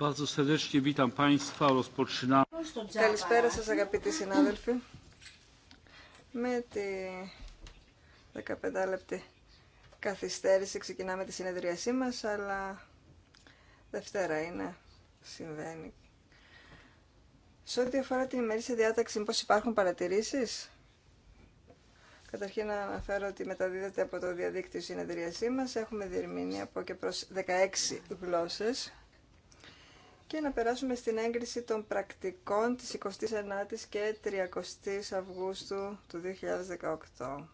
Καλησπέρα σας αγαπητοί συνάδελφοι. Με τη 15 λεπτή καθυστέρηση ξεκινάμε τη συνεδρίασή μας, αλλά Δευτέρα είναι, συμβαίνει. Σε ό,τι αφορά την ημερήσια διάταξη, πώς υπάρχουν παρατηρήσεις? Καταρχήν να αναφέρω ότι μεταδίδεται από το διαδίκτυο συνεδρίασή μας. Έχουμε διερμήνει από και προς 16 γλώσσες και να περάσουμε στην έγκριση των πρακτικών της 29ης και 30ης Αυγούστου του 2018.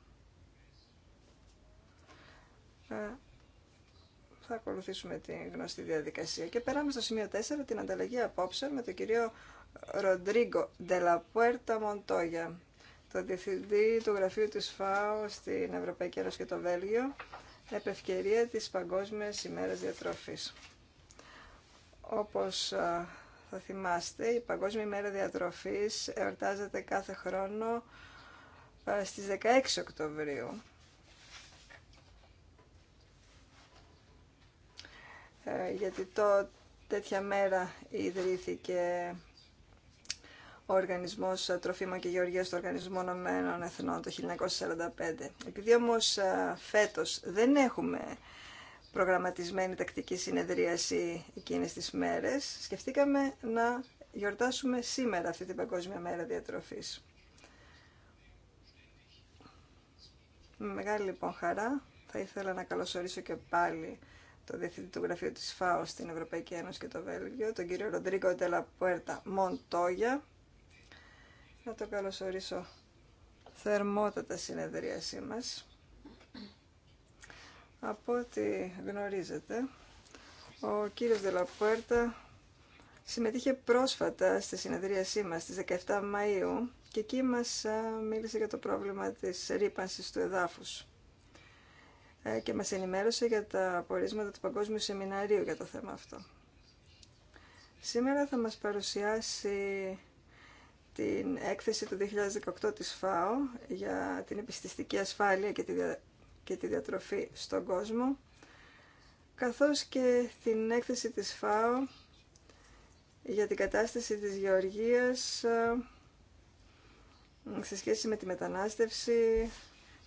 Ε, θα ακολουθήσουμε την γνωστή διαδικασία. Και περάμε στο σημείο 4, την ανταλλαγή απόψεων με τον κύριο Ροντρίγκο Ντελαπουέρτα Μοντόγια, τον διευθυντή του γραφείου της ΦΑΟ στην Ευρωπαϊκή Ένωση και το Βέλγιο, επευκαιρία της Παγκόσμιας ημέρας διατροφής. Όπως θα θυμάστε, η Παγκόσμια μέρα διατροφής εορτάζεται κάθε χρόνο στις 16 Οκτωβρίου. Ε, γιατί το, τέτοια μέρα ιδρύθηκε ο Οργανισμός Τροφίμων και Γεωργίας του Οργανισμού Ηνωμένων Εθνών το 1945. Επειδή όμως φέτος δεν έχουμε προγραμματισμένη τακτική συνεδρίαση εκείνες τις μέρες, σκεφτήκαμε να γιορτάσουμε σήμερα αυτή την Παγκόσμια Μέρα Διατροφής. Με μεγάλη λοιπόν χαρά θα ήθελα να καλωσορίσω και πάλι το Διευθυντή του Γραφείου της ΦΑΟ στην Ευρωπαϊκή Ένωση και το Βέλγιο, τον κύριο Ροντρίγκο Τελαπουέρτα Μοντόγια. Να το καλωσορίσω θερμότατα συνεδρίασή μας. Από ό,τι γνωρίζετε, ο κύριος Δελαπουέρτα συμμετείχε πρόσφατα στη συνεδρίασή μας στις 17 Μαΐου και εκεί μας ε, μίλησε για το πρόβλημα της ρήπανσης του εδάφους ε, και μας ενημέρωσε για τα απορίσματα του Παγκόσμιου Σεμιναρίου για το θέμα αυτό. Σήμερα θα μας παρουσιάσει την έκθεση του 2018 της ΦΑΟ για την επιστηστική ασφάλεια και τη και τη διατροφή στον κόσμο, καθώς και την έκθεση της ΦΑΟ για την κατάσταση της γεωργίας ε, σε σχέση με τη μετανάστευση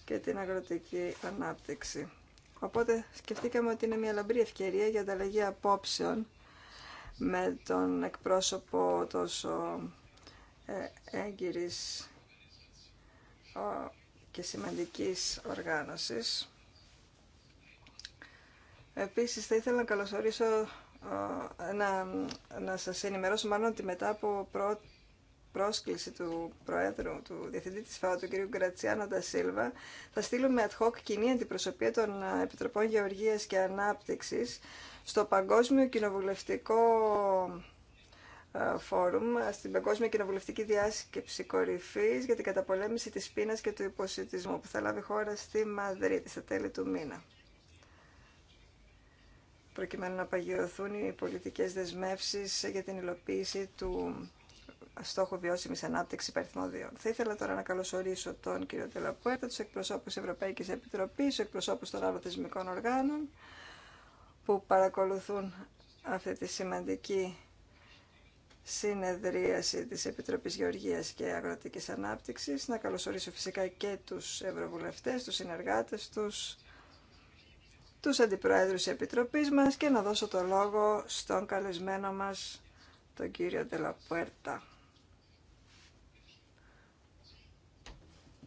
και την αγροτική ανάπτυξη. Οπότε σκεφτήκαμε ότι είναι μια λαμπρή ευκαιρία για ανταλλαγή απόψεων με τον εκπρόσωπο τόσο ε, έγκυρης και σημαντικής οργάνωσης. Επίσης θα ήθελα να καλωσορίσω να, να σας ενημερώσω μάλλον ότι μετά από πρόσκληση του Προέδρου, του Διευθυντή της ΦΑΟ, του κ. Γκρατσιάνο Ντασίλβα, θα στείλουμε ad hoc κοινή αντιπροσωπεία των Επιτροπών Γεωργίας και Ανάπτυξης στο Παγκόσμιο Κοινοβουλευτικό ε, φόρουμ ε, στην Παγκόσμια Κοινοβουλευτική Διάσκεψη Κορυφή για την καταπολέμηση τη πείνα και του υποσυτισμού που θα λάβει χώρα στη Μαδρίτη στα τέλη του μήνα. Προκειμένου να παγιωθούν οι πολιτικέ δεσμεύσει για την υλοποίηση του στόχου βιώσιμη ανάπτυξη υπαριθμών 2. Θα ήθελα τώρα να καλωσορίσω τον κύριο Τελαπουέρτα, του εκπροσώπου Ευρωπαϊκή Επιτροπή, του εκπροσώπου των άλλων θεσμικών οργάνων που παρακολουθούν αυτή τη σημαντική συνεδρίαση της Επιτροπής Γεωργίας και Αγροτικής Ανάπτυξης. Να καλωσορίσω φυσικά και τους ευρωβουλευτές, τους συνεργάτες τους, τους αντιπροέδρους της Επιτροπής μας και να δώσω το λόγο στον καλεσμένο μας, τον κύριο Ντελαποέρτα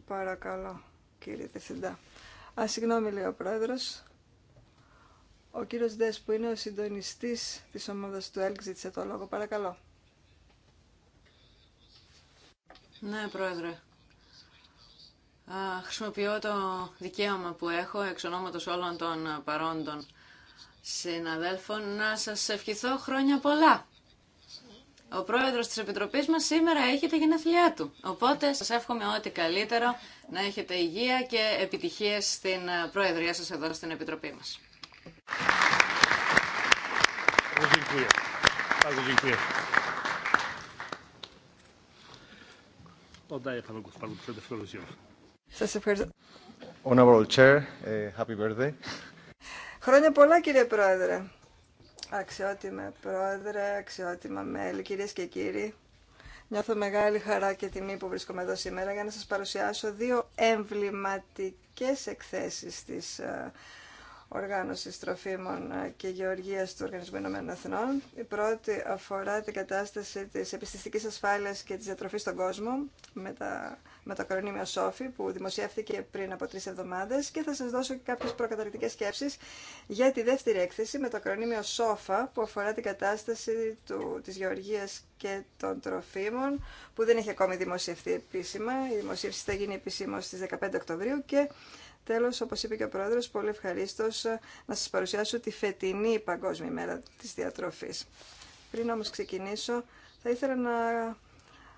Παρακαλώ, κύριε Διευθυντά. Α, συγγνώμη, λέει ο Πρόεδρος. Ο κύριος Δες, που είναι ο συντονιστής της ομάδας του ΕΛΚ, ζήτησε το λόγο. Παρακαλώ. Ναι, Πρόεδρε. Χρησιμοποιώ το δικαίωμα που έχω εξ ονόματος όλων των παρόντων συναδέλφων να σας ευχηθώ χρόνια πολλά. Ο πρόεδρος της Επιτροπής μας σήμερα έχει τα γενέθλιά του. Οπότε σας εύχομαι ό,τι καλύτερο να έχετε υγεία και επιτυχίες στην Προεδρία σας εδώ στην Επιτροπή μας. Oddaję panu, panu ευχαριστώ. Ε, happy birthday. Χρόνια πολλά κύριε Πρόεδρε. Αξιότιμε Πρόεδρε, αξιότιμα μέλη, κυρίες και κύριοι. Νιώθω μεγάλη χαρά και τιμή που βρίσκομαι εδώ σήμερα για να σας παρουσιάσω δύο εμβληματικές εκθέσεις της ε, Οργάνωση Τροφίμων ε, και Γεωργίας του Οργανισμού Ηνωμένων Εθνών. Η πρώτη αφορά την κατάσταση της επιστηστικής ασφάλειας και της διατροφής στον κόσμο με, τα, με το ακρονίμιο SOFI που δημοσιεύθηκε πριν από τρεις εβδομάδες και θα σας δώσω και κάποιες προκαταρκτικές σκέψεις για τη δεύτερη έκθεση με το ακρονίμιο ΣΟΦΑ που αφορά την κατάσταση του, της γεωργίας και των τροφίμων που δεν έχει ακόμη δημοσιευθεί επίσημα. Η δημοσίευση θα γίνει επισήμως στις 15 Οκτωβρίου και Τέλος, όπως είπε και ο Πρόεδρος, πολύ ευχαρίστω να σας παρουσιάσω τη φετινή Παγκόσμια ημέρα της διατροφής. Πριν όμως ξεκινήσω, θα ήθελα να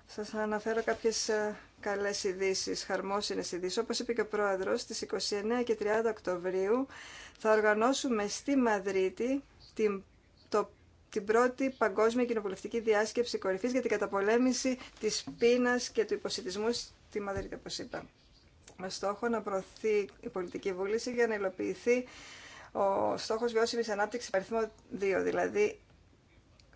σας αναφέρω κάποιες ε, καλές ειδήσει, χαρμόσυνες ειδήσει. Όπως είπε και ο Πρόεδρος, στι 29 και 30 Οκτωβρίου θα οργανώσουμε στη Μαδρίτη την, το, την πρώτη Παγκόσμια Κοινοβουλευτική Διάσκεψη κορυφή για την καταπολέμηση τη πείνα και του υποσυτισμού στη Μαδρίτη, όπω είπα με στόχο να προωθεί η πολιτική βούληση για να υλοποιηθεί ο στόχος βιώσιμης ανάπτυξης αριθμό 2, δηλαδή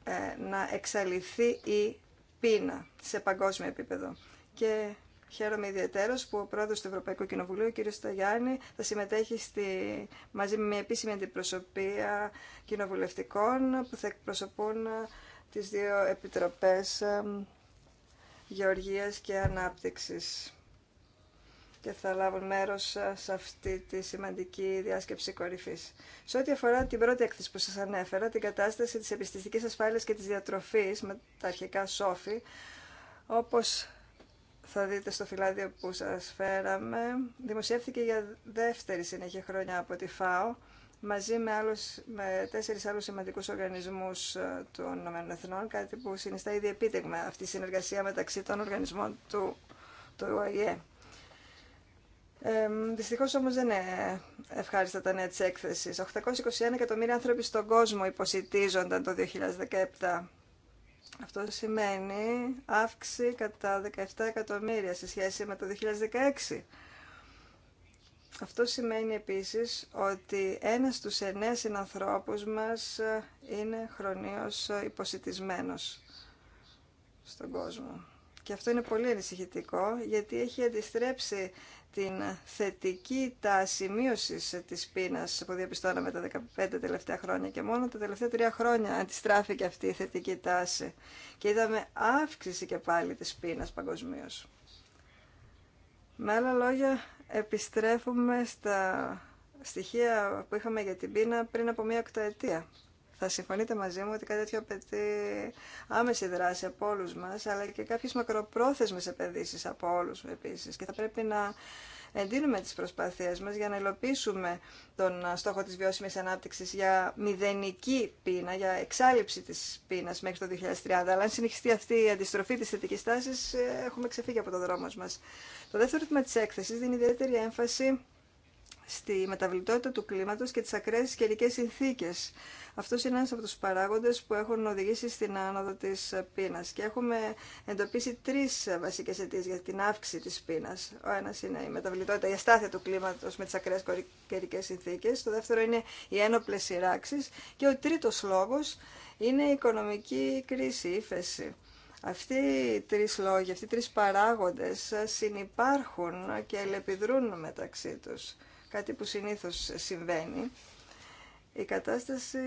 ε, να εξαλειφθεί η πείνα σε παγκόσμιο επίπεδο. Και χαίρομαι ιδιαίτερος που ο πρόεδρος του Ευρωπαϊκού Κοινοβουλίου, ο κ. Σταγιάννη, θα συμμετέχει στη, μαζί με μια επίσημη αντιπροσωπεία κοινοβουλευτικών που θα εκπροσωπούν ε, τις δύο επιτροπές ε, Γεωργίας και Ανάπτυξης και θα λάβουν μέρος ε, σε αυτή τη σημαντική διάσκεψη κορυφής. Σε ό,τι αφορά την πρώτη έκθεση που σας ανέφερα, την κατάσταση της επιστηστικής ασφάλειας και της διατροφής με τα αρχικά σόφη, όπως θα δείτε στο φυλάδιο που σας φέραμε, δημοσιεύθηκε για δεύτερη συνέχεια χρόνια από τη ΦΑΟ, μαζί με, άλλους, με τέσσερις άλλους σημαντικούς οργανισμούς ε, των ΗΕ, κάτι που συνιστά ήδη επίτευγμα αυτή η συνεργασία μεταξύ των οργανισμών του, του ε, Δυστυχώ όμω δεν είναι ευχάριστα τα νέα τη έκθεση. 821 εκατομμύρια άνθρωποι στον κόσμο υποσυτίζονταν το 2017. Αυτό σημαίνει αύξηση κατά 17 εκατομμύρια σε σχέση με το 2016. Αυτό σημαίνει επίσης ότι ένας στους εννέα συνανθρώπους μας είναι χρονίως υποσυτισμένος στον κόσμο. Και αυτό είναι πολύ ανησυχητικό γιατί έχει αντιστρέψει την θετική τάση μείωση τη πείνα που διαπιστώναμε τα 15 τελευταία χρόνια και μόνο τα τελευταία τρία χρόνια αντιστράφηκε αυτή η θετική τάση. Και είδαμε αύξηση και πάλι τη πείνα παγκοσμίω. Με άλλα λόγια, επιστρέφουμε στα στοιχεία που είχαμε για την πείνα πριν από μία οκταετία. Θα συμφωνείτε μαζί μου ότι κάτι τέτοιο απαιτεί άμεση δράση από όλου μα, αλλά και κάποιε μακροπρόθεσμε επενδύσει από όλου επίση. Και θα πρέπει να εντείνουμε τι προσπάθειέ μα για να υλοποιήσουμε τον στόχο τη βιώσιμη ανάπτυξη για μηδενική πείνα, για εξάλληψη τη πείνα μέχρι το 2030. Αλλά αν συνεχιστεί αυτή η αντιστροφή τη θετική τάση, ε, έχουμε ξεφύγει από το δρόμο μα. Το δεύτερο ρήμα τη έκθεση δίνει ιδιαίτερη έμφαση στη μεταβλητότητα του κλίματος και τις ακραίες καιρικέ συνθήκες. Αυτό είναι ένα από του παράγοντες που έχουν οδηγήσει στην άνοδο της πείνας και έχουμε εντοπίσει τρεις βασικές αιτίες για την αύξηση της πείνα. Ο ένας είναι η μεταβλητότητα, η αστάθεια του κλίματος με τις ακραίες καιρικέ συνθήκες, το δεύτερο είναι οι ένοπλε σειράξει. και ο τρίτος λόγος είναι η οικονομική κρίση, η ύφεση. Αυτοί οι τρεις λόγοι, αυτοί οι τρεις παράγοντες συνυπάρχουν και ελεπιδρούν μεταξύ τους κάτι που συνήθως συμβαίνει, η κατάσταση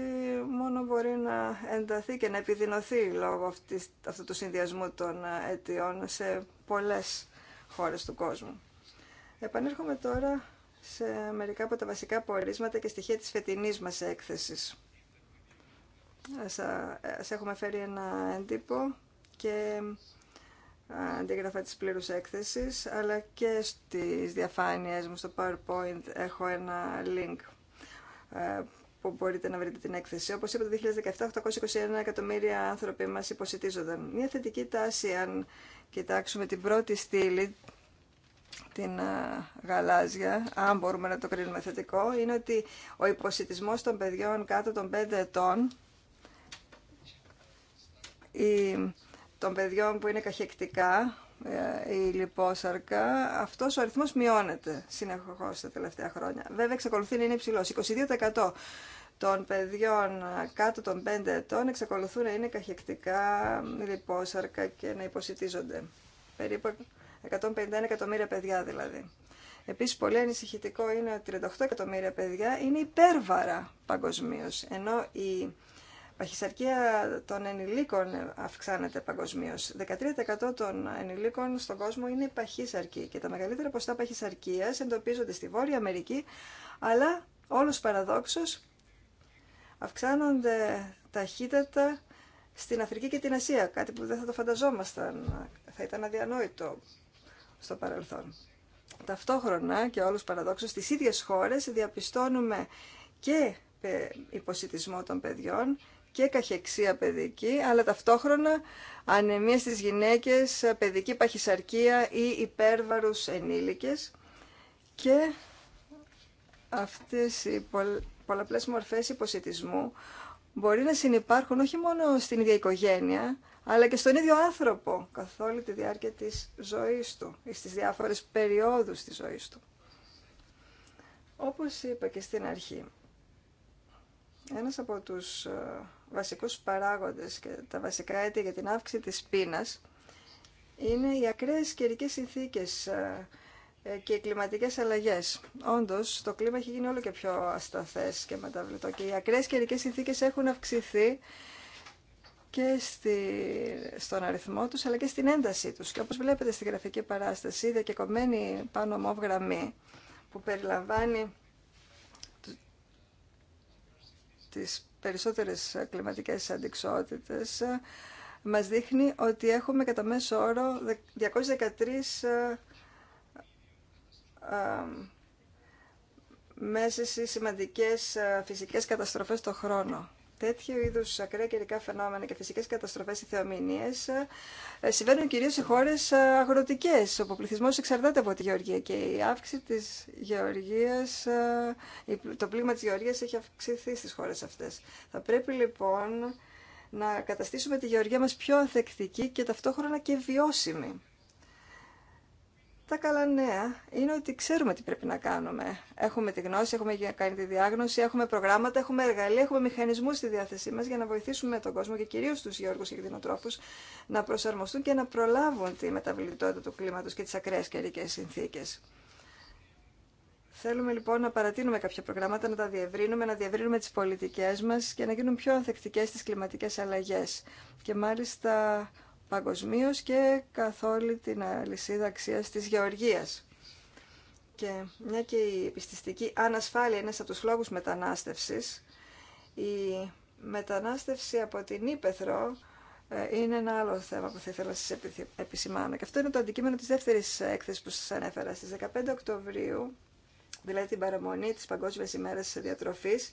μόνο μπορεί να ενταθεί και να επιδεινωθεί λόγω αυτού του συνδυασμού των αιτιών σε πολλές χώρες του κόσμου. Επανέρχομαι τώρα σε μερικά από τα βασικά πορίσματα και στοιχεία της φετινής μας έκθεσης. Σας έχουμε φέρει ένα έντυπο και αντίγραφα της πλήρους έκθεσης, αλλά και στις διαφάνειες μου στο PowerPoint έχω ένα link ε, που μπορείτε να βρείτε την έκθεση. Όπως είπα, το 2017, 821 εκατομμύρια άνθρωποι μας υποσυτίζονταν. Μια θετική τάση, αν κοιτάξουμε την πρώτη στήλη, την γαλάζια, αν μπορούμε να το κρίνουμε θετικό, είναι ότι ο υποσυτισμός των παιδιών κάτω των 5 ετών, η των παιδιών που είναι καχεκτικά ή ε, λιπόσαρκα, αυτός ο αριθμό μειώνεται συνεχώ τα τελευταία χρόνια. Βέβαια, εξακολουθεί να είναι υψηλός. 22% των παιδιών κάτω των 5 ετών εξακολουθούν να είναι καχεκτικά, λιπόσαρκα και να υποσυτίζονται. Περίπου 151 εκατομμύρια παιδιά δηλαδή. Επίσης πολύ ανησυχητικό είναι ότι 38 εκατομμύρια παιδιά είναι υπέρβαρα παγκοσμίω, ενώ η παχυσαρκία των ενηλίκων αυξάνεται παγκοσμίω. 13% των ενηλίκων στον κόσμο είναι παχύσαρκοι και τα μεγαλύτερα ποστά παχυσαρκία εντοπίζονται στη Βόρεια Αμερική, αλλά όλο παραδόξως αυξάνονται ταχύτατα στην Αφρική και την Ασία, κάτι που δεν θα το φανταζόμασταν, θα ήταν αδιανόητο στο παρελθόν. Ταυτόχρονα και όλους παραδόξως στις ίδιες χώρες διαπιστώνουμε και υποσυτισμό των παιδιών και καχεξία παιδική, αλλά ταυτόχρονα ανεμία στις γυναίκες, παιδική παχυσαρκία ή υπέρβαρους ενήλικες και αυτές οι πολλαπλές μορφές υποσυτισμού μπορεί να συνεπάρχουν όχι μόνο στην ίδια οικογένεια, αλλά και στον ίδιο άνθρωπο καθ' όλη τη διάρκεια της ζωής του ή στις διάφορες περιόδους της ζωής του. Όπως είπα και στην αρχή, ένας από τους ε, βασικούς παράγοντες και τα βασικά αίτια για την αύξηση της πείνας είναι οι ακραίες καιρικέ συνθήκες ε, ε, και οι κλιματικές αλλαγές. Όντως, το κλίμα έχει γίνει όλο και πιο ασταθές και μεταβλητό και οι ακραίες καιρικέ συνθήκες έχουν αυξηθεί και στη, στον αριθμό τους αλλά και στην έντασή τους. Και όπως βλέπετε στη γραφική παράσταση, η πάνω μοβ γραμμή που περιλαμβάνει τις περισσότερες κλιματικές αντικσότητες μας δείχνει ότι έχουμε κατά μέσο όρο 213 ε, ε, μέσες ή σημαντικές ε, φυσικές καταστροφές το χρόνο τέτοιου είδου ακραία καιρικά φαινόμενα και φυσικέ καταστροφέ ή θεομηνίε ε, συμβαίνουν κυρίω σε χώρε αγροτικέ, όπου ο πληθυσμό εξαρτάται από τη γεωργία. Και η αύξηση τη γεωργία, ε, το πλήγμα τη γεωργίας έχει αυξηθεί στι χώρε αυτέ. Θα πρέπει λοιπόν να καταστήσουμε τη γεωργία μας πιο ανθεκτική και ταυτόχρονα και βιώσιμη. Τα καλά νέα είναι ότι ξέρουμε τι πρέπει να κάνουμε. Έχουμε τη γνώση, έχουμε κάνει τη διάγνωση, έχουμε προγράμματα, έχουμε εργαλεία, έχουμε μηχανισμού στη διάθεσή μα για να βοηθήσουμε τον κόσμο και κυρίω του γεωργούς και κτηνοτρόφου να προσαρμοστούν και να προλάβουν τη μεταβλητότητα του κλίματο και τι ακραίε καιρικέ συνθήκε. Θέλουμε λοιπόν να παρατείνουμε κάποια προγράμματα, να τα διευρύνουμε, να διευρύνουμε τι πολιτικέ μα και να γίνουν πιο ανθεκτικέ στι κλιματικέ αλλαγέ. Και μάλιστα παγκοσμίω και καθ' όλη την αλυσίδα αξία τη γεωργία. Και μια και η επιστηστική ανασφάλεια είναι από του λόγου μετανάστευση, η μετανάστευση από την Ήπεθρο ε, είναι ένα άλλο θέμα που θα ήθελα να σας επισημάνω. Και αυτό είναι το αντικείμενο της δεύτερης έκθεσης που σας ανέφερα. Στις 15 Οκτωβρίου, δηλαδή την παραμονή της Παγκόσμιας ημέρας διατροφής,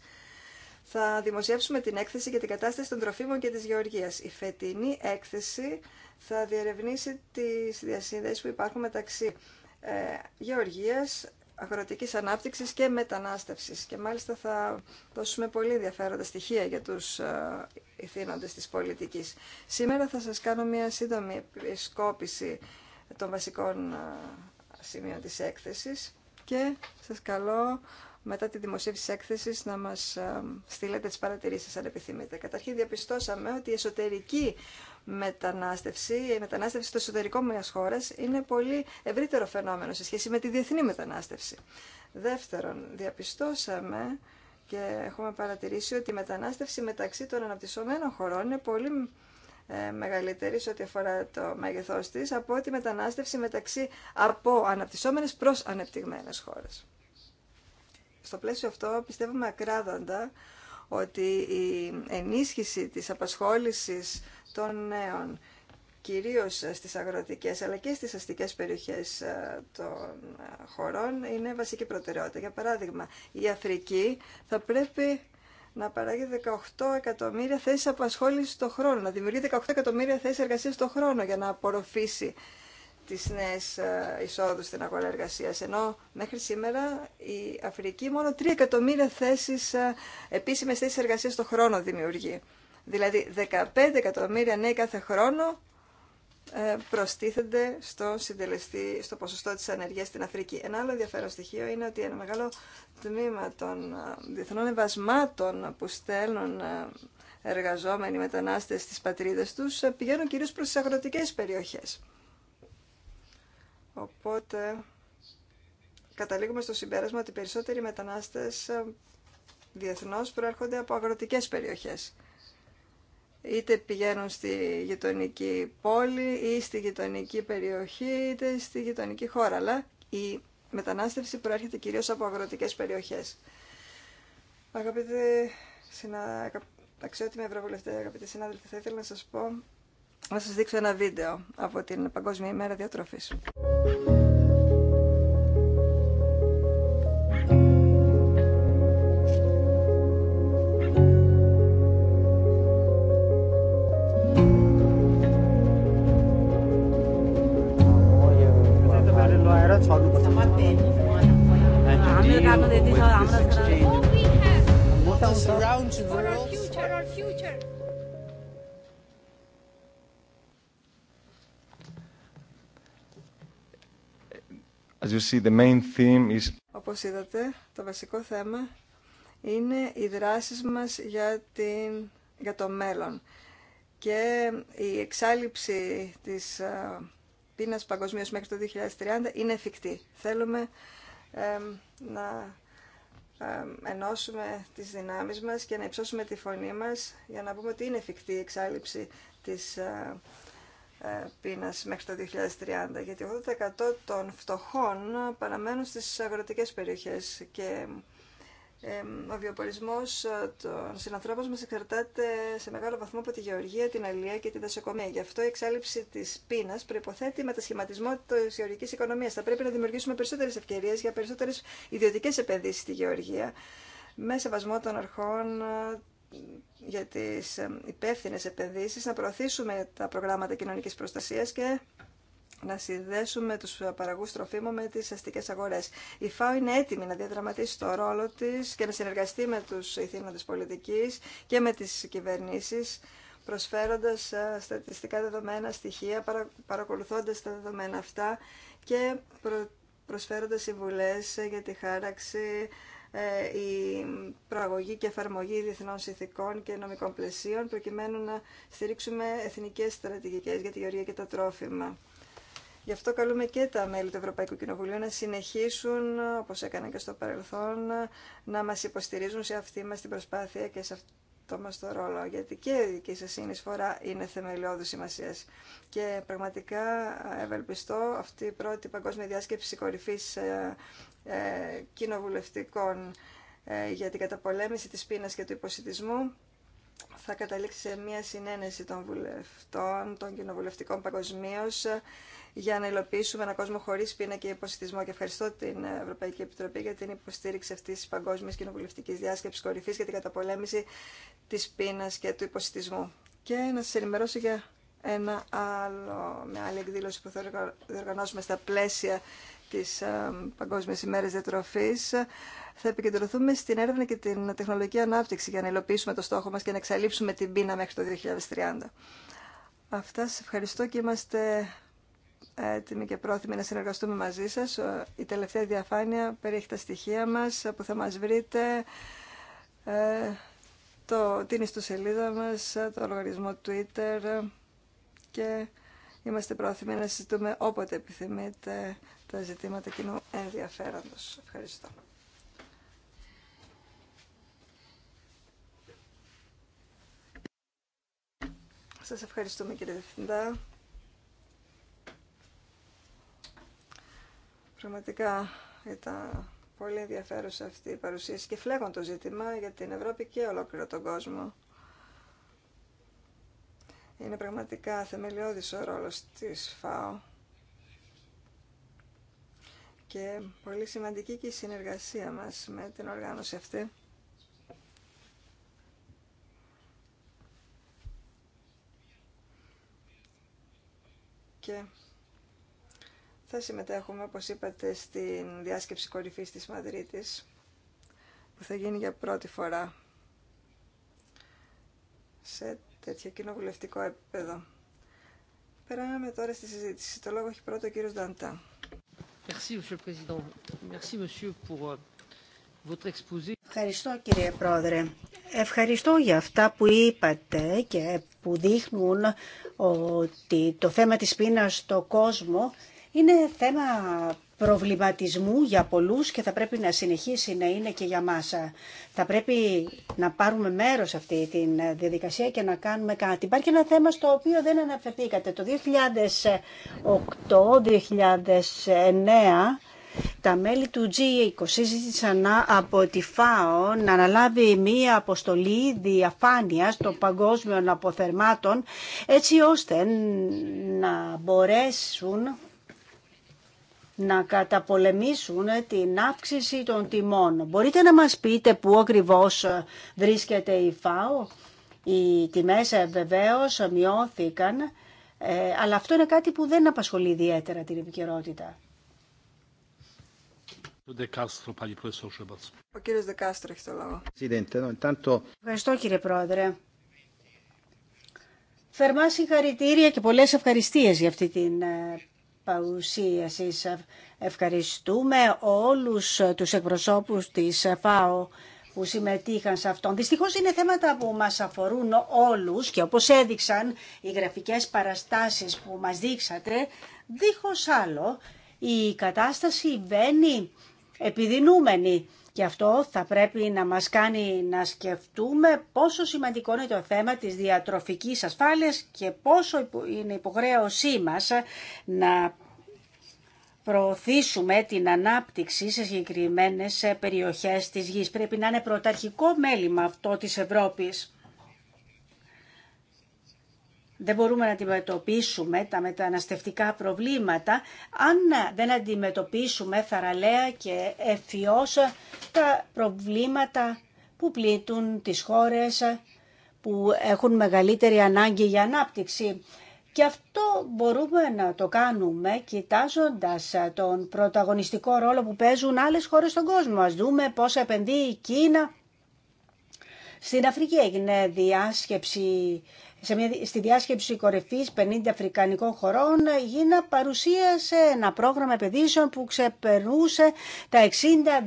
θα δημοσιεύσουμε την έκθεση για την κατάσταση των τροφίμων και της γεωργίας. Η φετινή έκθεση θα διερευνήσει τις διασύνδεσεις που υπάρχουν μεταξύ ε, γεωργίας, αγροτικής ανάπτυξης και μετανάστευσης. Και μάλιστα θα δώσουμε πολύ ενδιαφέροντα στοιχεία για τους ε, ηθήνοντες της πολιτικής. Σήμερα θα σας κάνω μια σύντομη επισκόπηση των βασικών ε, σημείων της έκθεσης και σας καλώ μετά τη δημοσίευση της έκθεσης να μας ε, στείλετε τις παρατηρήσεις αν επιθυμείτε. Καταρχήν διαπιστώσαμε ότι η εσωτερική μετανάστευση, η μετανάστευση στο εσωτερικό μιας χώρας είναι πολύ ευρύτερο φαινόμενο σε σχέση με τη διεθνή μετανάστευση. Δεύτερον, διαπιστώσαμε και έχουμε παρατηρήσει ότι η μετανάστευση μεταξύ των αναπτυσσομένων χωρών είναι πολύ ε, μεγαλύτερη σε ό,τι αφορά το μέγεθός της από τη μετανάστευση μεταξύ από αναπτυσσόμενες προς ανεπτυγμένες χώρες στο πλαίσιο αυτό πιστεύουμε ακράδαντα ότι η ενίσχυση της απασχόλησης των νέων κυρίως στις αγροτικές αλλά και στις αστικές περιοχές ε, των χωρών είναι βασική προτεραιότητα. Για παράδειγμα, η Αφρική θα πρέπει να παράγει 18 εκατομμύρια θέσεις απασχόλησης το χρόνο, να δημιουργεί 18 εκατομμύρια θέσεις εργασίας το χρόνο για να απορροφήσει τις νέες ε, εισόδους στην αγορά εργασίας. Ενώ μέχρι σήμερα η Αφρική μόνο 3 εκατομμύρια θέσεις, ε, επίσημες θέσεις εργασίας το χρόνο δημιουργεί. Δηλαδή 15 εκατομμύρια νέοι κάθε χρόνο ε, προστίθενται στο, συντελεστή, στο ποσοστό της ανεργίας στην Αφρική. Ένα άλλο ενδιαφέρον στοιχείο είναι ότι ένα μεγάλο τμήμα των διεθνών εμβασμάτων που στέλνουν εργαζόμενοι μετανάστες στις πατρίδες τους πηγαίνουν κυρίως προς τις αγροτικές περιοχές. Οπότε καταλήγουμε στο συμπέρασμα ότι περισσότεροι μετανάστες ε, διεθνώς προέρχονται από αγροτικές περιοχές. Είτε πηγαίνουν στη γειτονική πόλη ή στη γειτονική περιοχή είτε στη γειτονική χώρα. Αλλά η μετανάστευση προέρχεται κυρίως από αγροτικές περιοχές. Αγαπητοί, συνα... αξιότιμοι ευρωβουλευτές, αγαπητοί συνάδελφοι, θα ήθελα να σας πω να σας δείξω ένα βίντεο από την Παγκόσμια ημέρα διατροφής. As Όπως είδατε, το βασικό θέμα είναι οι δράσεις μας για, την, για το μέλλον και η εξάλληψη της ε, πείνας παγκοσμίω μέχρι το 2030 είναι εφικτή. Θέλουμε να ενώσουμε τις δυνάμεις μας και να υψώσουμε τη φωνή μας για να πούμε ότι είναι εφικτή η εξάλληψη της ε, ε, πείνας μέχρι το 2030, γιατί 80% των φτωχών παραμένουν στις αγροτικές περιοχές και ο βιοπορισμός ε, των συνανθρώπων μας εξαρτάται σε μεγάλο βαθμό από τη γεωργία, την αλληλεία και τη δασοκομεία. Γι' αυτό η εξάλληψη της πείνας προϋποθέτει μετασχηματισμό της γεωργικής οικονομίας. Θα πρέπει να δημιουργήσουμε περισσότερες ευκαιρίες για περισσότερες ιδιωτικές επενδύσεις στη γεωργία με σεβασμό των αρχών για τις υπεύθυνε επενδύσεις, να προωθήσουμε τα προγράμματα κοινωνικής προστασίας και να συνδέσουμε τους παραγού τροφίμων με τις αστικές αγορές. Η ΦΑΟ είναι έτοιμη να διαδραματίσει το ρόλο της και να συνεργαστεί με τους ηθήνοντες πολιτικής και με τις κυβερνήσεις, προσφέροντας ε, στατιστικά δεδομένα, στοιχεία, παρακολουθώντας τα δεδομένα αυτά και προσφέροντας συμβουλές για τη χάραξη ε, η προαγωγή και εφαρμογή διεθνών συνθηκών και νομικών πλαισίων προκειμένου να στηρίξουμε εθνικές στρατηγικές για τη γεωργία και τα τρόφιμα. Γι' αυτό καλούμε και τα μέλη του Ευρωπαϊκού Κοινοβουλίου να συνεχίσουν, όπως έκαναν και στο παρελθόν, να μας υποστηρίζουν σε αυτή μας την προσπάθεια και σε αυτή το μας το ρόλο, γιατί και η δική σας συνεισφορά είναι θεμελιώδου σημασία. Και πραγματικά ε, ευελπιστώ αυτή η πρώτη παγκόσμια διάσκεψη κορυφής ε, ε, κοινοβουλευτικών ε, για την καταπολέμηση της πείνας και του υποσιτισμού, θα καταλήξει σε μια συνένεση των βουλευτών, των κοινοβουλευτικών παγκοσμίω για να υλοποιήσουμε έναν κόσμο χωρί πείνα και υποσυτισμό. Και ευχαριστώ την Ευρωπαϊκή Επιτροπή για την υποστήριξη αυτή τη Παγκόσμια Κοινοβουλευτική Διάσκεψη Κορυφή για την καταπολέμηση τη πείνα και του υποσυτισμού. Και να σα ενημερώσω για ένα άλλο, μια άλλη εκδήλωση που θα διοργανώσουμε στα πλαίσια τη ε, παγκόσμια ημέρας διατροφή. θα επικεντρωθούμε στην έρευνα και την τεχνολογική ανάπτυξη για να υλοποιήσουμε το στόχο μα και να εξαλείψουμε την πείνα μέχρι το 2030. Αυτά σας ευχαριστώ και είμαστε έτοιμοι και πρόθυμοι να συνεργαστούμε μαζί σας. Η τελευταία διαφάνεια περιέχει τα στοιχεία μας που θα μας βρείτε, ε, το, την ιστοσελίδα μας, το λογαριασμό Twitter και είμαστε πρόθυμοι να συζητούμε όποτε επιθυμείτε τα ζητήματα κοινού ενδιαφέροντος. Ευχαριστώ. Σας ευχαριστούμε κύριε Διευθυντά. Πραγματικά ήταν πολύ ενδιαφέρουσα αυτή η παρουσίαση και φλέγον το ζήτημα για την Ευρώπη και ολόκληρο τον κόσμο. Είναι πραγματικά θεμελιώδης ο ρόλος της ΦΑΟ και πολύ σημαντική και η συνεργασία μας με την οργάνωση αυτή. Και θα συμμετέχουμε, όπως είπατε, στην διάσκεψη κορυφής της Μαδρίτης, που θα γίνει για πρώτη φορά σε τέτοιο κοινοβουλευτικό επίπεδο. Περάμε τώρα στη συζήτηση. Το λόγο έχει πρώτο ο κύριος Νταντά. Euh, Ευχαριστώ κύριε Πρόεδρε. Ευχαριστώ για αυτά που είπατε και που δείχνουν ότι το θέμα της πείνας στο κόσμο είναι θέμα προβληματισμού για πολλούς και θα πρέπει να συνεχίσει να είναι και για μας. Θα πρέπει να πάρουμε μέρος σε αυτή τη διαδικασία και να κάνουμε κάτι. Υπάρχει ένα θέμα στο οποίο δεν αναφερθήκατε. Το 2008-2009... Τα μέλη του G20 ζήτησαν από τη ΦΑΟ να αναλάβει μία αποστολή διαφάνειας των παγκόσμιων αποθερμάτων έτσι ώστε να μπορέσουν να καταπολεμήσουν την αύξηση των τιμών. Μπορείτε να μας πείτε πού ακριβώς βρίσκεται η ΦΑΟ. Οι τιμές ε, βεβαίως μειώθηκαν, ε, αλλά αυτό είναι κάτι που δεν απασχολεί ιδιαίτερα την επικαιρότητα. Ο κύριος Δεκάστρο έχει το λόγο. Ευχαριστώ κύριε Πρόεδρε. Θερμά συγχαρητήρια και πολλές ευχαριστίες για αυτή την ε, Ευχαριστούμε όλους τους εκπροσώπους της ΦΑΟ που συμμετείχαν σε αυτόν. Δυστυχώς είναι θέματα που μας αφορούν όλους και όπως έδειξαν οι γραφικές παραστάσεις που μας δείξατε, δίχως άλλο η κατάσταση βαίνει επιδεινούμενη και αυτό θα πρέπει να μας κάνει να σκεφτούμε πόσο σημαντικό είναι το θέμα της διατροφικής ασφάλειας και πόσο είναι υποχρέωσή μας να προωθήσουμε την ανάπτυξη σε συγκεκριμένες περιοχές της γης. Πρέπει να είναι πρωταρχικό μέλημα αυτό της Ευρώπης δεν μπορούμε να αντιμετωπίσουμε τα μεταναστευτικά προβλήματα αν δεν αντιμετωπίσουμε θαραλέα και ευφυώς τα προβλήματα που πλήττουν τις χώρες που έχουν μεγαλύτερη ανάγκη για ανάπτυξη. Και αυτό μπορούμε να το κάνουμε κοιτάζοντας τον πρωταγωνιστικό ρόλο που παίζουν άλλες χώρες στον κόσμο. Ας δούμε πώς επενδύει η Κίνα. Στην Αφρική έγινε διάσκεψη σε μια, στη διάσκεψη κορυφής 50 αφρικανικών χωρών Γίνα παρουσίασε ένα πρόγραμμα επενδύσεων που ξεπερνούσε τα 60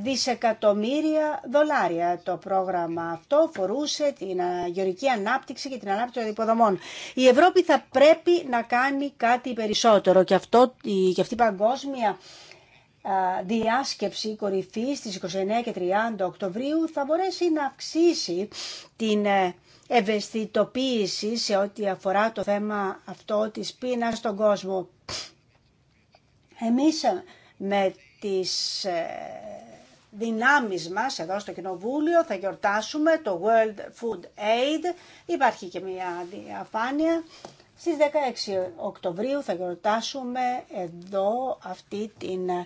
δισεκατομμύρια δολάρια. Το πρόγραμμα αυτό φορούσε την γεωρική ανάπτυξη και την ανάπτυξη των υποδομών. Η Ευρώπη θα πρέπει να κάνει κάτι περισσότερο και, αυτή η παγκόσμια διάσκεψη κορυφής στις 29 και 30 Οκτωβρίου θα μπορέσει να αυξήσει την ε, ευαισθητοποίηση σε ό,τι αφορά το θέμα αυτό της πείνας στον κόσμο. Εμείς ε, με τις ε, δυνάμεις μας εδώ στο Κοινοβούλιο θα γιορτάσουμε το World Food Aid. Υπάρχει και μια διαφάνεια. Στις 16 Οκτωβρίου θα γιορτάσουμε εδώ αυτή την, ε,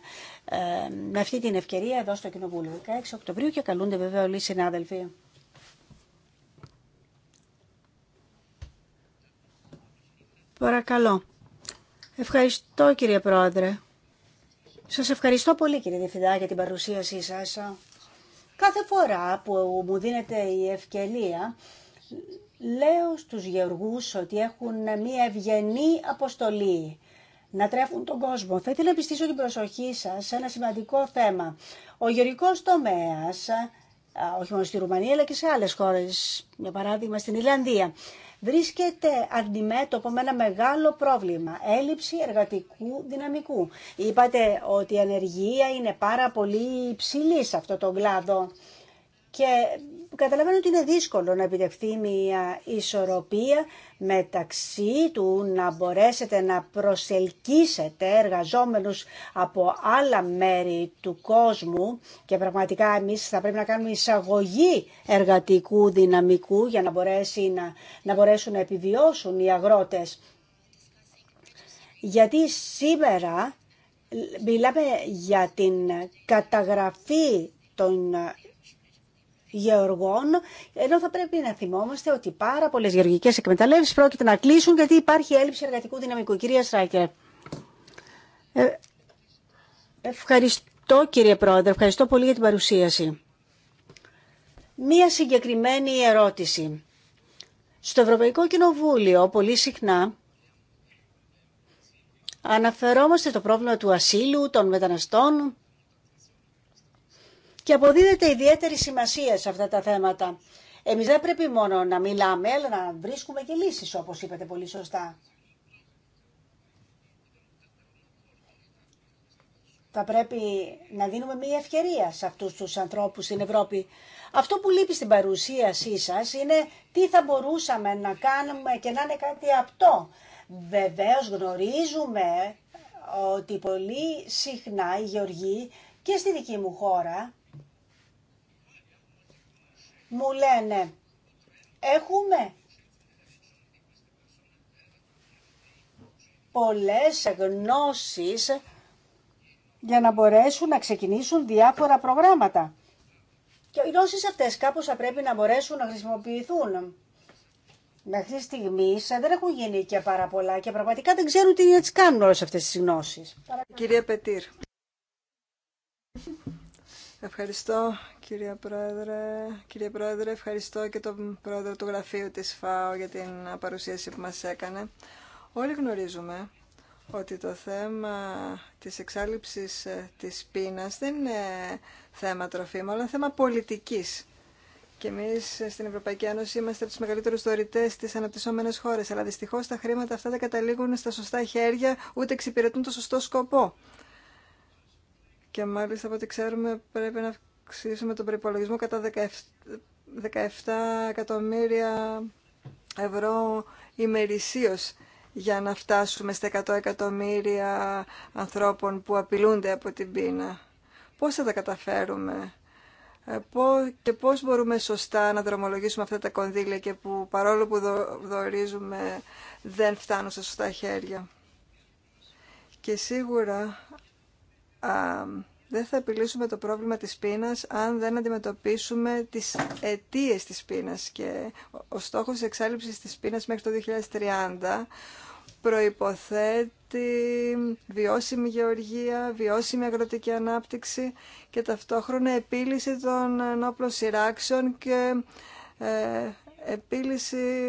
με αυτή την ευκαιρία εδώ στο Κοινοβούλιο. 16 Οκτωβρίου και καλούνται βέβαια όλοι οι συνάδελφοι. Παρακαλώ. Ευχαριστώ κύριε Πρόεδρε. Σας ευχαριστώ πολύ κύριε Διευθυντά για την παρουσίασή σας. Κάθε φορά που μου δίνεται η ευκαιρία λέω στους γεωργούς ότι έχουν μια ευγενή αποστολή να τρέφουν τον κόσμο. Θα ήθελα να πιστήσω την προσοχή σας σε ένα σημαντικό θέμα. Ο γεωργικός τομέας, όχι μόνο στη Ρουμανία αλλά και σε άλλες χώρες, για παράδειγμα στην Ιρλανδία, βρίσκεται αντιμέτωπο με ένα μεγάλο πρόβλημα, έλλειψη εργατικού δυναμικού. Είπατε ότι η ανεργία είναι πάρα πολύ υψηλή σε αυτό το κλάδο και Καταλαβαίνω ότι είναι δύσκολο να επιτευχθεί μια ισορροπία μεταξύ του να μπορέσετε να προσελκύσετε εργαζόμενους από άλλα μέρη του κόσμου και πραγματικά εμείς θα πρέπει να κάνουμε εισαγωγή εργατικού δυναμικού για να, μπορέσει να, μπορέσουν να επιβιώσουν οι αγρότες. Γιατί σήμερα μιλάμε για την καταγραφή των γεωργών, ενώ θα πρέπει να θυμόμαστε ότι πάρα πολλές γεωργικές εκμεταλλεύσεις πρόκειται να κλείσουν γιατί υπάρχει έλλειψη εργατικού δυναμικού. Κυρία Στράκερ. Ε, ευχαριστώ κύριε Πρόεδρε, ευχαριστώ πολύ για την παρουσίαση. Μία συγκεκριμένη ερώτηση. Στο Ευρωπαϊκό Κοινοβούλιο πολύ συχνά αναφερόμαστε το πρόβλημα του ασύλου, των μεταναστών, και αποδίδεται ιδιαίτερη σημασία σε αυτά τα θέματα. Εμείς δεν πρέπει μόνο να μιλάμε, αλλά να βρίσκουμε και λύσεις, όπως είπατε πολύ σωστά. Θα πρέπει να δίνουμε μία ευκαιρία σε αυτούς τους ανθρώπους στην Ευρώπη. Αυτό που λείπει στην παρουσίασή σας είναι τι θα μπορούσαμε να κάνουμε και να είναι κάτι απτό. Βεβαίως γνωρίζουμε ότι πολύ συχνά οι γεωργοί και στη δική μου χώρα μου λένε έχουμε πολλές γνώσεις για να μπορέσουν να ξεκινήσουν διάφορα προγράμματα. Και οι γνώσεις αυτές κάπως θα πρέπει να μπορέσουν να χρησιμοποιηθούν. Μέχρι στιγμή δεν έχουν γίνει και πάρα πολλά και πραγματικά δεν ξέρουν τι να κάνουν όλες αυτές τις γνώσεις. Κυρία Πετήρ. Ευχαριστώ κύριε Πρόεδρε. Κύριε Πρόεδρε, ευχαριστώ και τον Πρόεδρο του Γραφείου της ΦΑΟ για την παρουσίαση που μας έκανε. Όλοι γνωρίζουμε ότι το θέμα της εξάλληψης ε, της πείνας δεν είναι θέμα τροφίμων, αλλά θέμα πολιτικής. Και εμεί ε, στην Ευρωπαϊκή Ένωση είμαστε από του μεγαλύτερου δωρητέ στι αναπτυσσόμενε χώρε. Αλλά δυστυχώ τα χρήματα αυτά δεν καταλήγουν στα σωστά χέρια, ούτε εξυπηρετούν το σωστό σκοπό. Και μάλιστα από ό,τι ξέρουμε πρέπει να αυξήσουμε τον προπολογισμό κατά 17 εκατομμύρια ευρώ ημερησίως για να φτάσουμε στα 100 εκατομμύρια ανθρώπων που απειλούνται από την πείνα. Πώς θα τα καταφέρουμε ε, και πώς μπορούμε σωστά να δρομολογήσουμε αυτά τα κονδύλια και που παρόλο που δορίζουμε δεν φτάνουν στα σωστά χέρια. Και σίγουρα δεν θα επιλύσουμε το πρόβλημα της πείνας αν δεν αντιμετωπίσουμε τις αιτίες της πείνας και ο στόχος της εξάλληψης της πείνας μέχρι το 2030 προϋποθέτει βιώσιμη γεωργία, βιώσιμη αγροτική ανάπτυξη και ταυτόχρονα επίλυση των ενόπλων σειράξεων και ε, επίλυση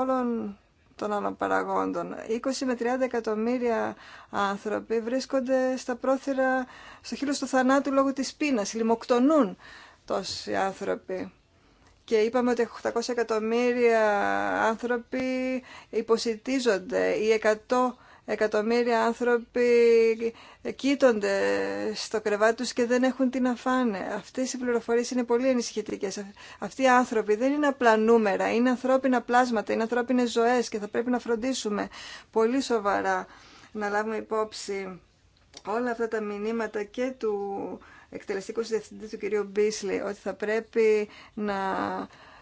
όλων των αναπαραγόντων. 20 με 30 εκατομμύρια άνθρωποι βρίσκονται στα πρόθυρα, στο χείλος του θανάτου λόγω της πείνας, λιμοκτονούν τόσοι άνθρωποι. Και είπαμε ότι 800 εκατομμύρια άνθρωποι υποσυτίζονται ή 100 εκατομμύρια άνθρωποι κοίτονται στο κρεβάτι τους και δεν έχουν τι να φάνε. Αυτές οι πληροφορίες είναι πολύ ενισχυτικές. Αυτοί οι άνθρωποι δεν είναι απλά νούμερα, είναι ανθρώπινα πλάσματα, είναι ανθρώπινες ζωές και θα πρέπει να φροντίσουμε πολύ σοβαρά να λάβουμε υπόψη όλα αυτά τα μηνύματα και του εκτελεστικού διευθυντή του κυρίου Μπίσλι ότι θα πρέπει να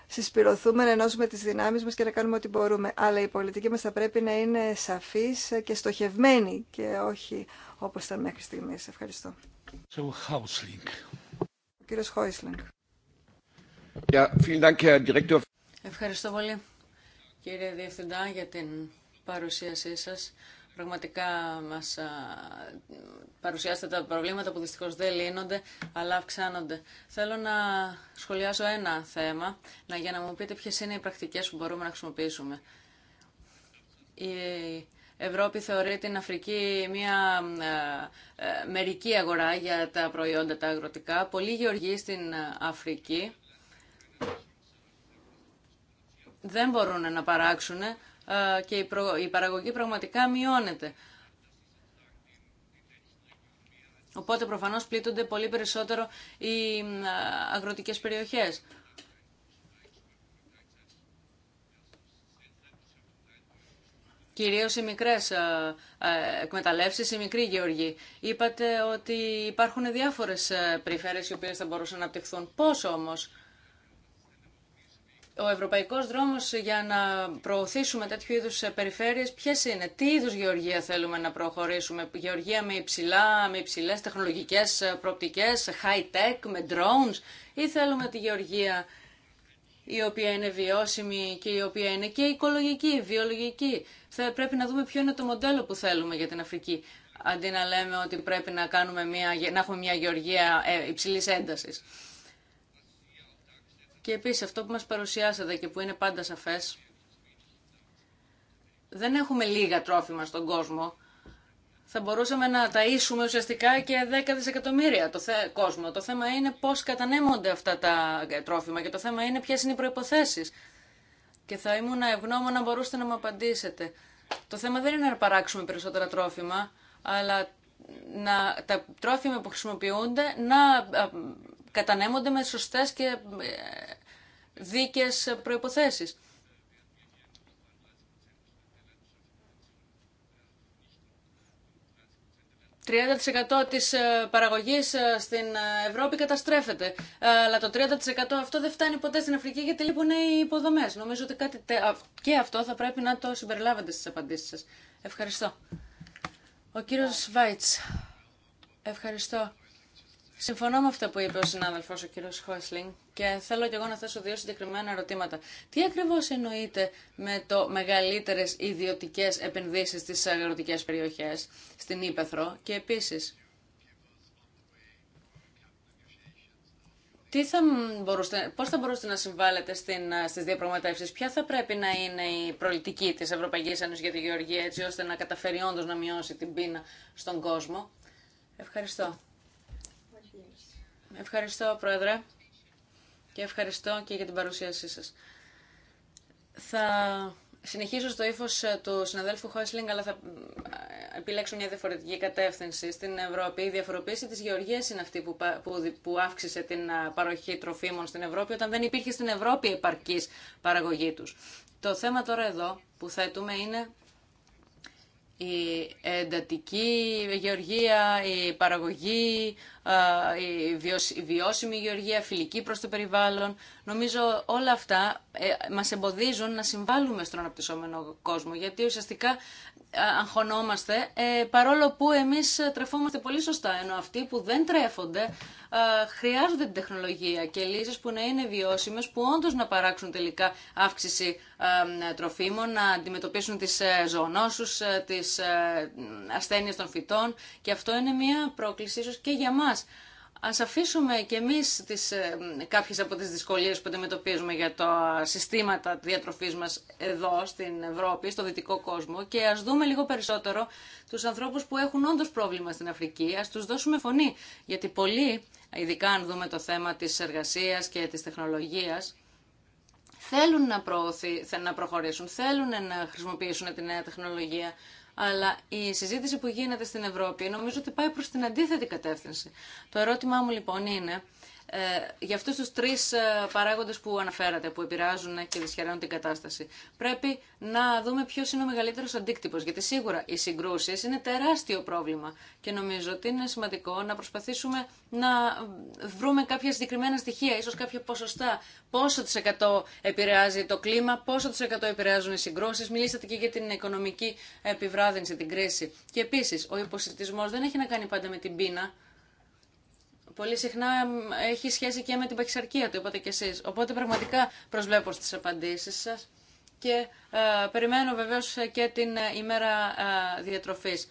συσπηρωθούμε, να ενώσουμε τις δυνάμεις μας και να κάνουμε ό,τι μπορούμε. Αλλά η πολιτική μας θα πρέπει να είναι σαφής και στοχευμένη και όχι όπως ήταν μέχρι στιγμής. Ευχαριστώ. Ο κύριος Χόισλινγκ. Ευχαριστώ πολύ κύριε Διευθυντά για την παρουσίασή σας. Πραγματικά μας παρουσιάσετε τα προβλήματα που δυστυχώς δεν λύνονται, αλλά αυξάνονται. Θέλω να σχολιάσω ένα θέμα, να, για να μου πείτε ποιες είναι οι πρακτικές που μπορούμε να χρησιμοποιήσουμε. Η Ευρώπη θεωρεί την Αφρική μια ε, μερική αγορά για τα προϊόντα τα αγροτικά. Πολλοί γεωργοί στην Αφρική δεν μπορούν να παράξουν ε, και η παραγωγή πραγματικά μειώνεται. Οπότε προφανώς πλήττονται πολύ περισσότερο οι ε, αγροτικές περιοχές. Κυρίως οι μικρές ε, εκμεταλλεύσεις, οι μικροί γεωργοί. Είπατε ότι υπάρχουν διάφορες περιφέρειες οι οποίες θα μπορούσαν να απτυχθούν. Πώς όμως ο ευρωπαϊκός δρόμος για να προωθήσουμε τέτοιου είδους περιφέρειες, ποιες είναι, τι είδους γεωργία θέλουμε να προχωρήσουμε, γεωργία με, υψηλά, με υψηλές τεχνολογικές προοπτικές, high-tech, με drones, ή θέλουμε τη γεωργία η οποία είναι βιώσιμη και η οποία είναι και οικολογική, βιολογική. Θα πρέπει να δούμε ποιο είναι το μοντέλο που θέλουμε για την Αφρική, αντί να λέμε ότι πρέπει να, έχουμε μια γεωργία ε, υψηλής έντασης. Και επίσης αυτό που μας παρουσιάσατε και που είναι πάντα σαφές, δεν έχουμε λίγα τρόφιμα στον κόσμο. Θα μπορούσαμε να ταΐσουμε ουσιαστικά και 10 δισεκατομμύρια το κόσμο. Το θέμα είναι πώς κατανέμονται αυτά τα τρόφιμα και το θέμα είναι ποιες είναι οι προϋποθέσεις. Και θα ήμουν ευγνώμων να μπορούσατε να μου απαντήσετε. Το θέμα δεν είναι να παράξουμε περισσότερα τρόφιμα, αλλά να, τα τρόφιμα που χρησιμοποιούνται να κατανέμονται με σωστές και ε, δίκες προϋποθέσεις. «30% της ε, παραγωγής ε, στην Ευρώπη καταστρέφεται, αλλά το 30% αυτό δεν φτάνει ποτέ στην Αφρική γιατί λείπουν οι υποδομές». Νομίζω ότι κάτι και αυτό θα πρέπει να το συμπεριλάβετε στις απαντήσεις σας. Ευχαριστώ. Ο κύριος Βάιτς. Ευχαριστώ. Συμφωνώ με αυτά που είπε ο συνάδελφο ο κύριο Χόσλινγκ και θέλω και εγώ να θέσω δύο συγκεκριμένα ερωτήματα. Τι ακριβώ εννοείται με το μεγαλύτερε ιδιωτικέ επενδύσει στι αγροτικέ περιοχέ στην Ήπεθρο και επίση. Τι θα μπορούσατε, πώς θα μπορούσατε να συμβάλλετε στην, ε, στις διαπραγματεύσεις, ποια θα πρέπει να είναι η προλητική της Ευρωπαϊκής Ένωσης για τη Γεωργία, έτσι ώστε να καταφέρει όντως να μειώσει την πείνα στον κόσμο. Ευχαριστώ. Ευχαριστώ, Πρόεδρε, και ευχαριστώ και για την παρουσίασή σας. Θα συνεχίσω στο ύφο ε, του συναδέλφου Χόισλινγκ, αλλά θα ε, επιλέξω μια διαφορετική κατεύθυνση στην Ευρώπη. Η διαφοροποίηση της γεωργίας είναι αυτή που, που, που αύξησε την ε, παροχή τροφίμων στην Ευρώπη, όταν δεν υπήρχε στην Ευρώπη επαρκής παραγωγή του. Το θέμα τώρα εδώ που θέτουμε είναι η εντατική γεωργία, η παραγωγή η βιώσιμη γεωργία, φιλική προς το περιβάλλον. Νομίζω όλα αυτά ε, μας εμποδίζουν να συμβάλλουμε στον αναπτυσσόμενο κόσμο, γιατί ουσιαστικά αγχωνόμαστε, ε, παρόλο που εμείς τρεφόμαστε πολύ σωστά, ενώ αυτοί που δεν τρέφονται χρειάζονται την τεχνολογία και λύσεις που να είναι βιώσιμες, που όντως να παράξουν τελικά αύξηση τροφίμων, να αντιμετωπίσουν τις ε, ζωονόσους, τις ασθένειες των φυτών και αυτό είναι μια πρόκληση ίσως και για μας μας. Ας αφήσουμε και εμείς τις, ε, κάποιες από τις δυσκολίες που αντιμετωπίζουμε για τα συστήματα διατροφής μας εδώ στην Ευρώπη, στο δυτικό κόσμο και ας δούμε λίγο περισσότερο τους ανθρώπους που έχουν όντως πρόβλημα στην Αφρική, ας τους δώσουμε φωνή. Γιατί πολλοί, ειδικά αν δούμε το θέμα της εργασίας και της τεχνολογίας, θέλουν να, να προχωρήσουν, θέλουν να χρησιμοποιήσουν τη νέα τεχνολογία, αλλά η συζήτηση που γίνεται στην Ευρώπη νομίζω ότι πάει προς την αντίθετη κατεύθυνση. Το ερώτημά μου λοιπόν είναι ε, για αυτούς τους τρεις ε, παράγοντες που αναφέρατε, που επηρεάζουν και δυσχεραίνουν την κατάσταση. Πρέπει να δούμε ποιος είναι ο μεγαλύτερος αντίκτυπος, γιατί σίγουρα οι συγκρούσεις είναι τεράστιο πρόβλημα και νομίζω ότι είναι σημαντικό να προσπαθήσουμε να βρούμε κάποια συγκεκριμένα στοιχεία, ίσως κάποια ποσοστά, πόσο τους εκατό επηρεάζει το κλίμα, πόσο τους εκατό επηρεάζουν οι συγκρούσεις. Μιλήσατε και για την οικονομική επιβράδυνση, την κρίση. Και επίσης, ο υποσυτισμός δεν έχει να κάνει πάντα με την πείνα, πολύ συχνά έχει σχέση και με την παχυσαρκία, το είπατε κι εσείς. Οπότε πραγματικά προσβλέπω στις απαντήσεις σας και ε, περιμένω βεβαίως και την ε, ημέρα ε, διατροφής.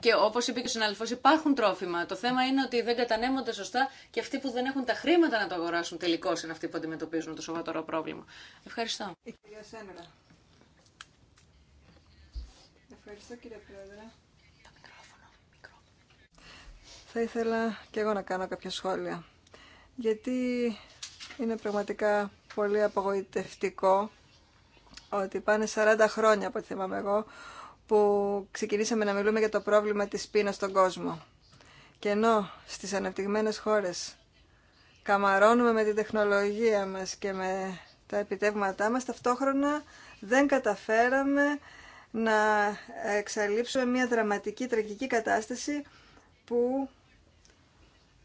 Και όπως είπε και ο συναλφός υπάρχουν τρόφιμα. Το θέμα είναι ότι δεν κατανέμονται σωστά και αυτοί που δεν έχουν τα χρήματα να το αγοράσουν τελικώ είναι αυτοί που αντιμετωπίζουν το σοβαρό πρόβλημα. Ευχαριστώ. Η κυρία Ευχαριστώ κύριε Πρόεδρε θα ήθελα και εγώ να κάνω κάποια σχόλια. Γιατί είναι πραγματικά πολύ απογοητευτικό ότι πάνε 40 χρόνια από ό,τι θυμάμαι εγώ που ξεκινήσαμε να μιλούμε για το πρόβλημα της πείνας στον κόσμο. Και ενώ στις αναπτυγμένες χώρες καμαρώνουμε με την τεχνολογία μας και με τα επιτεύγματά μας, ταυτόχρονα δεν καταφέραμε να εξαλείψουμε μια δραματική, τραγική κατάσταση που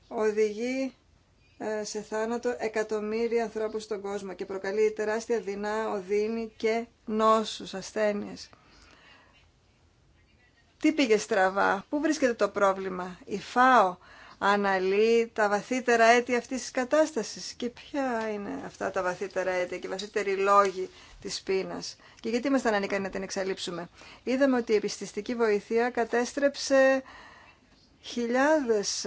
οδηγεί ε, σε θάνατο εκατομμύρια ανθρώπους στον κόσμο και προκαλεί τεράστια δεινά, οδύνη και νόσους, ασθένειες. Τι πήγε στραβά, πού βρίσκεται το πρόβλημα. Η ΦΑΟ αναλύει τα βαθύτερα αίτια αυτής της κατάστασης και ποια είναι αυτά τα βαθύτερα αίτια και οι βαθύτεροι λόγοι της πείνας. Και γιατί ήμασταν ανίκανοι να την εξαλείψουμε. Είδαμε ότι η επιστηστική βοήθεια κατέστρεψε χιλιάδες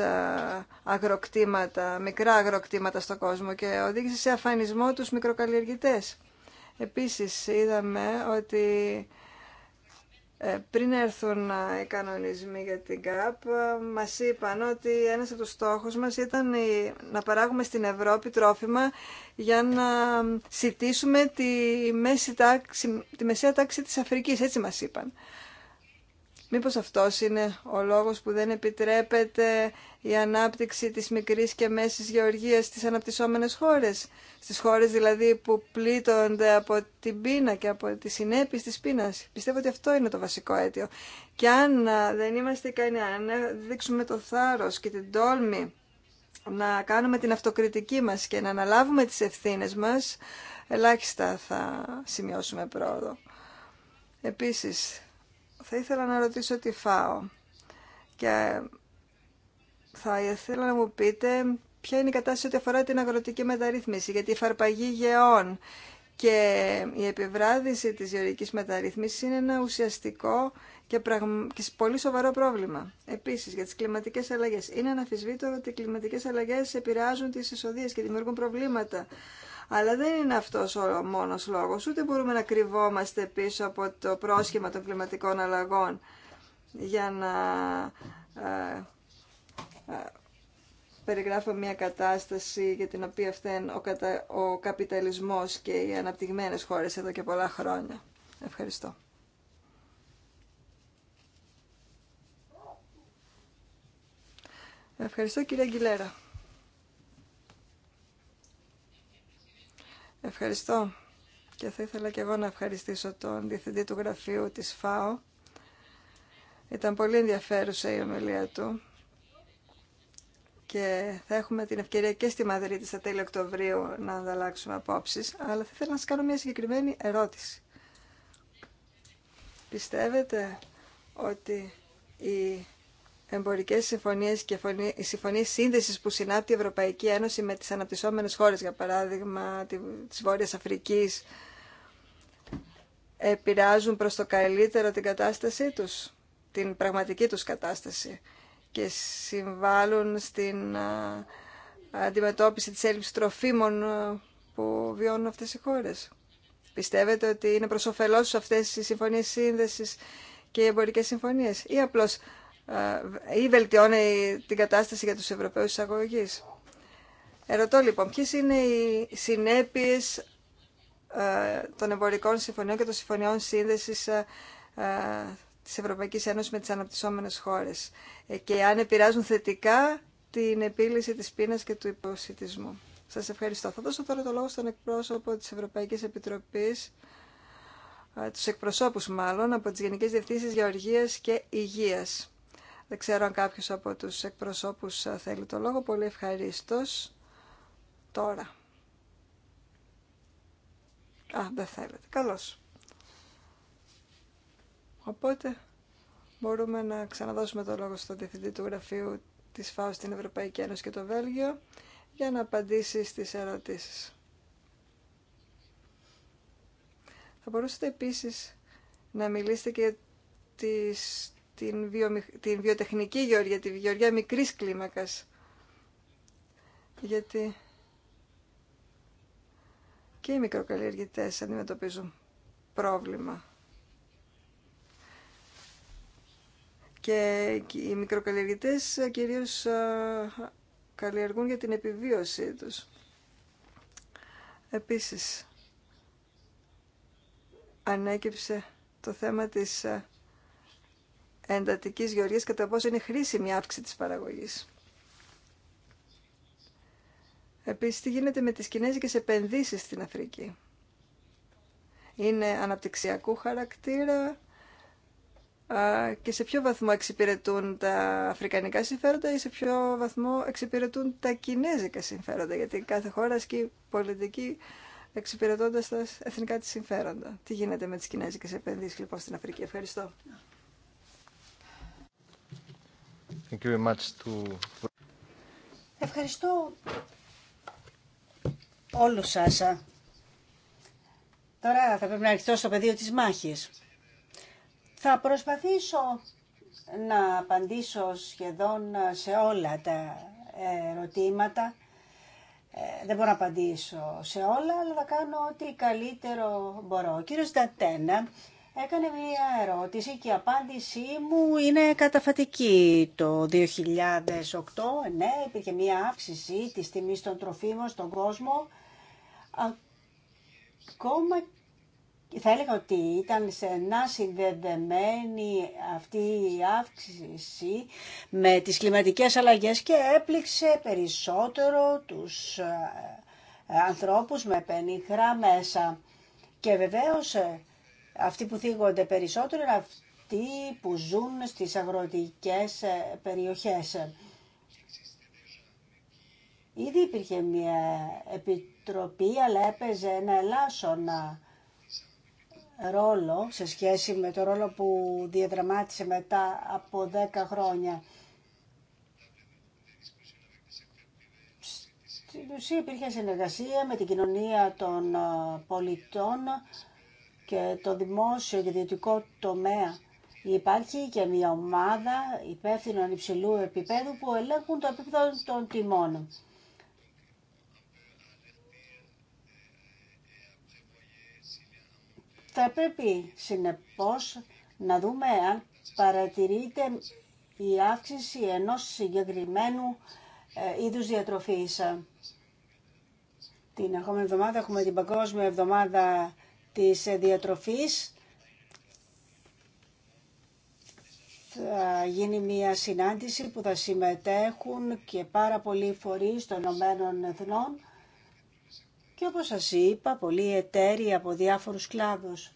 αγροκτήματα, μικρά αγροκτήματα στον κόσμο και οδήγησε σε αφανισμό τους μικροκαλλιεργητές. Επίσης είδαμε ότι ε, πριν έρθουν οι κανονισμοί για την ΚΑΠ, μας είπαν ότι ένας από τους στόχους μας ήταν να παράγουμε στην Ευρώπη τρόφιμα για να σητήσουμε τη, μέση τη μεσαία τάξη της Αφρικής, έτσι μας είπαν. Μήπως αυτός είναι ο λόγος που δεν επιτρέπεται η ανάπτυξη της μικρής και μέσης γεωργίας στις αναπτυσσόμενες χώρες, στις χώρες δηλαδή που πλήττονται από την πείνα και από τη συνέπειες της πείνας. Πιστεύω ότι αυτό είναι το βασικό αίτιο. Και αν δεν είμαστε ικανοί, αν ε, δείξουμε το θάρρος και την τόλμη να κάνουμε την αυτοκριτική μας και να αναλάβουμε τις ευθύνες μας, ελάχιστα θα σημειώσουμε πρόοδο. Επίσης, θα ήθελα να ρωτήσω τι φάω και θα ήθελα να μου πείτε ποια είναι η κατάσταση ότι αφορά την αγροτική μεταρρύθμιση, γιατί η φαρπαγή γεών και η επιβράδυνση της γεωρικής μεταρρύθμισης είναι ένα ουσιαστικό και, πραγμα... πολύ σοβαρό πρόβλημα. Επίσης, για τις κλιματικές αλλαγές. Είναι αναφυσβήτο ότι οι κλιματικές αλλαγές επηρεάζουν τις εισοδίες και δημιουργούν προβλήματα αλλά δεν είναι αυτός ο μόνος λόγος, ούτε μπορούμε να κρυβόμαστε πίσω από το πρόσχημα των κλιματικών αλλαγών για να ε, ε περιγράφω μια κατάσταση για την οποία φταίνει ο, κατα... καπιταλισμός και οι αναπτυγμένες χώρες εδώ και πολλά χρόνια. Ευχαριστώ. Ευχαριστώ κύριε Αγγιλέρα. Ευχαριστώ και θα ήθελα και εγώ να ευχαριστήσω τον Διευθυντή του Γραφείου της ΦΑΟ. Ήταν πολύ ενδιαφέρουσα η ομιλία του και θα έχουμε την ευκαιρία και στη Μαδρίτη στα τέλη Οκτωβρίου να ανταλλάξουμε απόψεις, αλλά θα ήθελα να σας κάνω μια συγκεκριμένη ερώτηση. Πιστεύετε ότι η Εμπορικέ συμφωνίες και οι συμφωνίες σύνδεσης που συνάπτει η Ευρωπαϊκή Ένωση με τις αναπτυσσόμενες χώρες, για παράδειγμα τη βόρεια Αφρική επηρεάζουν προς το καλύτερο την κατάστασή τους, την πραγματική τους κατάσταση και συμβάλλουν στην αντιμετώπιση της έλλειψης τροφίμων που βιώνουν αυτές οι χώρες. Πιστεύετε ότι είναι προς όφελός αυτές οι συμφωνίες σύνδεσης και οι εμπορικές συμφωνίες ή απλώς ε, ή βελτιώνει την κατάσταση για τους Ευρωπαίους εισαγωγείς. Ερωτώ λοιπόν, ποιες είναι οι συνέπειες ε, των εμπορικών συμφωνιών και των συμφωνιών σύνδεσης ε, της Ευρωπαϊκής Ένωσης με τις αναπτυσσόμενες χώρες και αν επηρεάζουν θετικά την επίλυση της πείνας και του υποσυτισμού. Σας ευχαριστώ. Θα δώσω τώρα το λόγο στον εκπρόσωπο της Ευρωπαϊκής Επιτροπής, τους εκπροσώπους μάλλον, από τις Γενικές Διευθύνσεις Γεωργίας και Υγείας. Δεν ξέρω αν κάποιος από τους εκπροσώπους ε, θέλει το λόγο. Πολύ ευχαριστώ. Τώρα. Α, δεν θέλετε. Καλώς. Οπότε μπορούμε να ξαναδώσουμε το λόγο στον Διευθυντή του Γραφείου της ΦΑΟ στην Ευρωπαϊκή Ένωση και το Βέλγιο για να απαντήσει στις ερωτήσεις. Θα μπορούσατε επίσης να μιλήσετε και τις, την, την βιοτεχνική γεωργία, τη γεωργία μικρής κλίμακας. Γιατί και οι μικροκαλλιεργητές αντιμετωπίζουν πρόβλημα. Και οι μικροκαλλιεργητές ε, κυρίως ε, καλλιεργούν για την επιβίωσή τους. Επίσης, ανέκυψε το θέμα της ε, εντατικής γεωργίας κατά πόσο είναι χρήσιμη η αύξηση της παραγωγής. Επίσης, τι γίνεται με τις κινέζικες επενδύσεις στην Αφρική. Είναι αναπτυξιακού χαρακτήρα και σε ποιο βαθμό εξυπηρετούν τα αφρικανικά συμφέροντα ή σε ποιο βαθμό εξυπηρετούν τα κινέζικα συμφέροντα, γιατί κάθε χώρα ασκεί πολιτική εξυπηρετώντας τα εθνικά της συμφέροντα. Τι γίνεται με τις κινέζικες επενδύσει λοιπόν στην Αφρική. Ευχαριστώ. Thank you very to... Ευχαριστώ όλους σας. Τώρα θα πρέπει να αρχιστώ στο πεδίο της μάχης. Θα προσπαθήσω να απαντήσω σχεδόν σε όλα τα ερωτήματα. Ε, δεν μπορώ να απαντήσω σε όλα, αλλά θα κάνω ό,τι καλύτερο μπορώ. Ο κύριος Ντατένα έκανε μία ερώτηση και η απάντησή μου είναι καταφατική. Το 2008, ναι, υπήρχε μία αύξηση της τιμής των τροφίμων στον κόσμο. Ακόμα θα έλεγα ότι ήταν στενά συνδεδεμένη αυτή η αύξηση με τις κλιματικές αλλαγές και έπληξε περισσότερο τους ε, ε, ανθρώπους με πενιχρά μέσα. Και βεβαίως ε, αυτοί που θίγονται περισσότερο είναι αυτοί που ζουν στις αγροτικές ε, περιοχές. Ήδη υπήρχε μια επιτροπή, αλλά έπαιζε ένα ελάσσονα ρόλο σε σχέση με το ρόλο που διαδραμάτισε μετά από 10 χρόνια. Στην ουσία υπήρχε συνεργασία με την κοινωνία των ε, πολιτών και το δημόσιο και ιδιωτικό τομέα. Υπάρχει και μια ομάδα υπεύθυνων υψηλού επίπεδου που ελέγχουν το επίπεδο των τιμών. Θα πρέπει συνεπώς να δούμε αν παρατηρείται η αύξηση ενός συγκεκριμένου ε, είδους διατροφής. Την ερχόμενη εβδομάδα έχουμε την Παγκόσμια Εβδομάδα της διατροφής θα γίνει μια συνάντηση που θα συμμετέχουν και πάρα πολλοί φορείς των Ηνωμένων Εθνών και όπως σας είπα, πολλοί εταίροι από διάφορους κλάδους.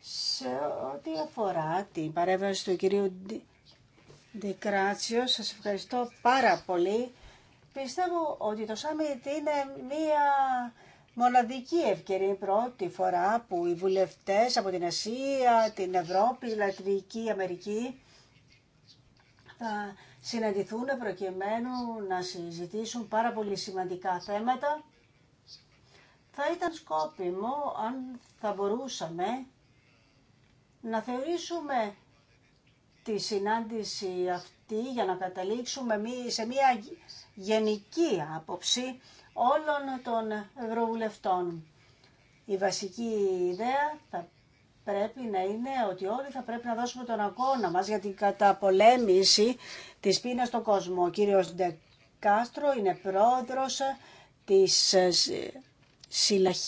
Σε ό,τι αφορά την παρέμβαση του κυρίου Ντικράτσιο σας ευχαριστώ πάρα πολύ. Πιστεύω ότι το Σάμιτ είναι μια μοναδική ευκαιρία, πρώτη φορά που οι βουλευτές από την Ασία, την Ευρώπη, η Λατινική Αμερική θα συναντηθούν προκειμένου να συζητήσουν πάρα πολύ σημαντικά θέματα. Θα ήταν σκόπιμο αν θα μπορούσαμε να θεωρήσουμε τη συνάντηση αυτή για να καταλήξουμε σε μια γενική άποψη όλων των ευρωβουλευτών. Η βασική ιδέα θα πρέπει να είναι ότι όλοι θα πρέπει να δώσουμε τον αγώνα μας για την καταπολέμηση της πείνας στον κόσμο. Ο κύριος Ντεκάστρο είναι πρόεδρος της ε,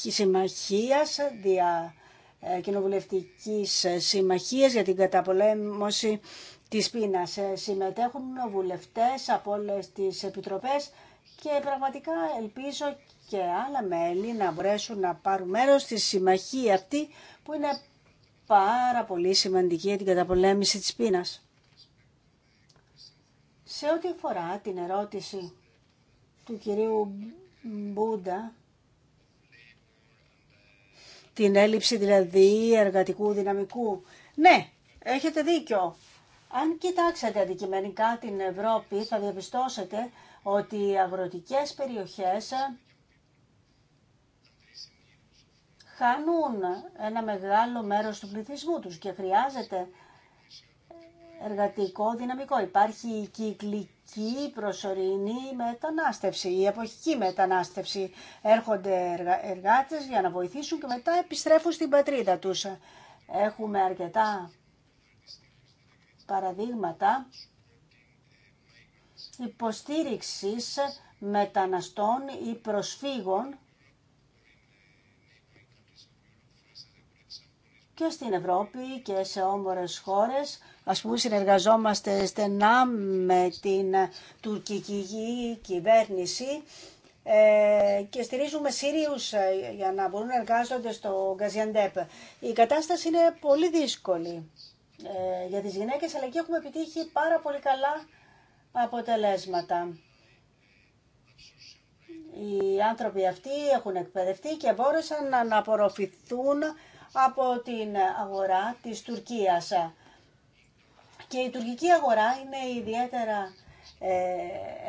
Συμμαχίας δια ε, Κοινοβουλευτικής Συμμαχίας για την καταπολέμωση της πείνας. Ε, συμμετέχουν βουλευτές από όλες τις επιτροπές και πραγματικά ελπίζω και άλλα μέλη να μπορέσουν να πάρουν μέρος στη συμμαχία αυτή που είναι πάρα πολύ σημαντική για την καταπολέμηση της πείνας. Σε ό,τι αφορά την ερώτηση του κυρίου Μπούντα, την έλλειψη δηλαδή εργατικού δυναμικού, ναι, έχετε δίκιο. Αν κοιτάξετε αντικειμενικά την Ευρώπη θα διαπιστώσετε ότι οι αγροτικές περιοχές χάνουν ένα μεγάλο μέρος του πληθυσμού τους και χρειάζεται εργατικό δυναμικό. Υπάρχει η κυκλική προσωρινή μετανάστευση, η εποχική μετανάστευση. Έρχονται εργάτες για να βοηθήσουν και μετά επιστρέφουν στην πατρίδα τους. Έχουμε αρκετά παραδείγματα υποστήριξης μεταναστών ή προσφύγων και στην Ευρώπη και σε όμορες χώρες. Ας πούμε συνεργαζόμαστε στενά με την τουρκική κυβέρνηση ε, και στηρίζουμε Σύριους ε, για να μπορούν να εργάζονται στο Γκαζιαντέπ. Η κατάσταση είναι πολύ δύσκολη ε, για τις γυναίκες, αλλά εκεί έχουμε επιτύχει πάρα πολύ καλά αποτελέσματα. Οι άνθρωποι αυτοί έχουν εκπαιδευτεί και μπόρεσαν να απορροφηθούν από την αγορά της Τουρκίας. Και η τουρκική αγορά είναι ιδιαίτερα ε,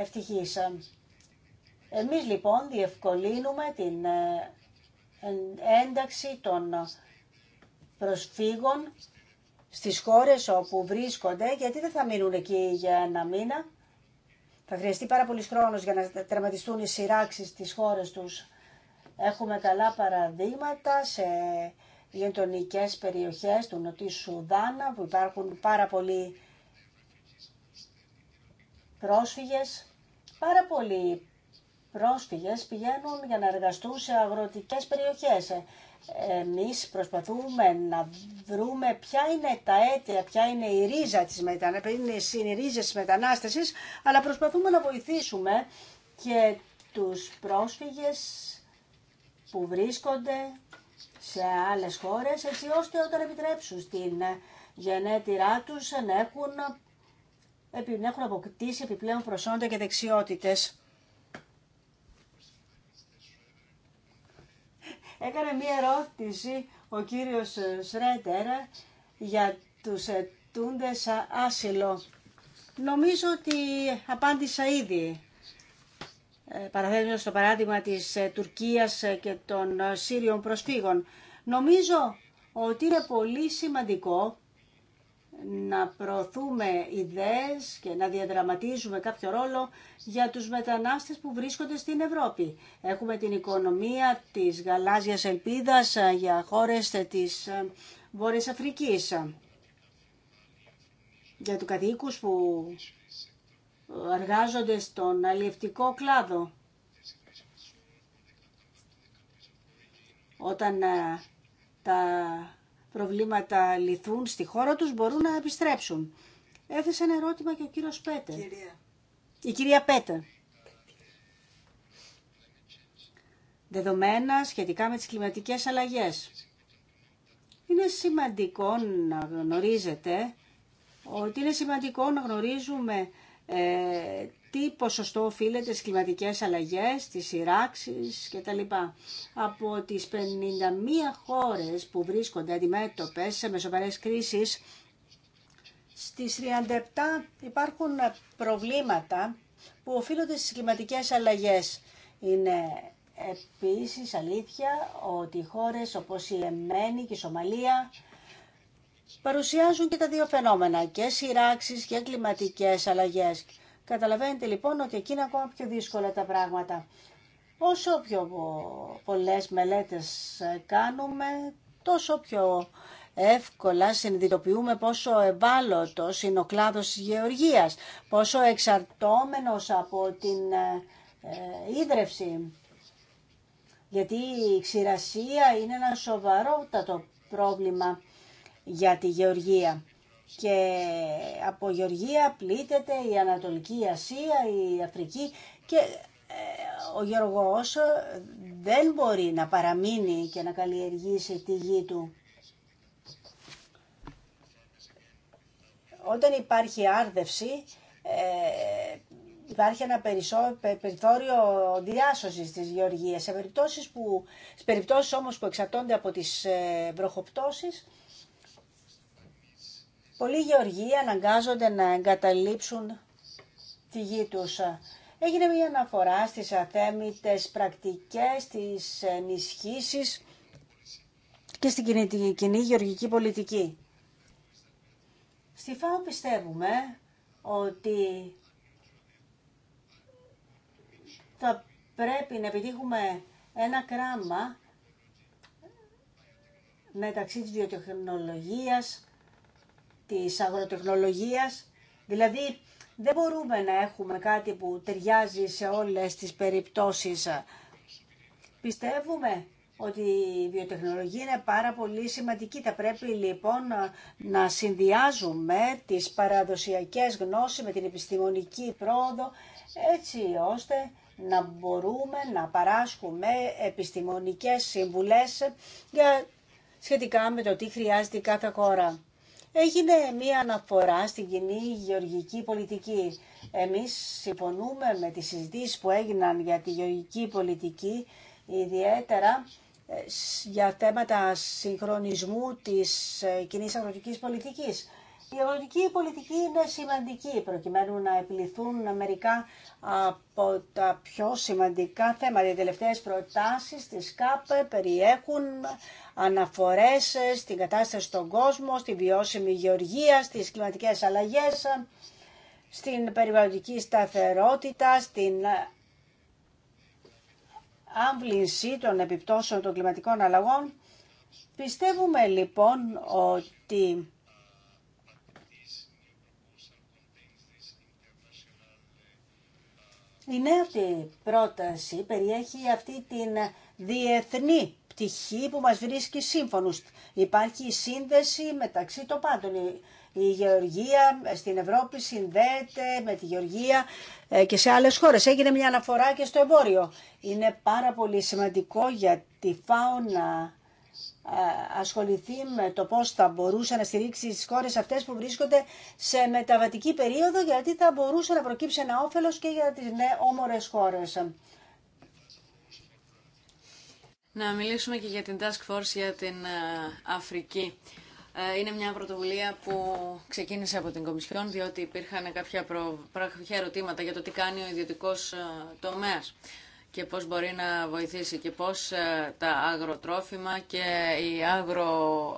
ευτυχής. Εμείς λοιπόν διευκολύνουμε την ε, ένταξη των προσφύγων στις χώρες όπου βρίσκονται, γιατί δεν θα μείνουν εκεί για ένα μήνα. Θα χρειαστεί πάρα πολλής χρόνος για να τερματιστούν οι σειράξει στις χώρες τους. Έχουμε καλά παραδείγματα σε γειτονικέ περιοχές του Νοτιού Σουδάνα, που υπάρχουν πάρα πολλοί πρόσφυγες. Πάρα πολλοί πρόσφυγες πηγαίνουν για να εργαστούν σε αγροτικές περιοχές. Εμείς προσπαθούμε να βρούμε ποια είναι τα αίτια, ποια είναι η ρίζα της μετανάστευσης, είναι αλλά προσπαθούμε να βοηθήσουμε και τους πρόσφυγες που βρίσκονται σε άλλες χώρες, έτσι ώστε όταν επιτρέψουν στην γενέτειρά τους να έχουν, να έχουν αποκτήσει επιπλέον προσόντα και δεξιότητες. Έκανε μία ερώτηση ο κύριος Σρέτερ για τους ετούντες άσυλο. Νομίζω ότι απάντησα ήδη. Ε, παραθέτω στο παράδειγμα της ε, Τουρκίας ε, και των Σύριων προσφύγων. Νομίζω ότι είναι πολύ σημαντικό να προωθούμε ιδέες και να διαδραματίζουμε κάποιο ρόλο για τους μετανάστες που βρίσκονται στην Ευρώπη. Έχουμε την οικονομία της γαλάζιας ελπίδας ε, για χώρες ε, της ε, Βόρειας Αφρικής. Για του κατοίκους που εργάζονται στον αλληλευτικό κλάδο. Όταν τα προβλήματα λυθούν στη χώρα τους μπορούν να επιστρέψουν. Έθεσε ένα ερώτημα και ο κύριος Πέτερ. Η κυρία Πέτε. Δεδομένα σχετικά με τις κλιματικές αλλαγές. Είναι σημαντικό να γνωρίζετε ότι είναι σημαντικό να γνωρίζουμε ε, τι ποσοστό οφείλεται στις κλιματικές αλλαγές, στις σειράξεις κτλ. Από τις 51 χώρες που βρίσκονται αντιμέτωπες με σοβαρές κρίσεις, στις 37 υπάρχουν προβλήματα που οφείλονται στις κλιματικές αλλαγές. Είναι επίσης αλήθεια ότι οι χώρες όπως η Εμένη και η Σομαλία παρουσιάζουν και τα δύο φαινόμενα, και σειράξεις και κλιματικές αλλαγές. Καταλαβαίνετε λοιπόν ότι εκεί είναι ακόμα πιο δύσκολα τα πράγματα. Όσο πιο πολλές μελέτες ε, κάνουμε, τόσο πιο εύκολα συνειδητοποιούμε πόσο ευάλωτος είναι ο κλάδος της γεωργίας, πόσο εξαρτώμενος από την ε, ε ίδρευση. Γιατί η ξηρασία είναι ένα σοβαρότατο πρόβλημα για τη γεωργία και από Γεωργία πλήττεται η Ανατολική Ασία, η Αφρική και ε, ο Γεωργός δεν μπορεί να παραμείνει και να καλλιεργήσει τη γη του. Όταν υπάρχει άρδευση, ε, υπάρχει ένα περιθώριο διάσωσης της γεωργίας. Σε περιπτώσεις, που, σε όμως που εξαρτώνται από τις ε, βροχοπτώσεις, Πολλοί γεωργοί αναγκάζονται να εγκαταλείψουν τη γη τους. Έγινε μια αναφορά στις αθέμητες πρακτικές, στις ενισχύσει και στην κοινή, κοινή γεωργική πολιτική. Στη ΦΑΟ πιστεύουμε ότι θα πρέπει να επιτύχουμε ένα κράμα μεταξύ της βιοτεχνολογίας της αγροτεχνολογίας. Δηλαδή δεν μπορούμε να έχουμε κάτι που ταιριάζει σε όλες τις περιπτώσεις. Πιστεύουμε ότι η βιοτεχνολογία είναι πάρα πολύ σημαντική. Θα πρέπει λοιπόν να συνδυάζουμε τις παραδοσιακές γνώσεις με την επιστημονική πρόοδο έτσι ώστε να μπορούμε να παράσχουμε επιστημονικές συμβουλές για σχετικά με το τι χρειάζεται κάθε χώρα. Έγινε μία αναφορά στην κοινή γεωργική πολιτική. Εμείς συμφωνούμε με τις συζητήσεις που έγιναν για τη γεωργική πολιτική, ιδιαίτερα ε, για θέματα συγχρονισμού της ε, κοινή αγροτικής πολιτικής. Η αγροτική πολιτική είναι σημαντική προκειμένου να επιληθούν μερικά από τα πιο σημαντικά θέματα. Οι τελευταίες προτάσεις της ΚΑΠ περιέχουν αναφορές ε, στην κατάσταση στον κόσμο, στη βιώσιμη γεωργία, στις κλιματικές αλλαγές, ε, στην περιβαλλοντική σταθερότητα, στην ε, άμβλυνση των επιπτώσεων των κλιματικών αλλαγών. Πιστεύουμε λοιπόν ότι η νέα αυτή πρόταση περιέχει αυτή την διεθνή πτυχή που μας βρίσκει σύμφωνους. Υπάρχει η σύνδεση μεταξύ των πάντων. Η γεωργία στην Ευρώπη συνδέεται με τη γεωργία ε, και σε άλλες χώρες. Έγινε μια αναφορά και στο εμπόριο. Είναι πάρα πολύ σημαντικό για τη φάουνα ε, ασχοληθεί με το πώς θα μπορούσε να στηρίξει τις χώρες αυτές που βρίσκονται σε μεταβατική περίοδο γιατί θα μπορούσε να προκύψει ένα όφελος και για τις νέες όμορες χώρες. Να μιλήσουμε και για την Task Force για την ε, Αφρική. Ε, είναι μια πρωτοβουλία που ξεκίνησε από την Κομισιόν, διότι υπήρχαν κάποια, προ... ερωτήματα για το τι κάνει ο ιδιωτικό ε, τομέα και πώς μπορεί να βοηθήσει και πώς ε, τα αγροτρόφιμα και οι αγρο,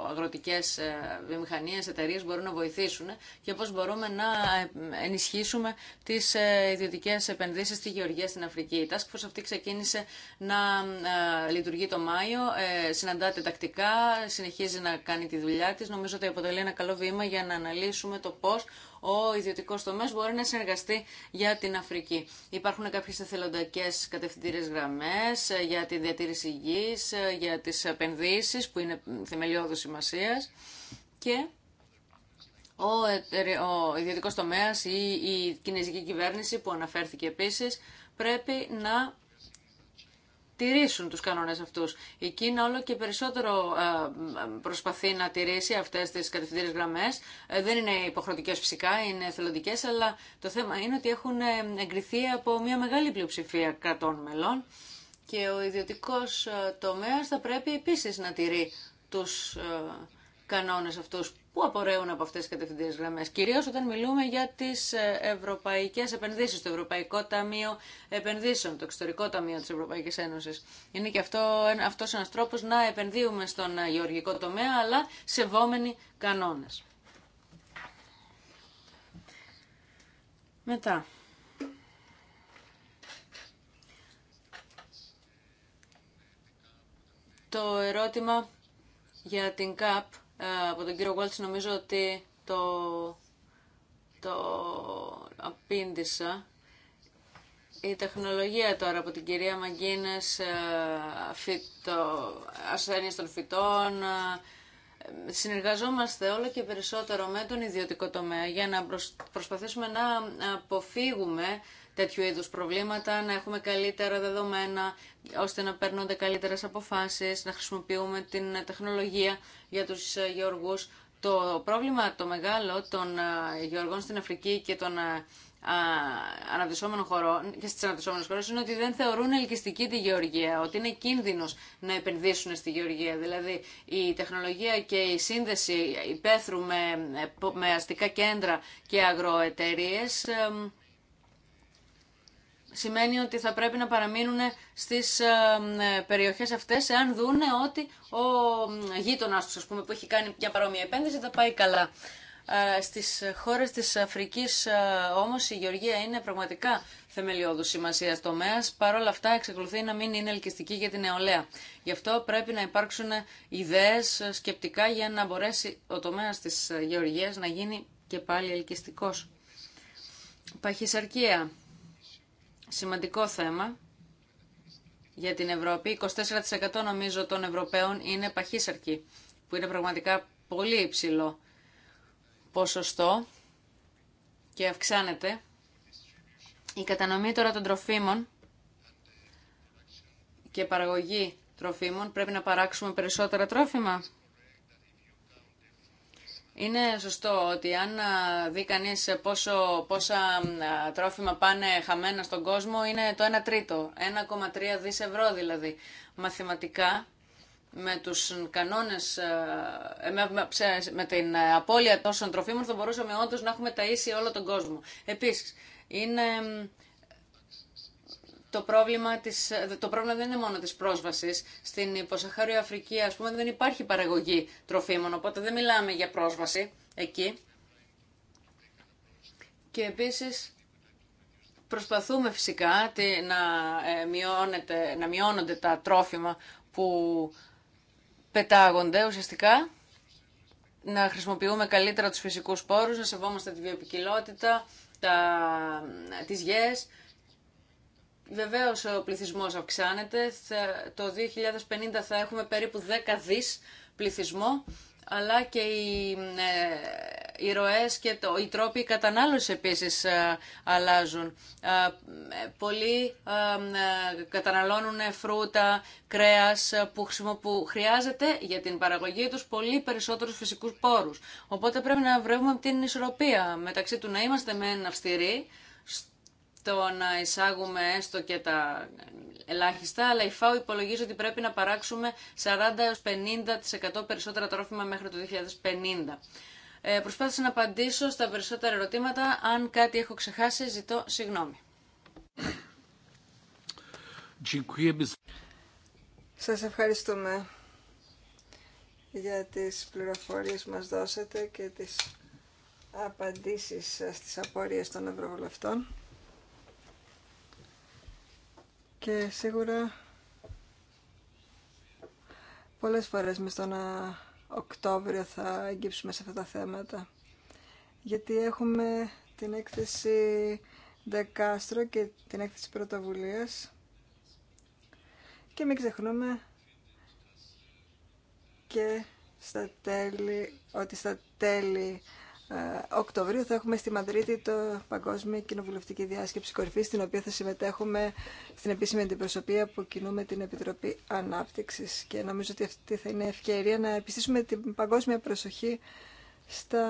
αγροτικές ε, βιομηχανίες, εταιρείε μπορούν να βοηθήσουν και πώς μπορούμε να ε, ενισχύσουμε τις ιδιωτικές επενδύσεις στη Γεωργία στην Αφρική. Η Task αυτή ξεκίνησε να λειτουργεί το Μάιο, συναντάται τακτικά, συνεχίζει να κάνει τη δουλειά της. Νομίζω ότι αποτελεί ένα καλό βήμα για να αναλύσουμε το πώς ο ιδιωτικό τομέα μπορεί να συνεργαστεί για την Αφρική. Υπάρχουν κάποιε εθελοντακέ κατευθυντήρε γραμμέ ε, για τη διατήρηση γη, ε, για τι επενδύσει που είναι θεμελιώδου σημασία και ο ιδιωτικό τομέα ή η κινέζικη κυβέρνηση που αναφέρθηκε επίση πρέπει να τηρήσουν τους κανόνες αυτούς. Η Κίνα όλο και περισσότερο ε, προσπαθεί να τηρήσει αυτές τις κατευθυντήριες γραμμές. Ε, δεν είναι υποχρεωτικές φυσικά, είναι εθελοντικές, αλλά το θέμα είναι ότι έχουν ε, εγκριθεί από μια μεγάλη πλειοψηφία κρατών μελών και ο ιδιωτικός τομέας θα πρέπει επίσης να τηρεί τους κανόνες αυτούς που απορρέουν από αυτές τις κατευθυντήριε γραμμές. Κυρίως όταν μιλούμε για τις ε, ευρωπαϊκές επενδύσεις, το Ευρωπαϊκό Ταμείο Επενδύσεων, το Εξωτερικό Ταμείο της Ευρωπαϊκής Ένωσης. Είναι και αυτό, αυτός ένας τρόπος να επενδύουμε στον ε, γεωργικό τομέα, αλλά σεβόμενοι κανόνες. Μετά. Το ερώτημα για την ΚΑΠ ε, από τον κύριο Γουάλτς νομίζω ότι το, το απήντησα. Η τεχνολογία τώρα από την κυρία Μαγκίνες, ε, φυτο, ασθένειες των φυτών, ε, συνεργαζόμαστε όλο και περισσότερο με τον ιδιωτικό τομέα για να προσπαθήσουμε να αποφύγουμε τέτοιου είδους προβλήματα, να έχουμε καλύτερα δεδομένα, ώστε να παίρνονται καλύτερες αποφάσεις, να χρησιμοποιούμε την τεχνολογία για τους ε, γεωργούς. Το πρόβλημα το μεγάλο των ε, γεωργών στην Αφρική και των ε, αναπτυσσόμενων χωρών και στις αναπτυσσόμενες χώρες είναι ότι δεν θεωρούν ελκυστική τη γεωργία, ότι είναι κίνδυνος να επενδύσουν στη γεωργία. Δηλαδή η τεχνολογία και η σύνδεση υπαίθρου με, με αστικά κέντρα και αγροεταιρείες σημαίνει ότι θα πρέπει να παραμείνουν στις ε, ε, περιοχές αυτές εάν δούνε ότι ο γείτονάς τους πούμε, που έχει κάνει μια παρόμοια επένδυση θα πάει καλά. Ε, στις χώρες της Αφρικής όμως η γεωργία είναι πραγματικά θεμελιώδου σημασία τομέα, παρόλα αυτά εξακολουθεί να μην είναι ελκυστική για την νεολαία. Γι' αυτό πρέπει να υπάρξουν ιδέε σκεπτικά για να μπορέσει ο τομέα τη γεωργία να γίνει και πάλι ελκυστικό. Παχυσαρκία σημαντικό θέμα για την Ευρώπη. 24% νομίζω των Ευρωπαίων είναι παχύσαρκοι, που είναι πραγματικά πολύ υψηλό ποσοστό και αυξάνεται. Η κατανομή τώρα των τροφίμων και παραγωγή τροφίμων πρέπει να παράξουμε περισσότερα τρόφιμα είναι σωστό ότι αν δει κανεί πόσα τρόφιμα πάνε χαμένα στον κόσμο, είναι το 1 τρίτο, 1,3 δις ευρώ δηλαδή. Μαθηματικά, με τους κανόνες, ε, με, με την ε, απώλεια τόσων τροφίμων θα μπορούσαμε όντω να έχουμε ταΐσει όλο τον κόσμο. Επίσης, είναι το πρόβλημα, της, το πρόβλημα δεν είναι μόνο της πρόσβασης. Στην υποσαχάρια Αφρική, ας πούμε, δεν υπάρχει παραγωγή τροφίμων, οπότε δεν μιλάμε για πρόσβαση εκεί. Και επίσης προσπαθούμε φυσικά να, ε, μειώνεται, να μειώνονται τα τρόφιμα που πετάγονται ουσιαστικά, να χρησιμοποιούμε καλύτερα τους φυσικούς πόρους, να σεβόμαστε τη βιοπικιλότητα, τα, τις γιές, Βεβαίω ο πληθυσμό αυξάνεται. Το 2050 θα έχουμε περίπου 10 δις πληθυσμό, αλλά και οι, ε, οι ροές και οι τρόποι κατανάλωσης επίσης ε, αλλάζουν. Ε, πολλοί καταναλώνουν φρούτα, κρέας που, που χρειάζεται για την παραγωγή τους πολύ περισσότερους φυσικούς πόρους. Οπότε πρέπει να βρούμε την ισορροπία μεταξύ του να είμαστε μεν αυστηροί, το να εισάγουμε έστω και τα ελάχιστα, αλλά η ΦΑΟ υπολογίζει ότι πρέπει να παράξουμε 40 50% περισσότερα τρόφιμα μέχρι το 2050. Ε, προσπάθησα να απαντήσω στα περισσότερα ερωτήματα. Αν κάτι έχω ξεχάσει, ζητώ συγγνώμη. Σας ευχαριστούμε για τις πληροφορίες μας δώσατε και τις απαντήσεις στις απορίες των Ευρωβουλευτών. Και σίγουρα πολλές φορές μες τον Οκτώβριο θα εγγύψουμε σε αυτά τα θέματα. Γιατί έχουμε την έκθεση Δεκάστρο και την έκθεση πρωτοβουλίας. Και μην ξεχνούμε και στα τέλη, ότι στα τέλη ε, Οκτωβρίου θα έχουμε στη Μαδρίτη το Παγκόσμιο Κοινοβουλευτική Διάσκεψη Κορυφής, στην οποία θα συμμετέχουμε στην επίσημη αντιπροσωπεία που κινούμε την Επιτροπή ανάπτυξη. Και νομίζω ότι αυτή θα είναι ευκαιρία να επιστήσουμε την παγκόσμια προσοχή στα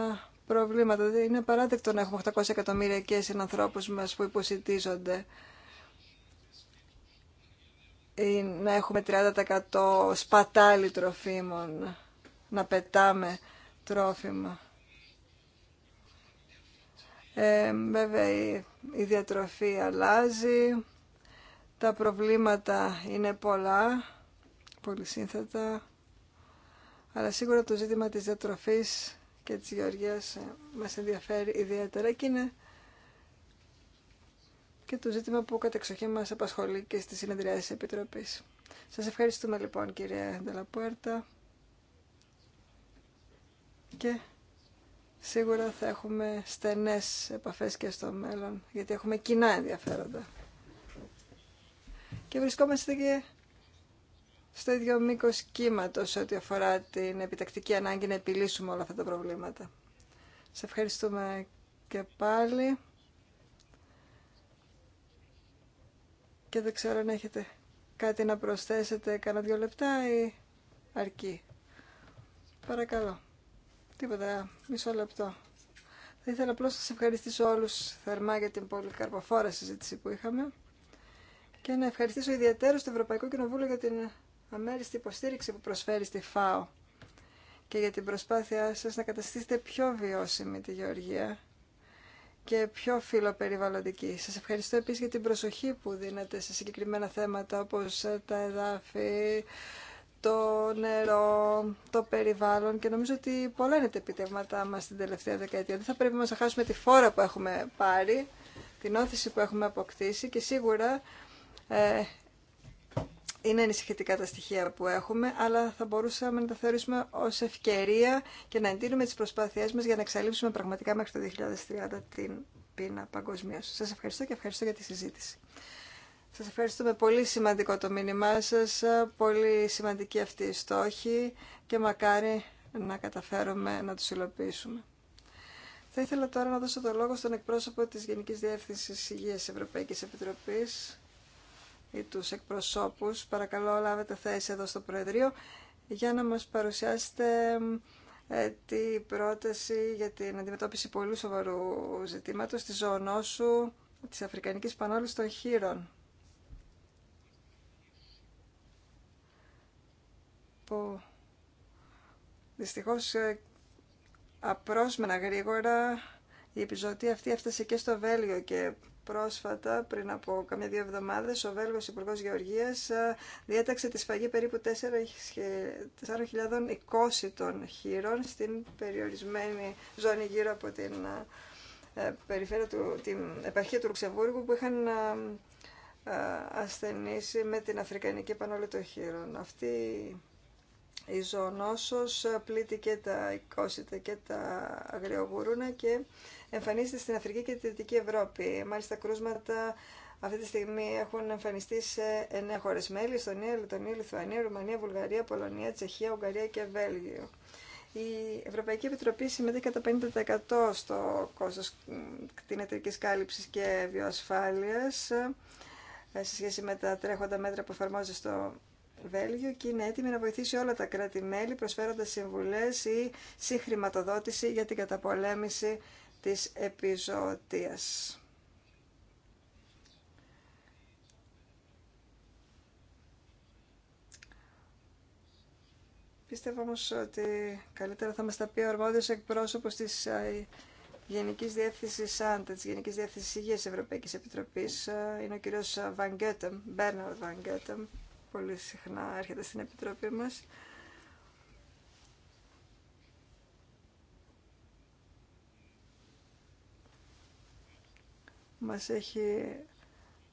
προβλήματα. Δηλαδή είναι παράδεκτο να έχουμε 800 εκατομμύρια και συνανθρώπου μα που υποσυντίζονται ή να έχουμε 30% σπατάλι τροφίμων, να πετάμε τρόφιμα. Ε, βέβαια η διατροφή αλλάζει, τα προβλήματα είναι πολλά, πολύ σύνθετα, αλλά σίγουρα το ζήτημα της διατροφής και της γεωργίας ε, μας ενδιαφέρει ιδιαίτερα και είναι και το ζήτημα που κατεξοχή μας απασχολεί και στη συνεδριά της Επιτροπής. Σας ευχαριστούμε λοιπόν κυρία Ντελαπουέρτα και σίγουρα θα έχουμε στενές επαφές και στο μέλλον, γιατί έχουμε κοινά ενδιαφέροντα. Και βρισκόμαστε και στο ίδιο μήκο κύματο ό,τι αφορά την επιτακτική ανάγκη να επιλύσουμε όλα αυτά τα προβλήματα. Σε ευχαριστούμε και πάλι. Και δεν ξέρω αν έχετε κάτι να προσθέσετε κάνα δύο λεπτά ή αρκεί. Παρακαλώ. Τίποτα, μισό λεπτό. Θα ήθελα απλώ να σα ευχαριστήσω όλου θερμά για την πολύ καρποφόρα συζήτηση που είχαμε και να ευχαριστήσω ιδιαίτερα στο Ευρωπαϊκό Κοινοβούλιο για την αμέριστη υποστήριξη που προσφέρει στη ΦΑΟ και για την προσπάθειά σας να καταστήσετε πιο βιώσιμη τη γεωργία και πιο φιλοπεριβαλλοντική. Σας ευχαριστώ επίσης για την προσοχή που δίνετε σε συγκεκριμένα θέματα όπως τα εδάφη, το νερό, το περιβάλλον και νομίζω ότι πολλά είναι τα επιτεύγματά μας την τελευταία δεκαετία. Δεν θα πρέπει να χάσουμε τη φόρα που έχουμε πάρει, την όθηση που έχουμε αποκτήσει και σίγουρα ε, είναι ανησυχητικά τα στοιχεία που έχουμε, αλλά θα μπορούσαμε να τα θεωρήσουμε ως ευκαιρία και να εντείνουμε τις προσπάθειές μας για να εξαλείψουμε πραγματικά μέχρι το 2030 την πείνα παγκοσμίω. Σας ευχαριστώ και ευχαριστώ για τη συζήτηση. Σας ευχαριστούμε πολύ σημαντικό το μήνυμά σας, πολύ σημαντική αυτή η στόχη και μακάρι να καταφέρουμε να τους υλοποιήσουμε. Θα ήθελα τώρα να δώσω το λόγο στον εκπρόσωπο της Γενικής Διεύθυνσης Υγείας Ευρωπαϊκής Επιτροπής ή τους εκπροσώπους. Παρακαλώ λάβετε θέση εδώ στο Προεδρείο για να μας παρουσιάσετε ε, την πρόταση για την αντιμετώπιση πολύ σοβαρού ζητήματος της ζωονόσου της Αφρικανικής Πανόλης των Χείρων. που δυστυχώς ε, απρόσμενα γρήγορα η επιζωτία αυτή έφτασε και στο Βέλγιο και πρόσφατα, πριν από καμιά δύο εβδομάδες, ο Βέλγος Υπουργός Γεωργίας ε, διέταξε τη σφαγή περίπου 4.020 των χείρων στην περιορισμένη ζώνη γύρω από την ε, περιφέρεια του, την επαρχία του Λουξεμβούργου που είχαν ασθενήσει με την Αφρικανική Πανόλη των Χείρων. Αυτή η ζωονόσος πλήττει και τα οικόσιτα και τα αγριογουρούνα και εμφανίζεται στην Αφρική και τη Δυτική Ευρώπη. Μάλιστα κρούσματα αυτή τη στιγμή έχουν εμφανιστεί σε εννέα χώρες μέλη, Εστονία, Λετωνία, Λιθουανία, Ρουμανία, Βουλγαρία, Πολωνία, Τσεχία, Ουγγαρία και Βέλγιο. Η Ευρωπαϊκή Επιτροπή συμμετέχει κατά 50% στο κόστος κτηνιατρικής κάλυψης και βιοασφάλειας ε, σε σχέση με τα τρέχοντα μέτρα που εφαρμόζεται στο Βέλγιο και είναι έτοιμη να βοηθήσει όλα τα κράτη-μέλη προσφέροντας συμβουλές ή συγχρηματοδότηση για την καταπολέμηση της επιζωτίας. Πιστεύω όμως ότι καλύτερα θα μας τα πει ο αρμόδιος εκπρόσωπος της Γενικής Διεύθυνσης ΣΑΝΤΑ, της Γενικής Διεύθυνσης Υγείας Ευρωπαϊκής Επιτροπής, είναι ο κύριος Βαγκέτεμ, Μπέρναρ Βαγκέτεμ, πολύ συχνά έρχεται στην Επιτροπή μας. Μας έχει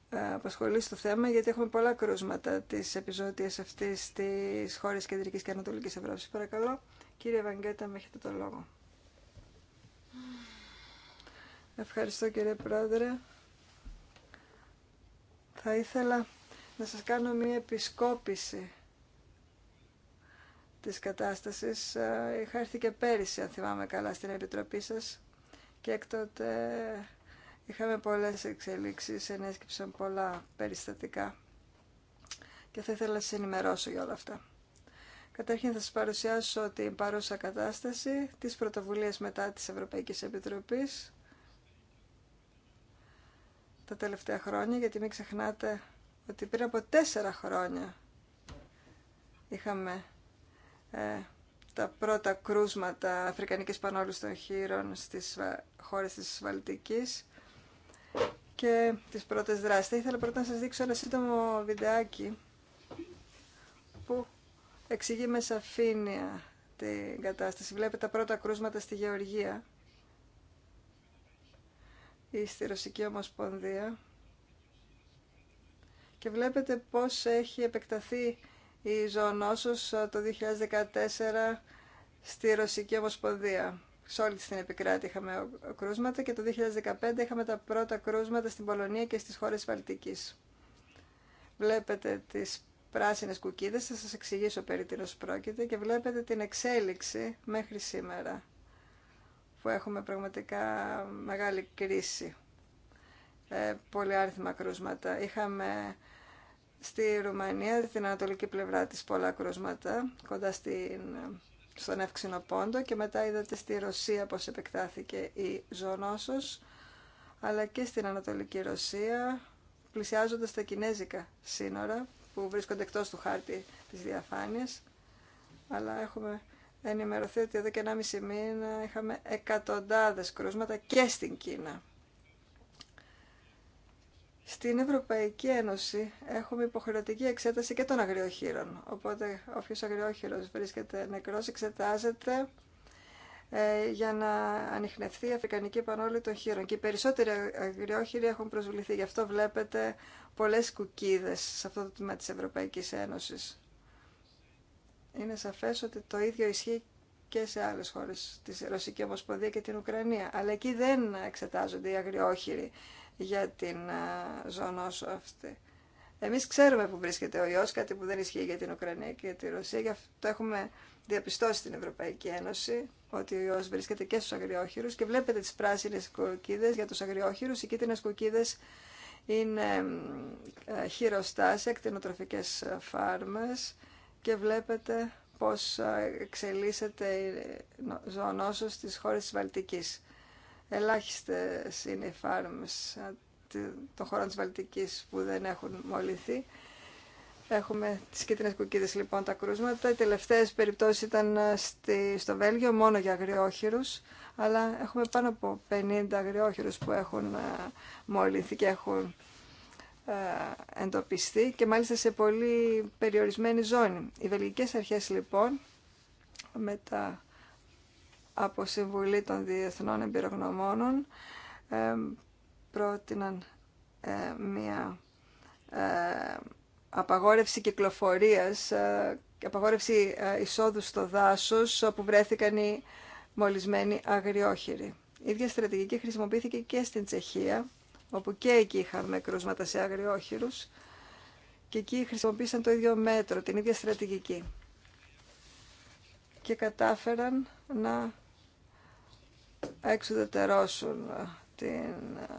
ε, απασχολήσει το θέμα γιατί έχουμε πολλά κρούσματα της επιζώτιας αυτής της χώρες Κεντρικής και Ανατολικής Ευρώπης. Παρακαλώ, κύριε Βαγγέτα, με έχετε το λόγο. Ευχαριστώ κύριε Πρόεδρε. Θα ήθελα να σας κάνω μία επισκόπηση της κατάστασης. Ε, είχα έρθει και πέρυσι, αν θυμάμαι καλά, στην Επιτροπή σας και έκτοτε είχαμε πολλές εξελίξεις, ενέσκυψαν πολλά περιστατικά και θα ήθελα να σας ενημερώσω για όλα αυτά. Καταρχήν θα σας παρουσιάσω την παρούσα κατάσταση της πρωτοβουλίας μετά της Ευρωπαϊκής Επιτροπής τα τελευταία χρόνια, γιατί μην ξεχνάτε ότι πριν από τέσσερα χρόνια είχαμε ε, τα πρώτα κρούσματα αφρικανικής πανόλους των χείρων στις χώρες της Βαλτικής και τις πρώτες δράσεις. Θα ήθελα πρώτα να σας δείξω ένα σύντομο βιντεάκι που εξηγεί με σαφήνεια την κατάσταση. Βλέπετε τα πρώτα κρούσματα στη Γεωργία ή στη Ρωσική Ομοσπονδία και βλέπετε πώς έχει επεκταθεί η ζωονόσος το 2014 στη Ρωσική Ομοσπονδία. Σε όλη την επικράτη είχαμε κρούσματα και το 2015 είχαμε τα πρώτα κρούσματα στην Πολωνία και στις χώρες Βαλτικής. Βλέπετε τις πράσινες κουκίδες, θα σας εξηγήσω περί τι πρόκειται και βλέπετε την εξέλιξη μέχρι σήμερα που έχουμε πραγματικά μεγάλη κρίση ε, άριθμα κρούσματα. Είχαμε στη Ρουμανία, την ανατολική πλευρά της πολλά κρούσματα, κοντά στην, στον Εύξηνο Πόντο και μετά είδατε στη Ρωσία πώς επεκτάθηκε η ζωνόσος, αλλά και στην Ανατολική Ρωσία, πλησιάζοντας τα κινέζικα σύνορα που βρίσκονται εκτός του χάρτη της διαφάνειας, αλλά έχουμε ενημερωθεί ότι εδώ και ένα μισή μήνα είχαμε εκατοντάδες κρούσματα και στην Κίνα. Στην Ευρωπαϊκή Ένωση έχουμε υποχρεωτική εξέταση και των αγριοχείρων. Οπότε όποιο αγριοχείρο βρίσκεται νεκρός εξετάζεται ε, για να ανοιχνευτεί η αφρικανική πανόλη των χείρων. Και οι περισσότεροι αγριόχειροι έχουν προσβληθεί. Γι' αυτό βλέπετε πολλές κουκίδες σε αυτό το τμήμα της Ευρωπαϊκής Ένωσης. Είναι σαφές ότι το ίδιο ισχύει και σε άλλε χώρε, τη Ρωσική Ομοσπονδία και την Ουκρανία. Αλλά εκεί δεν εξετάζονται οι αγριόχειροι για την ε, ζωνόσο αυτή. Εμείς ξέρουμε που βρίσκεται ο ιός, κάτι που δεν ισχύει για την Ουκρανία και τη Ρωσία. Γι' αυτό έχουμε διαπιστώσει στην Ευρωπαϊκή Ένωση ότι ο ιός βρίσκεται και στους αγριόχειρους και βλέπετε τις πράσινες κοκκίδες για τους αγριόχειρους. Οι κίτρινες κοκκίδες είναι ε, χειροστάσια, εκτινοτροφικές ε, φάρμες και βλέπετε πώς εξελίσσεται η ζωονόσο στις χώρες της Βαλτικής. Ελάχιστες είναι οι φάρμες των χωρών της Βαλτικής που δεν έχουν μολυθεί. Έχουμε τις κίτρινες κουκίδες λοιπόν τα κρούσματα. Οι τελευταίες περιπτώσεις ήταν ε, στη, στο Βέλγιο μόνο για αγριόχειρους, αλλά έχουμε πάνω από 50 αγριόχειρους που έχουν ε, μολυνθεί και έχουν ε, εντοπιστεί και μάλιστα σε πολύ περιορισμένη ζώνη. Οι βελγικές αρχές λοιπόν με τα από Συμβουλή των Διεθνών Εμπειρογνωμόνων πρότειναν ε, μία ε, απαγόρευση κυκλοφορίας, ε, απαγόρευση εισόδου στο δάσος όπου βρέθηκαν οι μολυσμένοι αγριόχειροι. Η ίδια στρατηγική χρησιμοποιήθηκε και στην Τσεχία, όπου και εκεί είχαμε κρούσματα σε αγριόχειρους και εκεί χρησιμοποίησαν το ίδιο μέτρο, την ίδια στρατηγική και κατάφεραν να εξουδετερώσουν ε, την ε,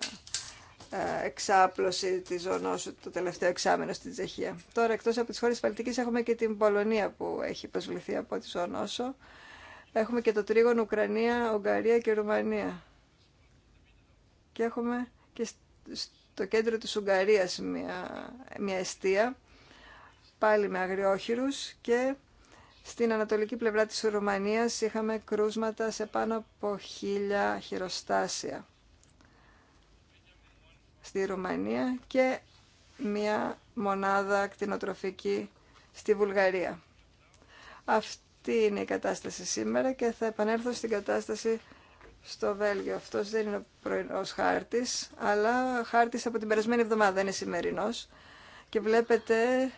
ε, εξάπλωση της σου το τελευταίο εξάμεινο στην Τσεχία. Τώρα εκτός από τις χώρες τη έχουμε και την Πολωνία που έχει προσβληθεί από τη ζωνόσο. Έχουμε και το τρίγωνο Ουκρανία, Ουγγαρία και Ρουμανία. Και έχουμε και στο κέντρο της Ουγγαρίας μια, μια αιστεία, πάλι με αγριόχειρους και στην ανατολική πλευρά της Ρουμανίας είχαμε κρούσματα σε πάνω από χίλια χειροστάσια στη Ρουμανία και μία μονάδα κτηνοτροφική στη Βουλγαρία. Αυτή είναι η κατάσταση σήμερα και θα επανέλθω στην κατάσταση στο Βέλγιο. Αυτός δεν είναι ο πρωινός χάρτης, αλλά χάρτης από την περασμένη εβδομάδα, δεν είναι σημερινός. Και βλέπετε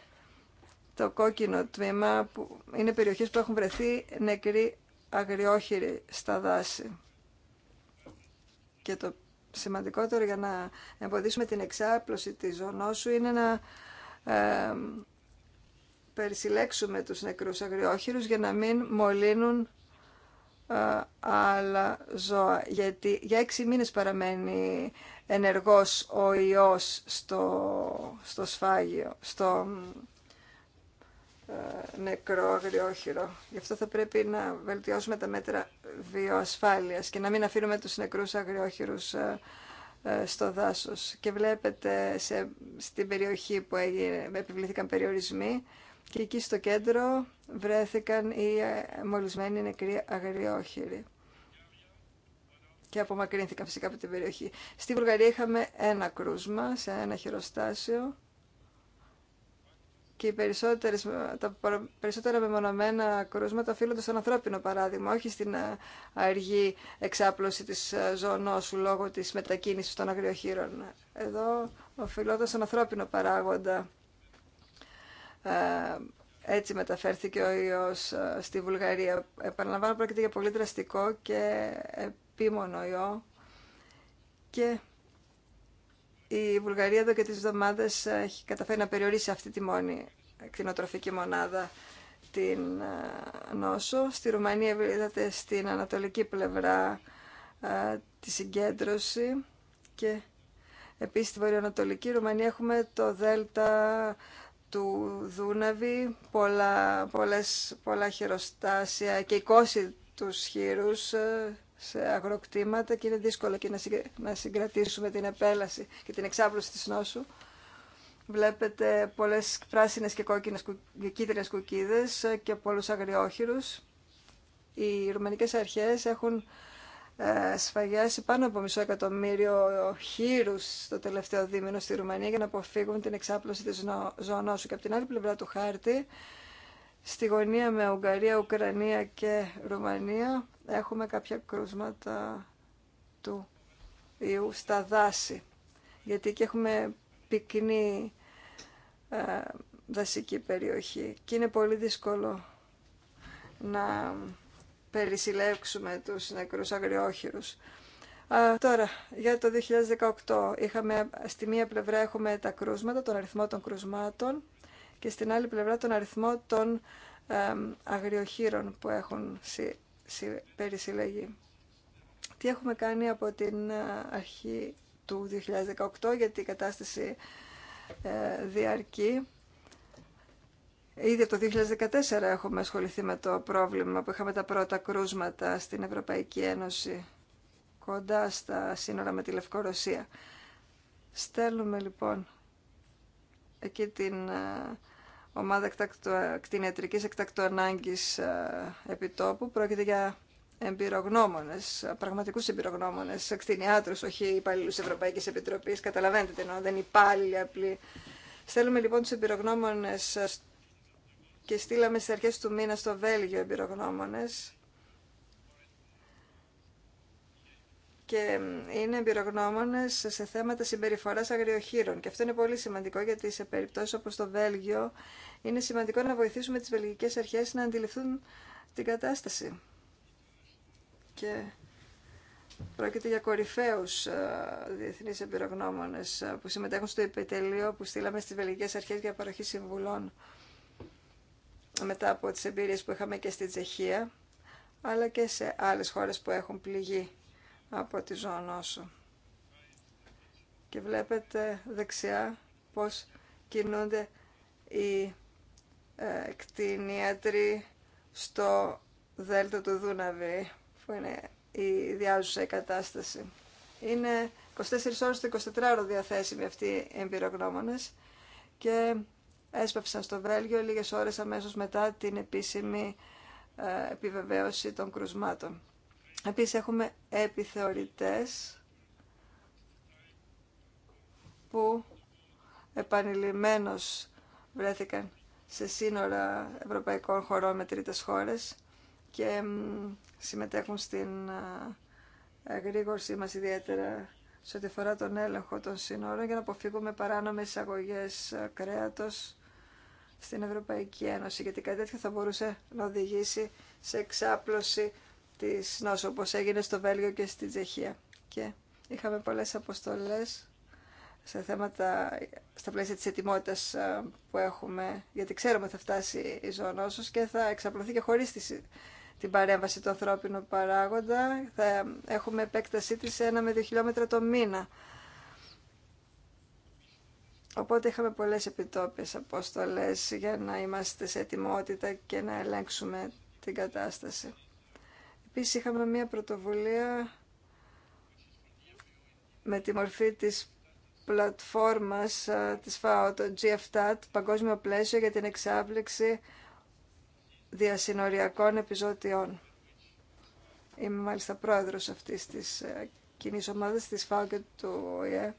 το κόκκινο τμήμα είναι περιοχές που έχουν βρεθεί νεκροί αγριόχειροι στα δάση. Και το σημαντικότερο για να εμποδίσουμε την εξάπλωση της ζωνόσου είναι να ε, περισυλλέξουμε τους νεκρούς αγριόχειρους για να μην μολύνουν ε, άλλα ζώα. Γιατί για έξι μήνες παραμένει ενεργός ο ιός στο, στο σφάγιο, στο, ε, νεκρό αγριόχειρο. Γι' αυτό θα πρέπει να βελτιώσουμε τα μέτρα βιοασφάλειας και να μην αφήνουμε τους νεκρούς αγριόχειρους ε, ε, στο δάσος. Και βλέπετε σε, στην περιοχή που επιβλήθηκαν περιορισμοί και εκεί στο κέντρο βρέθηκαν οι μολυσμένοι νεκροί αγριόχειροι και απομακρύνθηκαν φυσικά από την περιοχή. Στη Βουλγαρία είχαμε ένα κρούσμα σε ένα χειροστάσιο και οι περισσότερες, τα περισσότερα μεμονωμένα κρούσματα οφείλονται στον ανθρώπινο παράδειγμα, όχι στην ε, αργή εξάπλωση της ε, ζωνόσου λόγω της μετακίνησης των αγριοχείρων. Εδώ οφείλονται στον ανθρώπινο παράγοντα. Ε, έτσι μεταφέρθηκε ο ιός στη Βουλγαρία. Επαναλαμβάνω, πρόκειται για πολύ δραστικό και επίμονο ιό και η Βουλγαρία εδώ και τις εβδομάδες ε, έχει καταφέρει να περιορίσει αυτή τη μόνη κτηνοτροφική μονάδα την ε, νόσο. Στη Ρουμανία βρίσκεται στην ανατολική πλευρά ε, τη συγκέντρωση και επίσης στη βορειοανατολική Ρουμανία έχουμε το δέλτα του Δούναβη, πολλά, πολλές, πολλά χειροστάσια και 20 τους χείρους σε αγροκτήματα και είναι δύσκολο και να συγκρατήσουμε την επέλαση και την εξάπλωση της νόσου. Βλέπετε πολλές πράσινες και κόκκινες κίτρινες κουκίδες και πολλούς αγριόχειρους. Οι ρουμανικές αρχές έχουν ε, σφαγιάσει πάνω από μισό εκατομμύριο χείρους το τελευταίο δίμηνο στη Ρουμανία για να αποφύγουν την εξάπλωση της ζωονόσου. Και από την άλλη πλευρά του χάρτη, στη γωνία με Ουγγαρία, Ουκρανία και Ρουμανία, έχουμε κάποια κρούσματα του ιού στα δάση, γιατί και έχουμε πυκνή ε, δασική περιοχή και είναι πολύ δύσκολο να περισυλλέξουμε τους νεκρούς αγριόχειρους. Α, τώρα, για το 2018, είχαμε, στη μία πλευρά έχουμε τα κρούσματα, τον αριθμό των κρούσματων και στην άλλη πλευρά τον αριθμό των ε, αγριοχείρων που έχουν περισυλλαγή. Τι έχουμε κάνει από την ε, αρχή του 2018 γιατί η κατάσταση ε, διαρκεί. Ήδη το 2014 έχουμε ασχοληθεί με το πρόβλημα που είχαμε τα πρώτα κρούσματα στην Ευρωπαϊκή Ένωση κοντά στα σύνορα με τη Λευκορωσία. Στέλνουμε λοιπόν εκεί την ε, ομάδα ε, κτηνιατρική εκτακτου ανάγκης ε, επιτόπου. Πρόκειται για εμπειρογνώμονες, ε, πραγματικούς εμπειρογνώμονες, κτηνιάτρου, όχι υπαλλήλου Ευρωπαϊκή Επιτροπή, Καταλαβαίνετε τι εννοώ, δεν υπάλληλοι απλοί. Στέλνουμε λοιπόν τους εμπειρογνώμονες και στείλαμε στι αρχέ του μήνα στο Βέλγιο εμπειρογνώμονες και είναι εμπειρογνώμονε σε θέματα συμπεριφορά αγριοχείρων. Και αυτό είναι πολύ σημαντικό γιατί σε περιπτώσει όπω το Βέλγιο είναι σημαντικό να βοηθήσουμε τι βελγικέ αρχέ να αντιληφθούν την κατάσταση. Και πρόκειται για κορυφαίου ε, διεθνεί εμπειρογνώμονε ε, που συμμετέχουν στο επιτελείο που στείλαμε στι βελγικέ αρχέ για παροχή συμβουλών μετά από τις εμπειρίες που είχαμε και στη Τσεχία αλλά και σε άλλες χώρες που έχουν πληγεί από τη ζωονόσο. Και βλέπετε δεξιά πώς κινούνται οι ε, κτηνίατροι στο δέλτα του Δούναβη, που είναι η διάζουσα η κατάσταση. Είναι 24 ώρες το 24ωρο διαθέσιμοι αυτοί οι εμπειρογνώμονες και έσπαψαν στο Βέλγιο λίγες ώρες αμέσως μετά την επίσημη ε, επιβεβαίωση των κρουσμάτων. Επίσης έχουμε επιθεωρητές που επανειλημμένως βρέθηκαν σε σύνορα ευρωπαϊκών χωρών με τρίτες χώρες και συμμετέχουν στην εγρήγορση μας ιδιαίτερα σε ό,τι αφορά τον έλεγχο των σύνορων για να αποφύγουμε παράνομες εισαγωγές κρέατος στην Ευρωπαϊκή Ένωση γιατί κάτι τέτοιο θα μπορούσε να οδηγήσει σε εξάπλωση τη νόσου όπω έγινε στο Βέλγιο και στη Τσεχία. Και είχαμε πολλέ αποστολέ σε θέματα, στα πλαίσια τη ετοιμότητας ε, που έχουμε, γιατί ξέρουμε θα φτάσει η ζωονόσος και θα εξαπλωθεί και χωρί την παρέμβαση του ανθρώπινου παράγοντα. Θα έχουμε επέκτασή της ένα με δύο χιλιόμετρα το μήνα. Οπότε είχαμε πολλές επιτόπιες απόστολες για να είμαστε σε ετοιμότητα και να ελέγξουμε την κατάσταση. Επίσης είχαμε μία πρωτοβουλία με τη μορφή της πλατφόρμας της ΦΑΟ, το GFTAT, Παγκόσμιο Πλαίσιο για την Εξάπληξη Διασυνοριακών Επιζωτιών. Είμαι μάλιστα πρόεδρος αυτής της ε, κοινή ομάδα της ΦΑΟ και του ΟΗΕ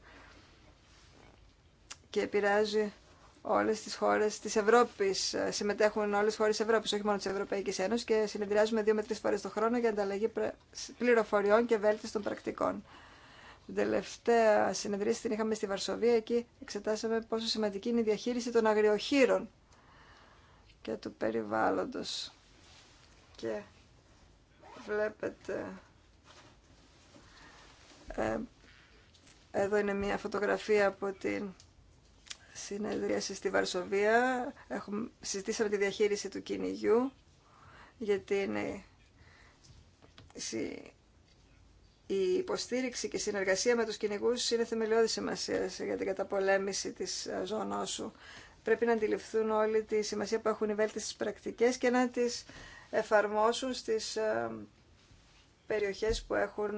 και επηρεάζει όλες τις χώρες της Ευρώπης. Ε, συμμετέχουν όλες τις χώρες της Ευρώπης, όχι μόνο της Ευρωπαϊκής Ένωσης και συνεδριάζουμε δύο με τρεις φορές το χρόνο για ανταλλαγή πληροφοριών και των πρακτικών. Την τελευταία συνεδρίαση την είχαμε στη Βαρσοβία. Εκεί εξετάσαμε πόσο σημαντική είναι η διαχείριση των αγριοχείρων και του περιβάλλοντος. Και βλέπετε... Ε, εδώ είναι μια φωτογραφία από την συνεδρίαση στη Βαρσοβία. Έχουμε, συζητήσαμε τη διαχείριση του κυνηγιού, γιατί είναι η υποστήριξη και η συνεργασία με τους κυνηγούς είναι θεμελιώδη σημασία για την καταπολέμηση της ζωνόσου. Πρέπει να αντιληφθούν όλοι τη σημασία που έχουν οι βέλτιστες πρακτικές και να τις εφαρμόσουν στις ε, περιοχές που έχουν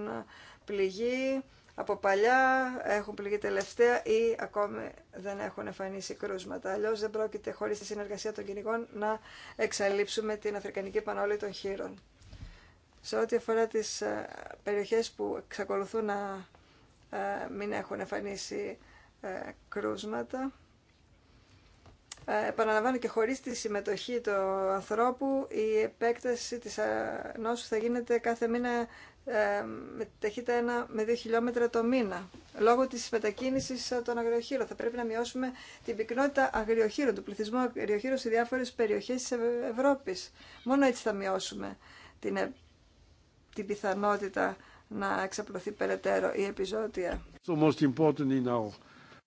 πληγεί από παλιά έχουν πληγεί τελευταία ή ακόμη δεν έχουν εμφανίσει κρούσματα. Αλλιώ δεν πρόκειται χωρί τη συνεργασία των κυνηγών να εξαλείψουμε την Αφρικανική Πανόλη των Χείρων. Σε ό,τι αφορά τι ε, περιοχέ που εξακολουθούν να ε, μην έχουν εμφανίσει ε, κρούσματα, επαναλαμβάνω και χωρίς τη συμμετοχή του ανθρώπου η επέκταση της νόσου θα γίνεται κάθε μήνα ε, με ταχύτητα 1 με 2 χιλιόμετρα το μήνα. Λόγω της μετακίνησης των αγριοχείρων θα πρέπει να μειώσουμε την πυκνότητα αγριοχείρων, του πληθυσμού αγριοχείρων σε διάφορες περιοχές της Ευρώπης. Μόνο έτσι θα μειώσουμε την, ε, την πιθανότητα να εξαπλωθεί περαιτέρω η επιζώτια.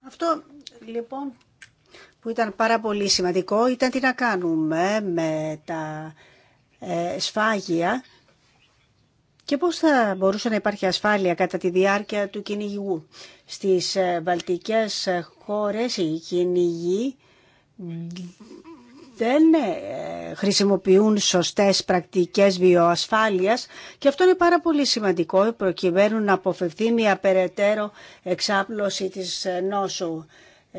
Αυτό λοιπόν που ήταν πάρα πολύ σημαντικό ήταν τι να κάνουμε με τα ε, σφάγια και πώς θα μπορούσε να υπάρχει ασφάλεια κατά τη διάρκεια του κυνηγιού. Στις ε, βαλτικές ε, χώρες οι κυνηγοί δεν ε, χρησιμοποιούν σωστές πρακτικές βιοασφάλειας και αυτό είναι πάρα πολύ σημαντικό προκειμένου να αποφευθεί μια περαιτέρω εξάπλωση της νόσου.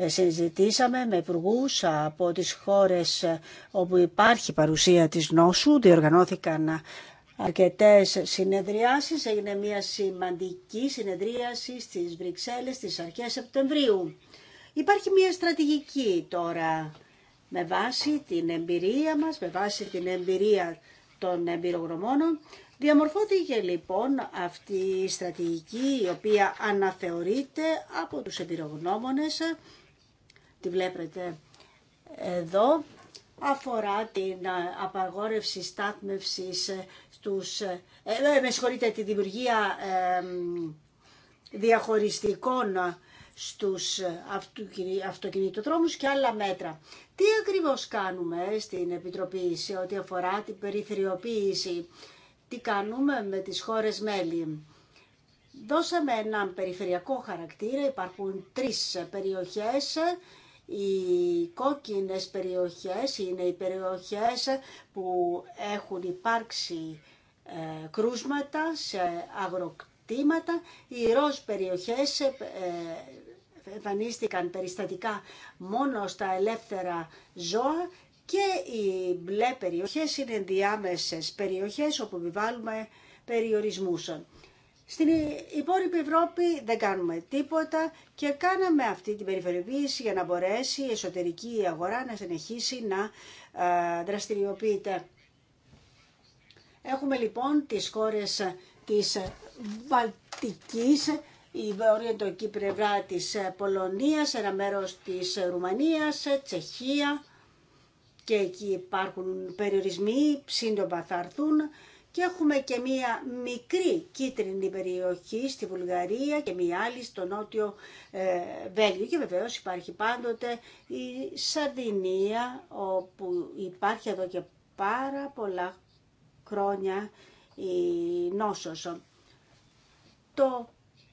Συζητήσαμε με υπουργού από τις χώρες όπου υπάρχει παρουσία της νόσου, διοργανώθηκαν αρκετές συνεδριάσεις. Έγινε μια σημαντική συνεδρίαση στις Βρυξέλλες στις αρχές Σεπτεμβρίου. Υπάρχει μια στρατηγική τώρα με βάση την εμπειρία μας, με βάση την εμπειρία των εμπειρογνωμόνων. Διαμορφώθηκε λοιπόν αυτή η στρατηγική η οποία αναθεωρείται από τους εμπειρογνώμονες. Τη βλέπετε εδώ. Αφορά την απαγόρευση στάθμευσης τους, ε, ε, με συγχωρείτε, τη δημιουργία ε, διαχωριστικών στους ε, αυτοκινητοδρόμους και άλλα μέτρα. Τι ακριβώς κάνουμε στην Επιτροπή σε ό,τι αφορά την περιφερειοποίηση. τι κάνουμε με τις χώρες μέλη. Δώσαμε έναν περιφερειακό χαρακτήρα, υπάρχουν τρεις περιοχές οι κόκκινες περιοχές είναι οι περιοχές που έχουν υπάρξει ε, κρούσματα σε αγροκτήματα. Οι ροζ περιοχές ε, εμφανίστηκαν περιστατικά μόνο στα ελεύθερα ζώα και οι μπλε περιοχές είναι διάμεσες περιοχές όπου επιβάλλουμε περιορισμούς. Στην υπόλοιπη Ευρώπη δεν κάνουμε τίποτα και κάναμε αυτή την περιφερειοποίηση για να μπορέσει η εσωτερική αγορά να συνεχίσει να ε, δραστηριοποιείται. Έχουμε λοιπόν τις χώρες της Βαλτικής, η βορειοτοκή πλευρά της Πολωνίας, ένα μέρος της Ρουμανίας, Τσεχία και εκεί υπάρχουν περιορισμοί, σύντομα θα έρθουν. Και έχουμε και μία μικρή κίτρινη περιοχή στη Βουλγαρία και μία άλλη στο νότιο ε, Βέλγιο. Και βεβαίως υπάρχει πάντοτε η Σαρδινία όπου υπάρχει εδώ και πάρα πολλά χρόνια η νόσος. Το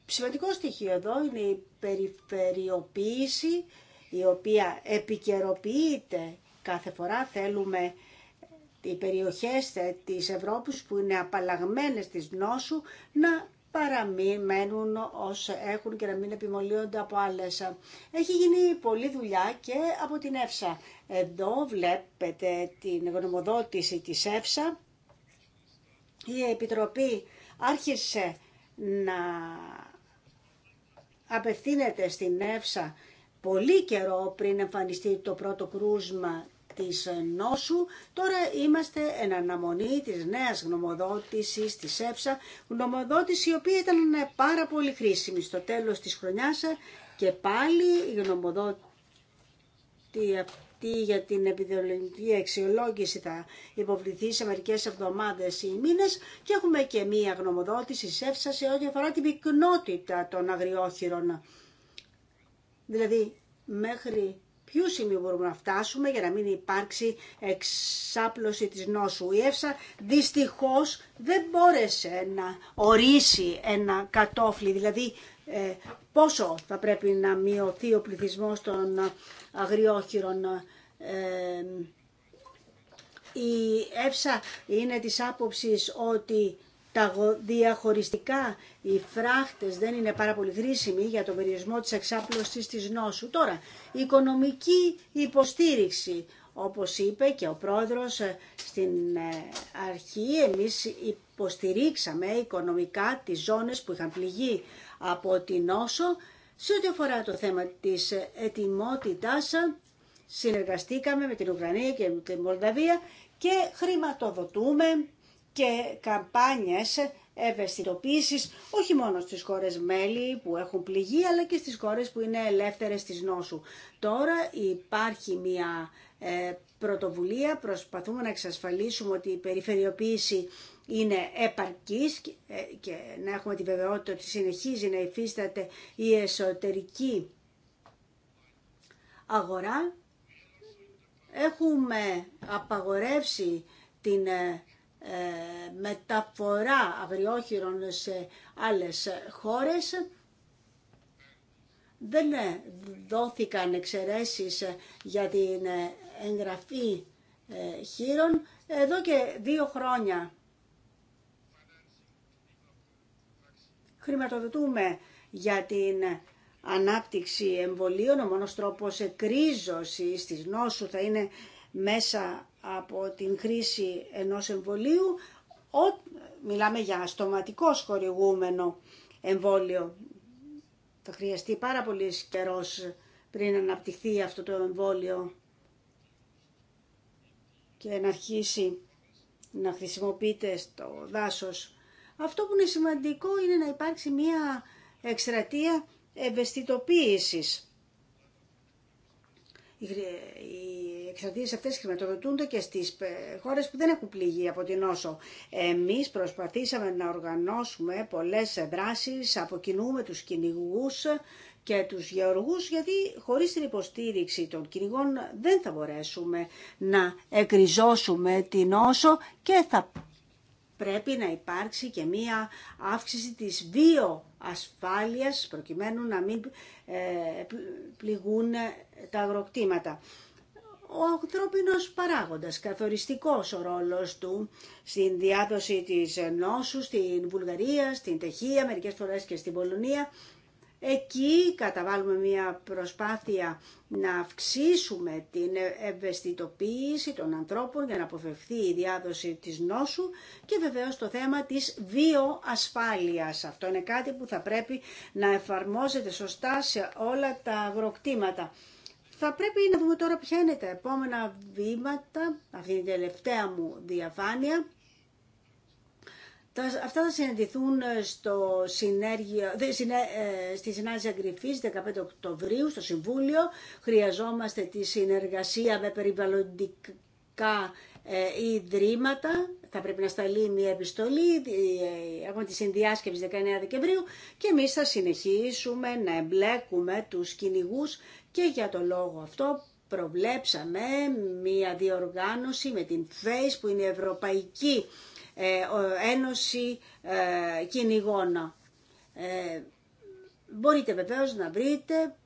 σημαντικό στοιχείο εδώ είναι η περιφερειοποίηση η οποία επικαιροποιείται κάθε φορά. Θέλουμε οι περιοχές της Ευρώπης που είναι απαλλαγμένες της νόσου να παραμείνουν ως έχουν και να μην επιμολύονται από άλλες. Έχει γίνει πολλή δουλειά και από την ΕΦΣΑ. Εδώ βλέπετε την γνωμοδότηση της ΕΦΣΑ. Η Επιτροπή άρχισε να απευθύνεται στην ΕΦΣΑ πολύ καιρό πριν εμφανιστεί το πρώτο κρούσμα της νόσου. Τώρα είμαστε εν αναμονή της νέας γνωμοδότησης της ΕΨΑ, γνωμοδότηση η οποία ήταν ε, πάρα πολύ χρήσιμη στο τέλος της χρονιάς και πάλι η γνωμοδότηση αυτή για την επιδεολογική αξιολόγηση θα υποβληθεί σε μερικές εβδομάδες ή μήνες και έχουμε και μία γνωμοδότηση σε ΕΦΣΑ σε ό,τι αφορά την πυκνότητα των αγριόχειρων. Δηλαδή, μέχρι ποιο σημείο μπορούμε να φτάσουμε για να μην υπάρξει εξάπλωση της νόσου. Η ΕΦΣΑ δυστυχώς δεν μπόρεσε να ορίσει ένα κατόφλι, δηλαδή ε, πόσο θα πρέπει να μειωθεί ο πληθυσμός των αγριόχειρων. Ε, η ΕΦΣΑ είναι της άποψης ότι τα διαχωριστικά, οι φράχτες δεν είναι πάρα πολύ χρήσιμοι για τον περιορισμό της εξάπλωσης της νόσου. Τώρα, οικονομική υποστήριξη, όπως είπε και ο πρόεδρος ε, στην ε, αρχή, εμείς υποστηρίξαμε οικονομικά τις ζώνες που είχαν πληγεί από την νόσο. Σε ό,τι αφορά το θέμα της ετοιμότητας, συνεργαστήκαμε με την Ουκρανία και με την Μολδαβία και χρηματοδοτούμε και καμπάνιες ευαισθητοποίησης όχι μόνο στις χώρες μέλη που έχουν πληγεί αλλά και στις χώρες που είναι ελεύθερες της νόσου. Τώρα υπάρχει μια ε, πρωτοβουλία, προσπαθούμε να εξασφαλίσουμε ότι η περιφερειοποίηση είναι επαρκής ε, και, να έχουμε τη βεβαιότητα ότι συνεχίζει να υφίσταται η εσωτερική αγορά. Έχουμε απαγορεύσει την ε, ε, μεταφορά αγριόχειρων σε άλλες χώρες. Δεν ε, δόθηκαν εξαιρέσεις για την ε, εγγραφή χείρων εδώ και δύο χρόνια. Χρηματοδοτούμε για την ανάπτυξη εμβολίων, ο μόνος τρόπος εκρίζωσης της νόσου θα είναι μέσα από την χρήση ενός εμβολίου, ό, μιλάμε για στοματικό χορηγούμενο εμβόλιο. Θα χρειαστεί πάρα πολύ καιρό πριν αναπτυχθεί αυτό το εμβόλιο και να αρχίσει να χρησιμοποιείται στο δάσος. Αυτό που είναι σημαντικό είναι να υπάρξει μία εξτρατεία ευαισθητοποίησης. Η εξαρτήσει αυτέ χρηματοδοτούνται και στις ε, χώρε που δεν έχουν πληγεί από την όσο. Εμείς προσπαθήσαμε να οργανώσουμε πολλές δράσει, αποκινούμε τους κυνηγού και τους γεωργούς, γιατί χωρίς την υποστήριξη των κυνηγών δεν θα μπορέσουμε να εκριζώσουμε την όσο και θα πρέπει να υπάρξει και μία αύξηση της βιοασφάλειας προκειμένου να μην ε, πληγούν τα αγροκτήματα ο ανθρώπινος παράγοντας, καθοριστικός ο ρόλος του στην διάδοση της νόσου στην Βουλγαρία, στην Τεχία, μερικές φορές και στην Πολωνία. Εκεί καταβάλουμε μια προσπάθεια να αυξήσουμε την ευαισθητοποίηση των ανθρώπων για να αποφευθεί η διάδοση της νόσου και βεβαίως το θέμα της βιοασφάλειας. Αυτό είναι κάτι που θα πρέπει να εφαρμόζεται σωστά σε όλα τα αγροκτήματα. Θα πρέπει να δούμε τώρα ποια είναι τα επόμενα βήματα, αυτή είναι η τελευταία μου διαφάνεια. Αυτά θα συναντηθούν ε, στο ε, στη συνάντηση Αγκριφής 15 Οκτωβρίου στο Συμβούλιο. Χρειαζόμαστε τη συνεργασία με περιβαλλοντικά ε, ιδρύματα. Θα πρέπει να σταλεί μια επιστολή, έχουμε τη συνδιάσκεψη 19 Δεκεμβρίου και εμείς θα συνεχίσουμε να εμπλέκουμε τους κυνηγού και για το λόγο αυτό προβλέψαμε μία διοργάνωση με την ΦΕΙΣ που είναι η Ευρωπαϊκή ε, Ένωση ε, Κυνηγών. Ε, μπορείτε βεβαίως να βρείτε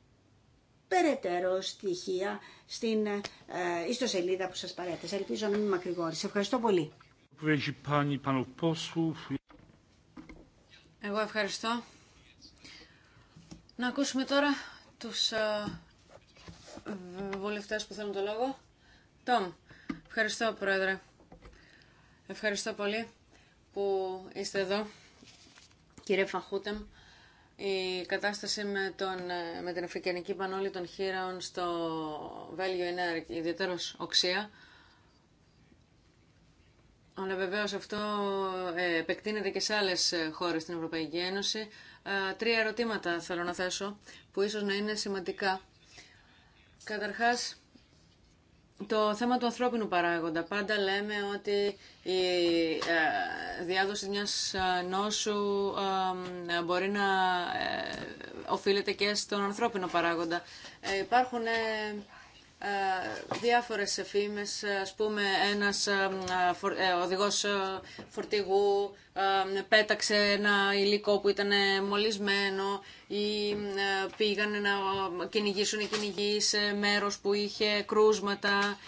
περαιτέρω στοιχεία στην ιστοσελίδα που σας παρέθεσα. Ελπίζω να μην μακρηγόρησε. Ευχαριστώ πολύ. Εγώ ευχαριστώ. Να ακούσουμε τώρα τους βουλευτές που θέλουν το λόγο. Τόμ, ευχαριστώ Πρόεδρε. Ευχαριστώ πολύ που είστε εδώ. Κύριε Φαχούτεμ, η κατάσταση με, τον, ε, με την Αφρικανική Πανόλη των Χείραων στο Βέλγιο είναι ιδιαίτερο οξία. Αλλά βεβαίω αυτό ε, επεκτείνεται και σε άλλε χώρε στην Ευρωπαϊκή Ένωση. Τρία ερωτήματα θέλω να θέσω, που ίσω να είναι σημαντικά Καταρχάς, το θέμα του ανθρώπινου παράγοντα. Πάντα λέμε ότι η ε, διάδοση μιας ε, νόσου ε, μπορεί να οφείλεται και στον ανθρώπινο παράγοντα. Υπάρχουν ε, διάφορες εφήμες, ας πούμε ένας ε, ε, οδηγός φορτηγού πέταξε ένα υλικό που ήταν μολυσμένο ή πήγαν να κυνηγήσουν οι κυνηγοί σε μέρος που είχε κρούσματα.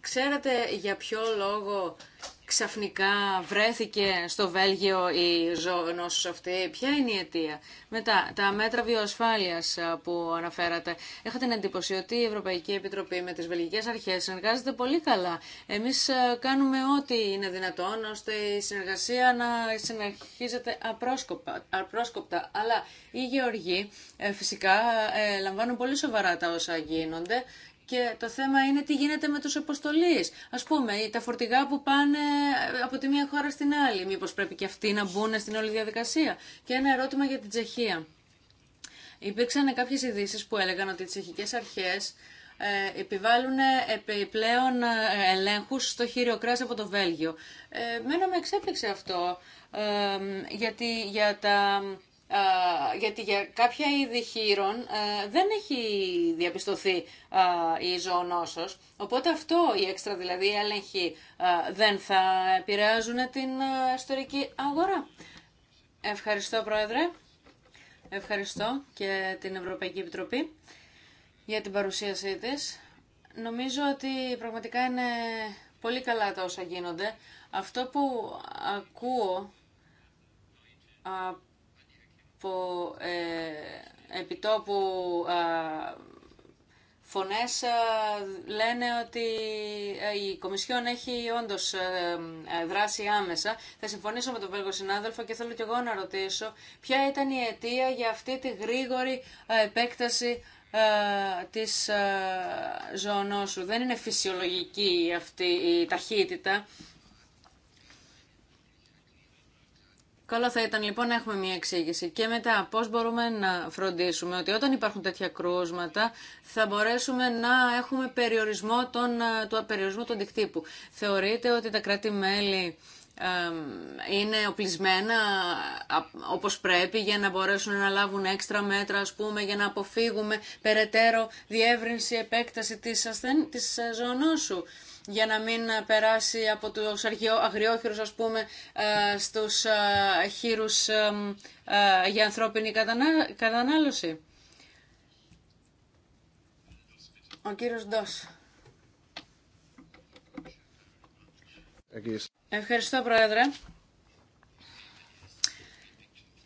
Ξέρετε για ποιο λόγο ξαφνικά βρέθηκε στο Βέλγιο η ζώνος αυτή. Ποια είναι η αιτία. Μετά, τα μέτρα βιοασφάλειας που αναφέρατε. Έχω την εντύπωση ότι η Ευρωπαϊκή Επιτροπή με τις βελγικές αρχές συνεργάζεται πολύ καλά. Εμείς κάνουμε ό,τι είναι δυνατόν ώστε η συνεργασία να συνεχίζεται απρόσκοπτα. απρόσκοπτα. Αλλά οι γεωργοί ε, φυσικά ε, λαμβάνουν πολύ σοβαρά τα όσα γίνονται και το θέμα είναι τι γίνεται με τους αποστολείς. Ας πούμε, τα φορτηγά που πάνε από τη μία χώρα στην άλλη. Μήπως πρέπει και αυτοί να μπουν στην όλη διαδικασία. Και ένα ερώτημα για την Τσεχία. Υπήρξαν κάποιες ειδήσει που έλεγαν ότι οι τσεχικές αρχές ε, επιβάλλουν ε, επιπλέον ε, ελέγχους στο χείριο κράση από το Βέλγιο. Ε, μένα με εξέπληξε αυτό, γιατί για τα ε, γιατί για κάποια είδη χείρων ε, δεν έχει διαπιστωθεί ε, η ζωονόσος. Οπότε αυτό η έξτρα δηλαδή η έλεγχοι δεν θα επηρεάζουν την ιστορική αγορά. Ευχαριστώ Πρόεδρε, ευχαριστώ και την Ευρωπαϊκή Επιτροπή για την παρουσίασή της. Νομίζω ότι πραγματικά είναι πολύ καλά τα όσα γίνονται. Αυτό που ακούω που ε, επιτόπου ε, φωνές ε, λένε ότι ε, η Κομισιόν έχει όντως ε, δράσει άμεσα. Θα συμφωνήσω με τον Βέλγο συνάδελφο και θέλω και εγώ να ρωτήσω ποια ήταν η αιτία για αυτή τη γρήγορη επέκταση της ζωονόσου. Δεν είναι φυσιολογική αυτή η ταχύτητα. Καλό θα ήταν λοιπόν να έχουμε μια εξήγηση. Και μετά, πώ μπορούμε να φροντίσουμε ότι όταν υπάρχουν τέτοια κρούσματα θα μπορέσουμε να έχουμε περιορισμό των, ε, του απεριορισμού του αντικτύπου. Θεωρείτε ότι τα κράτη-μέλη είναι οπλισμένα όπως πρέπει για να μπορέσουν να λάβουν έξτρα μέτρα πούμε για να αποφύγουμε περαιτέρω διεύρυνση, επέκταση της, ασθεν... της ε, για να μην ε, περάσει από τους αγριόχειρους ας πούμε ε, στους ε, χείρους για ανθρώπινη κατανάλωση. Ο κύριος Ντός. Ευχαριστώ Πρόεδρε.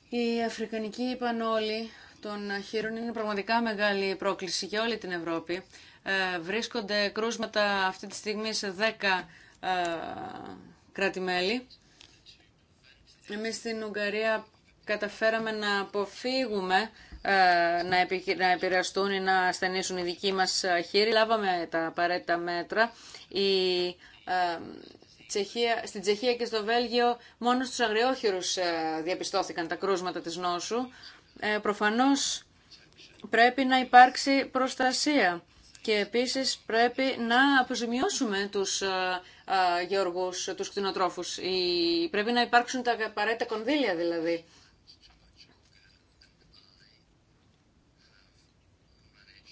Η Αφρικανική Πανόλη των χείρων είναι πραγματικά μεγάλη πρόκληση για όλη την Ευρώπη. Ε, βρίσκονται κρούσματα αυτή τη στιγμή σε 10 ε, κράτη-μέλη. Εμείς στην Ουγγαρία καταφέραμε να αποφύγουμε ε, να επηρεαστούν ή να ασθενήσουν οι δικοί μας χείροι. Λάβαμε τα απαραίτητα μέτρα. Η Τσεχία, στην Τσεχία και στο Βέλγιο μόνο στους αγριόχειρους διαπιστώθηκαν τα κρούσματα της νόσου. Ε, προφανώς πρέπει να υπάρξει προστασία και επίσης πρέπει να αποζημιώσουμε τους ε, ε, γεωργούς, τους κτηνοτρόφους. Πρέπει να υπάρξουν τα απαραίτητα κονδύλια δηλαδή.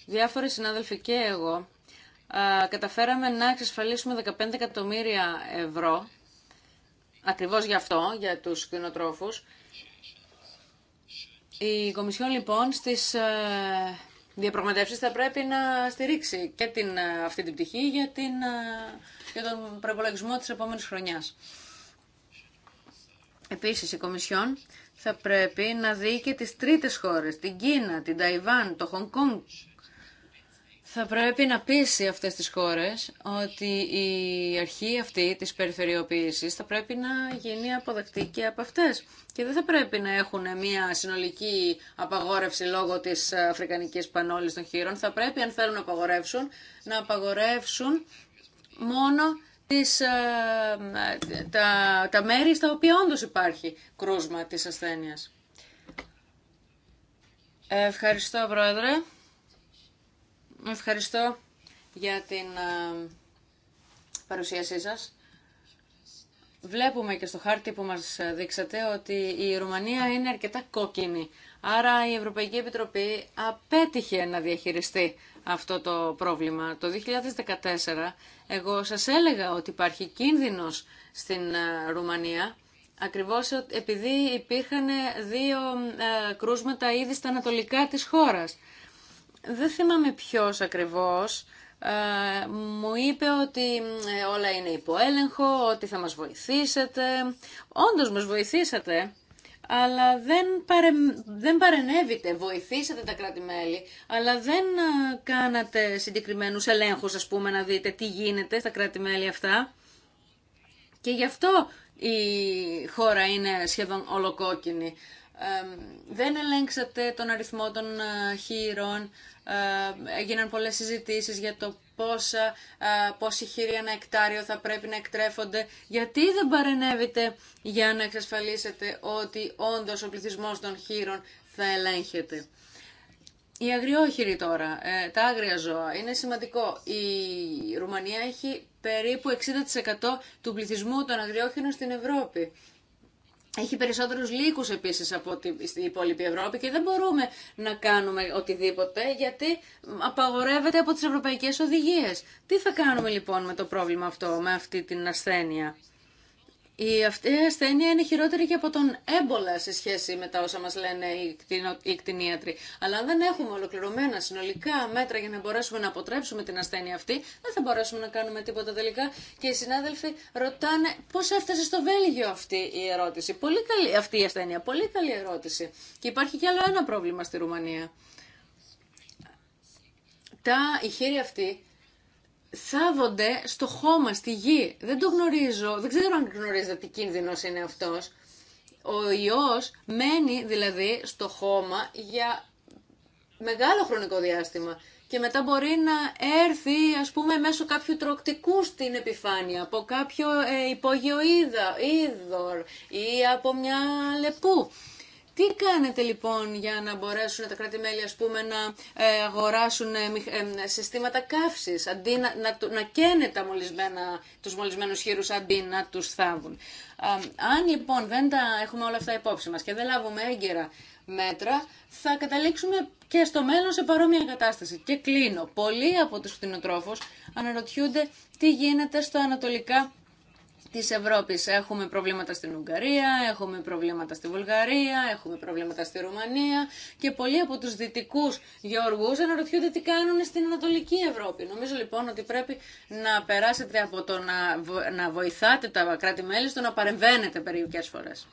Διάφοροι συνάδελφοι και εγώ ε, καταφέραμε να εξασφαλίσουμε 15 εκατομμύρια ευρώ ακριβώς γι' αυτό, για τους κτηνοτρόφους. Η Κομισιόν λοιπόν στις διαπραγματεύσει θα πρέπει να στηρίξει και την, ε, αυτή την πτυχή για, την, ε, για τον προπολογισμό της επόμενης χρονιάς. Επίσης, η Κομισιόν θα πρέπει να δει και τις τρίτες χώρες, την Κίνα, την Ταϊβάν, το Χονγκ Κονγκ θα πρέπει να πείσει αυτές τις χώρες ότι η αρχή αυτή της περιφερειοποίησης θα πρέπει να γίνει αποδεκτή και από αυτές. Και δεν θα πρέπει να έχουν μια συνολική απαγόρευση λόγω της αφρικανικής πανόλης των χείρων. Θα πρέπει, αν θέλουν να απαγορεύσουν, να απαγορεύσουν μόνο τις, ε, τα, τα μέρη στα οποία όντως υπάρχει κρούσμα της ασθένειας. Ευχαριστώ, Πρόεδρε. Ευχαριστώ για την ε, παρουσίασή σας. Βλέπουμε και στο χάρτη που μας δείξατε ότι η Ρουμανία είναι αρκετά κόκκινη. Άρα η Ευρωπαϊκή Επιτροπή απέτυχε να διαχειριστεί αυτό το πρόβλημα. Το 2014 εγώ σας έλεγα ότι υπάρχει κίνδυνος στην ε, Ρουμανία ακριβώς επειδή υπήρχαν δύο ε, κρούσματα ήδη στα ανατολικά της χώρας δεν θυμάμαι ποιος ακριβώς, ε, μου είπε ότι ε, όλα είναι υποέλεγχο, ότι θα μας βοηθήσετε. Όντως μας βοηθήσατε, αλλά δεν, δεν παρενέβητε, βοηθήσατε τα κράτη-μέλη, αλλά δεν ε, κάνατε συγκεκριμένους ελέγχους, ας πούμε, να δείτε τι γίνεται στα κρατη αυτά. Και γι' αυτό η χώρα είναι σχεδόν ολοκόκκινη δεν ελέγξατε τον αριθμό των ε, χείρων, έγιναν πολλές συζητήσεις για το πόσα, ε, πόσοι χείροι ένα εκτάριο θα πρέπει να εκτρέφονται. Γιατί δεν παρενέβητε για να εξασφαλίσετε ότι όντως ο πληθυσμός των χείρων θα ελέγχεται. Οι αγριόχειροι τώρα, ε, τα άγρια ζώα, είναι σημαντικό. Η Ρουμανία έχει περίπου 60% του πληθυσμού των αγριόχειρων στην Ευρώπη. Έχει περισσότερους λύκους επίσης από την υπόλοιπη Ευρώπη και δεν μπορούμε να κάνουμε οτιδήποτε γιατί απαγορεύεται από τις ευρωπαϊκές οδηγίες. Τι θα κάνουμε λοιπόν με το πρόβλημα αυτό, με αυτή την ασθένεια. Η αυτή η ασθένεια είναι χειρότερη και από τον έμπολα σε σχέση με τα όσα μας λένε οι, κτηνίατροι. Αλλά αν δεν έχουμε ολοκληρωμένα συνολικά μέτρα για να μπορέσουμε να αποτρέψουμε την ασθένεια αυτή, δεν θα μπορέσουμε να κάνουμε τίποτα τελικά. Και οι συνάδελφοι ρωτάνε πώς έφτασε στο Βέλγιο αυτή η ερώτηση. Πολύ καλή, αυτή η ασθένεια. Πολύ καλή ερώτηση. Και υπάρχει κι άλλο ένα πρόβλημα στη Ρουμανία. Τα ηχείρια αυτή Θάβονται στο χώμα, στη γη. Δεν το γνωρίζω, δεν ξέρω αν γνωρίζετε τι κίνδυνος είναι αυτός. Ο ιός μένει δηλαδή στο χώμα για μεγάλο χρονικό διάστημα και μετά μπορεί να έρθει ας πούμε μέσω κάποιου τροκτικού στην επιφάνεια, από κάποιο ε, υπόγειο ή από μια λεπού. Τι κάνετε λοιπόν για να μπορέσουν τα κράτη-μέλη ας πούμε να ε, αγοράσουν ε, ε, συστήματα καύσης αντί να, να, να καίνε τα μολυσμένα, τους μολυσμένους χείρους αντί να τους θάβουν. αν λοιπόν δεν τα έχουμε όλα αυτά υπόψη μας και δεν λάβουμε έγκαιρα μέτρα θα καταλήξουμε και στο μέλλον σε παρόμοια κατάσταση. Και κλείνω. Πολλοί από τους κτηνοτρόφους αναρωτιούνται τι γίνεται στο ανατολικά της Ευρώπης. Έχουμε προβλήματα στην Ουγγαρία, έχουμε προβλήματα στη Βουλγαρία, έχουμε προβλήματα στη Ρουμανία και πολλοί από τους δυτικούς γεωργούς αναρωτιούνται τι κάνουν στην Ανατολική Ευρώπη. Νομίζω λοιπόν ότι πρέπει να περάσετε από το να, να βοηθάτε τα κράτη-μέλη στο να παρεμβαίνετε περιοχέ φορές.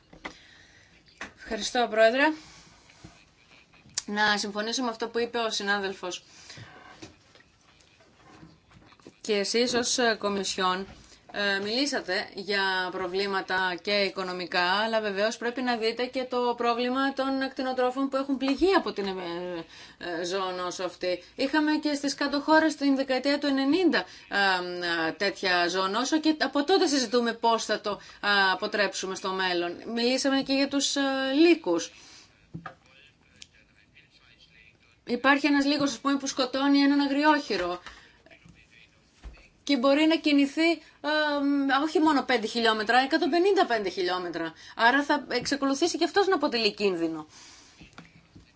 Ευχαριστώ Πρόεδρε. Να συμφωνήσω με αυτό που είπε ο συνάδελφος. Και εσείς ως ε, Κομισιόν ε, μιλήσατε για προβλήματα και οικονομικά, αλλά βεβαίως πρέπει να δείτε και το πρόβλημα των ακτινοτρόφων που έχουν πληγεί από την ε, ε αυτή. Είχαμε και στις κάτω χώρες την δεκαετία του 90 ε, τέτοια ζωνόσο και από τότε συζητούμε πώς θα το αποτρέψουμε στο μέλλον. Μιλήσαμε και για τους λύκους. Υπάρχει ένας λύκος που σκοτώνει έναν αγριόχειρο και μπορεί να κινηθεί ε, όχι μόνο 5 χιλιόμετρα, 155 χιλιόμετρα. Άρα θα εξακολουθήσει και αυτός να αποτελεί κίνδυνο.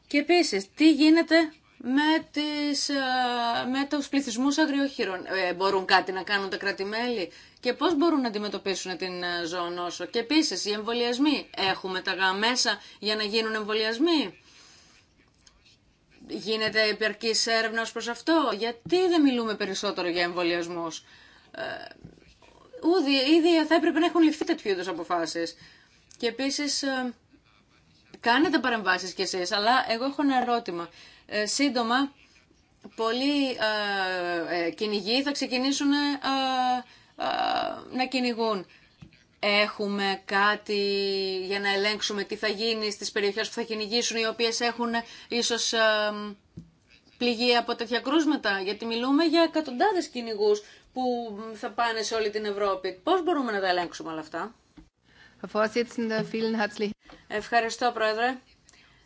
Και επίσης, τι γίνεται με, τις, ε, με τους πληθυσμούς αγριοχείρων. Ε, μπορούν κάτι να κάνουν τα κρατημέλη και πώς μπορούν να αντιμετωπίσουν την ε, ζωονόσο. Και επίσης, οι εμβολιασμοί. Έχουμε τα μέσα για να γίνουν εμβολιασμοί. Γίνεται υπερκής έρευνα προς αυτό. Γιατί δεν μιλούμε περισσότερο για εμβολιασμούς ούδη, ήδη θα έπρεπε να έχουν ληφθεί τέτοιου είδου αποφάσει. Και επίση ε, κάνετε παρεμβάσει κι εσεί, αλλά εγώ έχω ένα ερώτημα. Ε, σύντομα, πολλοί ε, ε, κυνηγοί θα ξεκινήσουν να κυνηγούν. Έχουμε κάτι για να ελέγξουμε τι θα γίνει στις περιοχές που θα κυνηγήσουν, οι οποίες έχουν ίσως πληγεί από τέτοια κρούσματα, γιατί μιλούμε για εκατοντάδες κυνηγούς που θα πάνε σε όλη την Ευρώπη. Πώς μπορούμε να τα ελέγξουμε όλα αυτά. Ευχαριστώ, Πρόεδρε.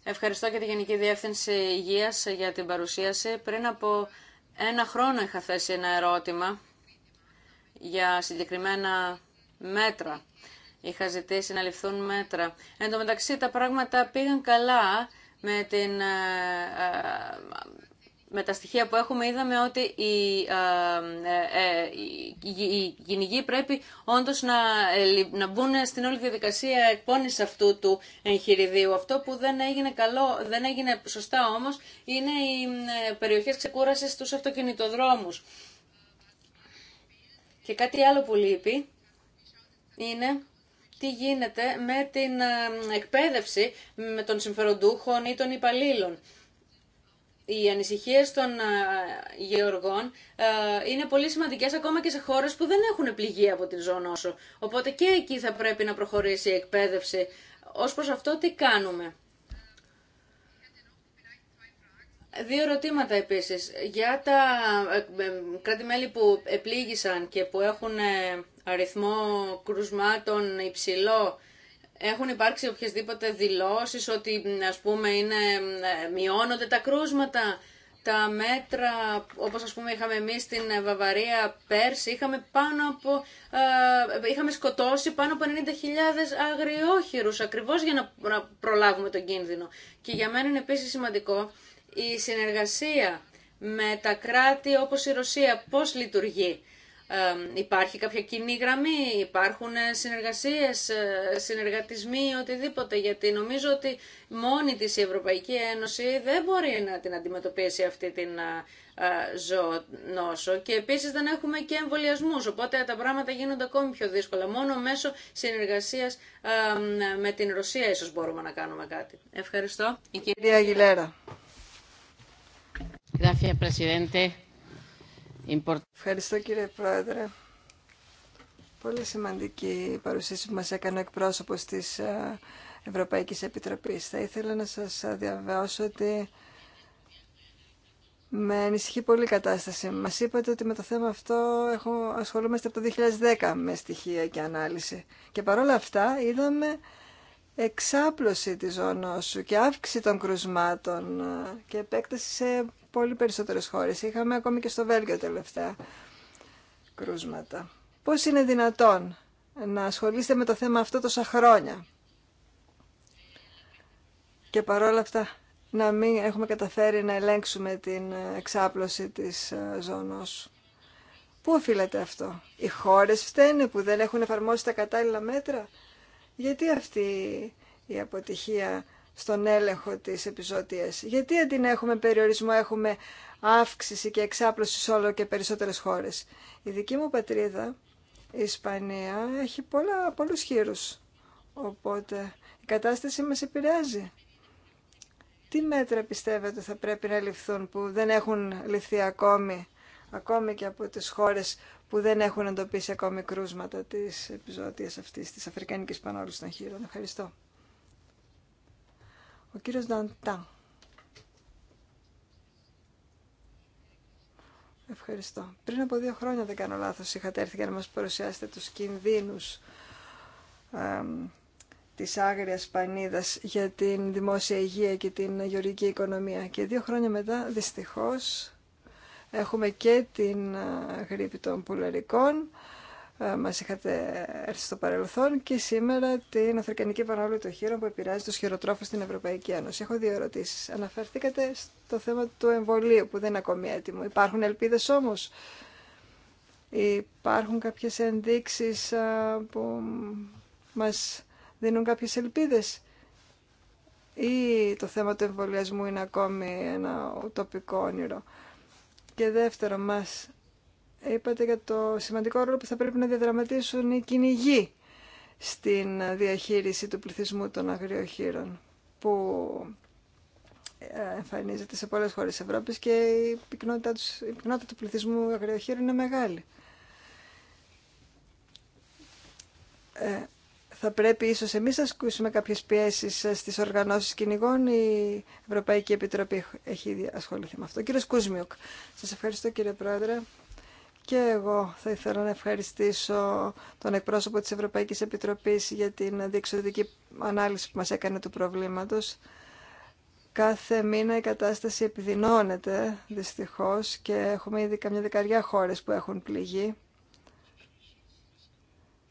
Ευχαριστώ και τη Γενική Διεύθυνση Υγείας για την παρουσίαση. Πριν από ένα χρόνο είχα θέσει ένα ερώτημα για συγκεκριμένα μέτρα. Είχα ζητήσει να ληφθούν μέτρα. Εν τω μεταξύ τα πράγματα πήγαν καλά με την ε, ε, με τα στοιχεία που έχουμε είδαμε ότι η, οι ε, ε, ε, κυνηγοί πρέπει όντως να, να μπουν στην όλη διαδικασία εκπόνηση αυτού του εγχειριδίου. Αυτό που δεν έγινε καλό, δεν έγινε σωστά όμως, είναι οι περιοχές ξεκούρασης στους αυτοκινητοδρόμους. Και κάτι άλλο που λείπει είναι τι γίνεται με την εκπαίδευση με των συμφεροντούχων ή των υπαλλήλων οι ανησυχίες των γεωργών είναι πολύ σημαντικές ακόμα και σε χώρες που δεν έχουν πληγεί από την ζωνόσο. Οπότε και εκεί θα πρέπει να προχωρήσει η εκπαίδευση. Ως προς αυτό τι κάνουμε. Δύο ερωτήματα επίσης. Για τα ε, ε, κράτη-μέλη που επλήγησαν και που έχουν ε, αριθμό κρουσμάτων υψηλό έχουν υπάρξει οποιασδήποτε δηλώσεις ότι ας πούμε είναι, ε, μειώνονται τα κρούσματα. Τα μέτρα, όπως ας πούμε είχαμε εμείς στην Βαβαρία πέρσι, είχαμε, πάνω από, ε, είχαμε σκοτώσει πάνω από 90.000 αγριόχειρους ακριβώς για να, προλάβουμε τον κίνδυνο. Και για μένα είναι επίσης σημαντικό η συνεργασία με τα κράτη όπως η Ρωσία, πώς λειτουργεί υπάρχει κάποια κοινή γραμμή, υπάρχουν ε, συνεργασίες, ε, συνεργατισμοί, οτιδήποτε, γιατί νομίζω ότι μόνη της η Ευρωπαϊκή Ένωση δεν μπορεί να την αντιμετωπίσει αυτή την ε, ζωονόσο και επίσης δεν έχουμε και εμβολιασμούς, οπότε τα πράγματα γίνονται ακόμη πιο δύσκολα. Μόνο μέσω συνεργασίας με την Ρωσία ίσως μπορούμε να κάνουμε κάτι. Ευχαριστώ. Η κυρία presidente. Ευχαριστώ κύριε Πρόεδρε. Πολύ σημαντική η παρουσίαση που μας έκανε ο εκπρόσωπος της ε, Ευρωπαϊκής Επιτροπής. Θα ήθελα να σας ε, διαβεώσω ότι με ανησυχεί πολύ η κατάσταση. Μας είπατε ότι με το θέμα αυτό έχω, ασχολούμαστε από το 2010 με στοιχεία και ανάλυση. Και παρόλα αυτά είδαμε εξάπλωση της σου και αύξηση των κρουσμάτων ε, και επέκταση σε πολύ περισσότερες χώρες. Είχαμε ακόμη και στο Βέλγιο τελευταία κρούσματα. Πώς είναι δυνατόν να ασχολείστε με το θέμα αυτό τόσα χρόνια και παρόλα αυτά να μην έχουμε καταφέρει να ελέγξουμε την εξάπλωση της ε, ζώνος. Πού οφείλεται αυτό. Οι χώρες φταίνε που δεν έχουν εφαρμόσει τα κατάλληλα μέτρα. Γιατί αυτή η αποτυχία στον έλεγχο της επιζωτίας. Γιατί αντί να έχουμε περιορισμό έχουμε αύξηση και εξάπλωση σε όλο και περισσότερες χώρες. Η δική μου πατρίδα, η Ισπανία, έχει πολλά, πολλούς χείρους. Οπότε η κατάσταση μας επηρεάζει. Τι μέτρα πιστεύετε θα πρέπει να ληφθούν που δεν έχουν ληφθεί ακόμη, ακόμη και από τις χώρες που δεν έχουν εντοπίσει ακόμη κρούσματα της επιζώτιας αυτής της Αφρικανικής Πανόλου των Χείρων. Ευχαριστώ κύριος Νταντά. Ευχαριστώ. Πριν από δύο χρόνια, δεν κάνω λάθος, είχατε έρθει για να μας παρουσιάσετε τους κινδύνους ε, της άγριας πανίδας για την δημόσια υγεία και την γεωργική οικονομία. Και δύο χρόνια μετά, δυστυχώς, έχουμε και την ε, γρήπη των πουλερικών, ε, μας είχατε έρθει στο παρελθόν και σήμερα την Αφρικανική Πανόλη των Χείρων που επηρεάζει το χειροτρόφους στην Ευρωπαϊκή Ένωση. Έχω δύο ερωτήσεις. Αναφερθήκατε στο θέμα του εμβολίου που δεν είναι ακόμη έτοιμο. Υπάρχουν ελπίδες όμως. Υπάρχουν κάποιες ενδείξεις που μας δίνουν κάποιες ελπίδες ή το θέμα του εμβολιασμού είναι ακόμη ένα ουτοπικό όνειρο. Και δεύτερο, μας είπατε για το σημαντικό ρόλο που θα πρέπει να διαδραματίσουν οι κυνηγοί στην διαχείριση του πληθυσμού των αγριοχείρων που ε, εμφανίζεται σε πολλές χώρες της Ευρώπης και η πυκνότητα, πυκνότητα του πληθυσμού αγριοχείρων είναι μεγάλη. Ε, θα πρέπει ίσως εμείς να ασκούσουμε κάποιες πιέσεις ε, στις οργανώσεις κυνηγών. Η Ευρωπαϊκή Επιτροπή έχει ασχοληθεί με αυτό. Κύριε Σκούσμιουκ, σας ευχαριστώ κύριε Πρόεδρε. Και εγώ θα ήθελα να ευχαριστήσω τον εκπρόσωπο της Ευρωπαϊκής Επιτροπής για την διεξοδική ανάλυση που μας έκανε του προβλήματος. Κάθε μήνα η κατάσταση επιδεινώνεται δυστυχώς και έχουμε ήδη καμιά δεκαριά χώρες που έχουν πληγεί.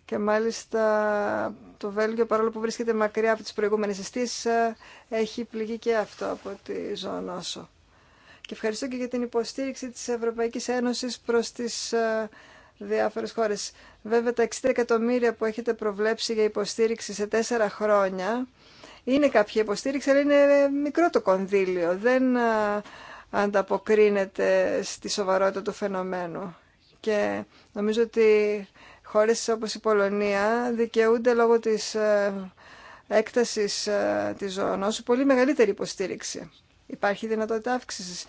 Και μάλιστα το Βέλγιο, παρόλο που βρίσκεται μακριά από τις προηγούμενες αισθήσεις, έχει πληγεί και αυτό από τη ζωονόσο. Και ευχαριστώ και για την υποστήριξη της Ευρωπαϊκής Ένωσης προς τις ε, διάφορες χώρες. Βέβαια τα 60 εκατομμύρια που έχετε προβλέψει για υποστήριξη σε τέσσερα χρόνια είναι κάποια υποστήριξη, αλλά είναι μικρό το κονδύλιο. Δεν ε, ανταποκρίνεται στη σοβαρότητα του φαινομένου. Και νομίζω ότι χώρες όπως η Πολωνία δικαιούνται λόγω της ε, έκτασης της ζώνης πολύ μεγαλύτερη υποστήριξη. Υπάρχει δυνατότητα αύξηση.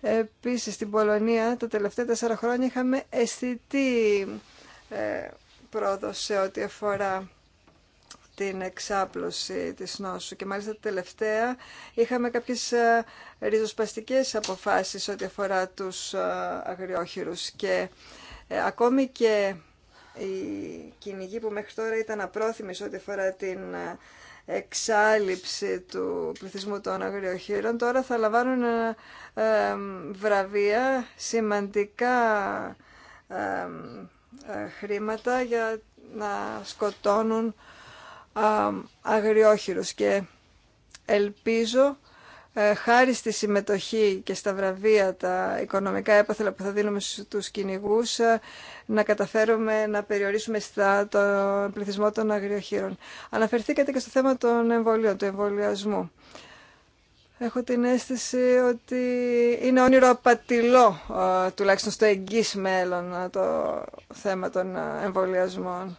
Επίσης, στην Πολωνία τα τελευταία τέσσερα χρόνια είχαμε αισθητή ε, πρόοδο σε ό,τι αφορά την εξάπλωση της νόσου και μάλιστα τελευταία είχαμε κάποιες ε, ριζοσπαστικές αποφάσεις ό,τι αφορά τους ε, αγριόχειρους και ακόμη και η κυνηγή που μέχρι τώρα ήταν σε ό,τι αφορά την εξάλληψη του πληθυσμού των αγριοχείρων, τώρα θα λαμβάνουν ε, βραβεία σημαντικά ε, χρήματα για να σκοτώνουν αγριόχειρους και ελπίζω ε, χάρη στη συμμετοχή και στα βραβεία τα οικονομικά έπαθελα που θα δίνουμε στους κυνηγού ε, να καταφέρουμε να περιορίσουμε στα, το πληθυσμό των αγριοχείρων. Αναφερθήκατε και στο θέμα των εμβολίων, του εμβολιασμού. Έχω την αίσθηση ότι είναι όνειρο απατηλό, ε, τουλάχιστον στο εγγύς μέλλον, το θέμα των εμβολιασμών.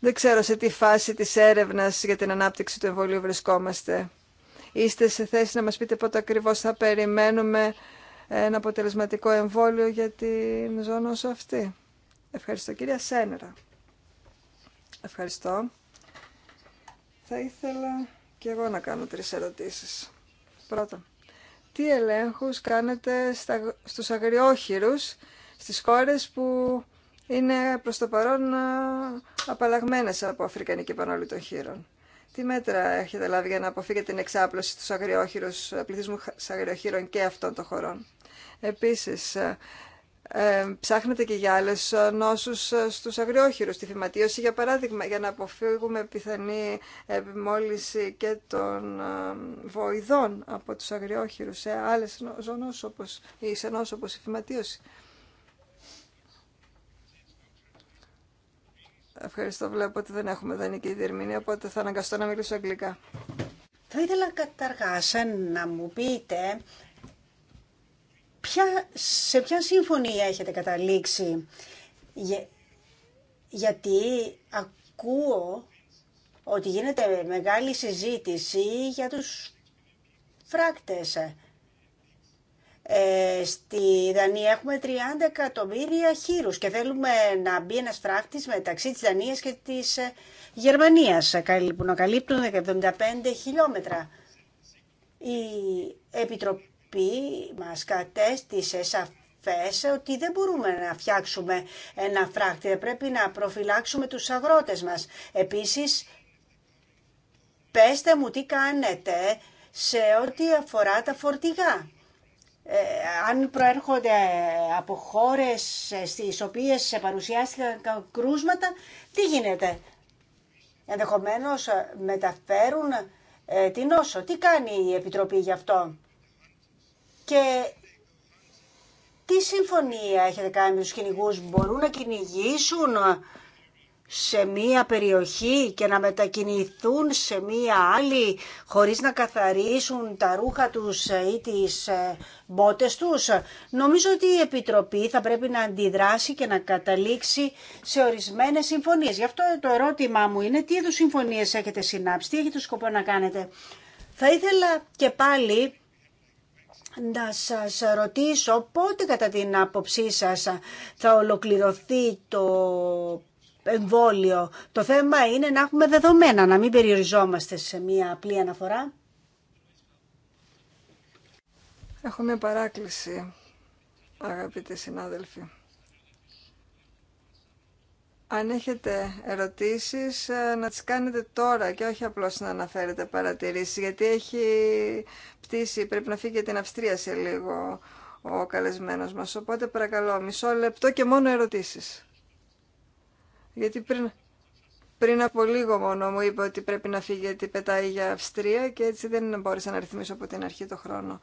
Δεν ξέρω σε τι φάση της έρευνας για την ανάπτυξη του εμβολίου βρισκόμαστε. Είστε σε θέση να μας πείτε πότε ακριβώς θα περιμένουμε ένα αποτελεσματικό εμβόλιο για την όσο αυτή. Ευχαριστώ κυρία Σένερα. Ευχαριστώ. Θα ήθελα και εγώ να κάνω τρεις ερωτήσεις. Πρώτον, τι ελέγχους κάνετε στα, στους αγριόχειρους, στις χώρες που είναι προς το παρόν ε, απαλλαγμένες από αφρικανική πανόλη των χείρων. Τι μέτρα έχετε λάβει για να αποφύγετε την εξάπλωση του ε, πληθυσμού αγριοχείρων και αυτών των χωρών. Επίσης, ε, ε, ψάχνετε και για άλλε νόσους στου αγριόχειρου, τη φυματίωση για παράδειγμα, για να αποφύγουμε πιθανή επιμόλυση και των βοηδών από τους αγριόχειρου σε άλλες νόσους όπως, ή σε νόσους όπως η σε η φυματιωση Ευχαριστώ. Βλέπω ότι δεν έχουμε δανεική διερμήνη, οπότε θα αναγκαστώ να μιλήσω αγγλικά. Θα ήθελα καταρχά να μου πείτε ποια, σε ποια συμφωνία έχετε καταλήξει. γιατί ακούω ότι γίνεται μεγάλη συζήτηση για τους φράκτες. Ε, στη Δανία έχουμε 30 εκατομμύρια χείρους και θέλουμε να μπει ένας φράχτης μεταξύ της Δανίας και της ε, Γερμανίας που να καλύπτουν 75 χιλιόμετρα. Η Επιτροπή μας κατέστησε σαφές ότι δεν μπορούμε να φτιάξουμε ένα φράχτη, πρέπει να προφυλάξουμε τους αγρότες μας. Επίσης, πέστε μου τι κάνετε σε ό,τι αφορά τα φορτηγά ε, αν προέρχονται από χώρες στις οποίες παρουσιάστηκαν κρούσματα, τι γίνεται. Ενδεχομένως ε, μεταφέρουν ε, την νόσο. Τι κάνει η Επιτροπή γι' αυτό. Και τι συμφωνία έχετε κάνει με τους κυνηγούς. Μπορούν να κυνηγήσουν σε μία περιοχή και να μετακινηθούν σε μία άλλη χωρίς να καθαρίσουν τα ρούχα τους ή τις ε, μπότες τους. Νομίζω ότι η Επιτροπή θα πρέπει να αντιδράσει και να καταλήξει σε ορισμένες συμφωνίες. Γι' αυτό το ερώτημά μου είναι τι είδους συμφωνίες έχετε συνάψει, τι έχετε σκοπό να κάνετε. Θα ήθελα και πάλι να σας ρωτήσω πότε κατά την άποψή σας θα ολοκληρωθεί το εμβόλιο. Το θέμα είναι να έχουμε δεδομένα, να μην περιοριζόμαστε σε μία απλή αναφορά. Έχω μία παράκληση, αγαπητοί συνάδελφοι. Αν έχετε ερωτήσεις, ε, να τις κάνετε τώρα και όχι απλώς να αναφέρετε παρατηρήσεις, γιατί έχει πτήσει, πρέπει να φύγει για την Αυστρία σε λίγο ο καλεσμένος μας. Οπότε παρακαλώ, μισό λεπτό και μόνο ερωτήσεις. Γιατί πριν, πριν από λίγο μόνο μου είπε ότι πρέπει να φύγει γιατί πετάει για Αυστρία και έτσι δεν μπόρεσα να ρυθμίσω από την αρχή το χρόνο.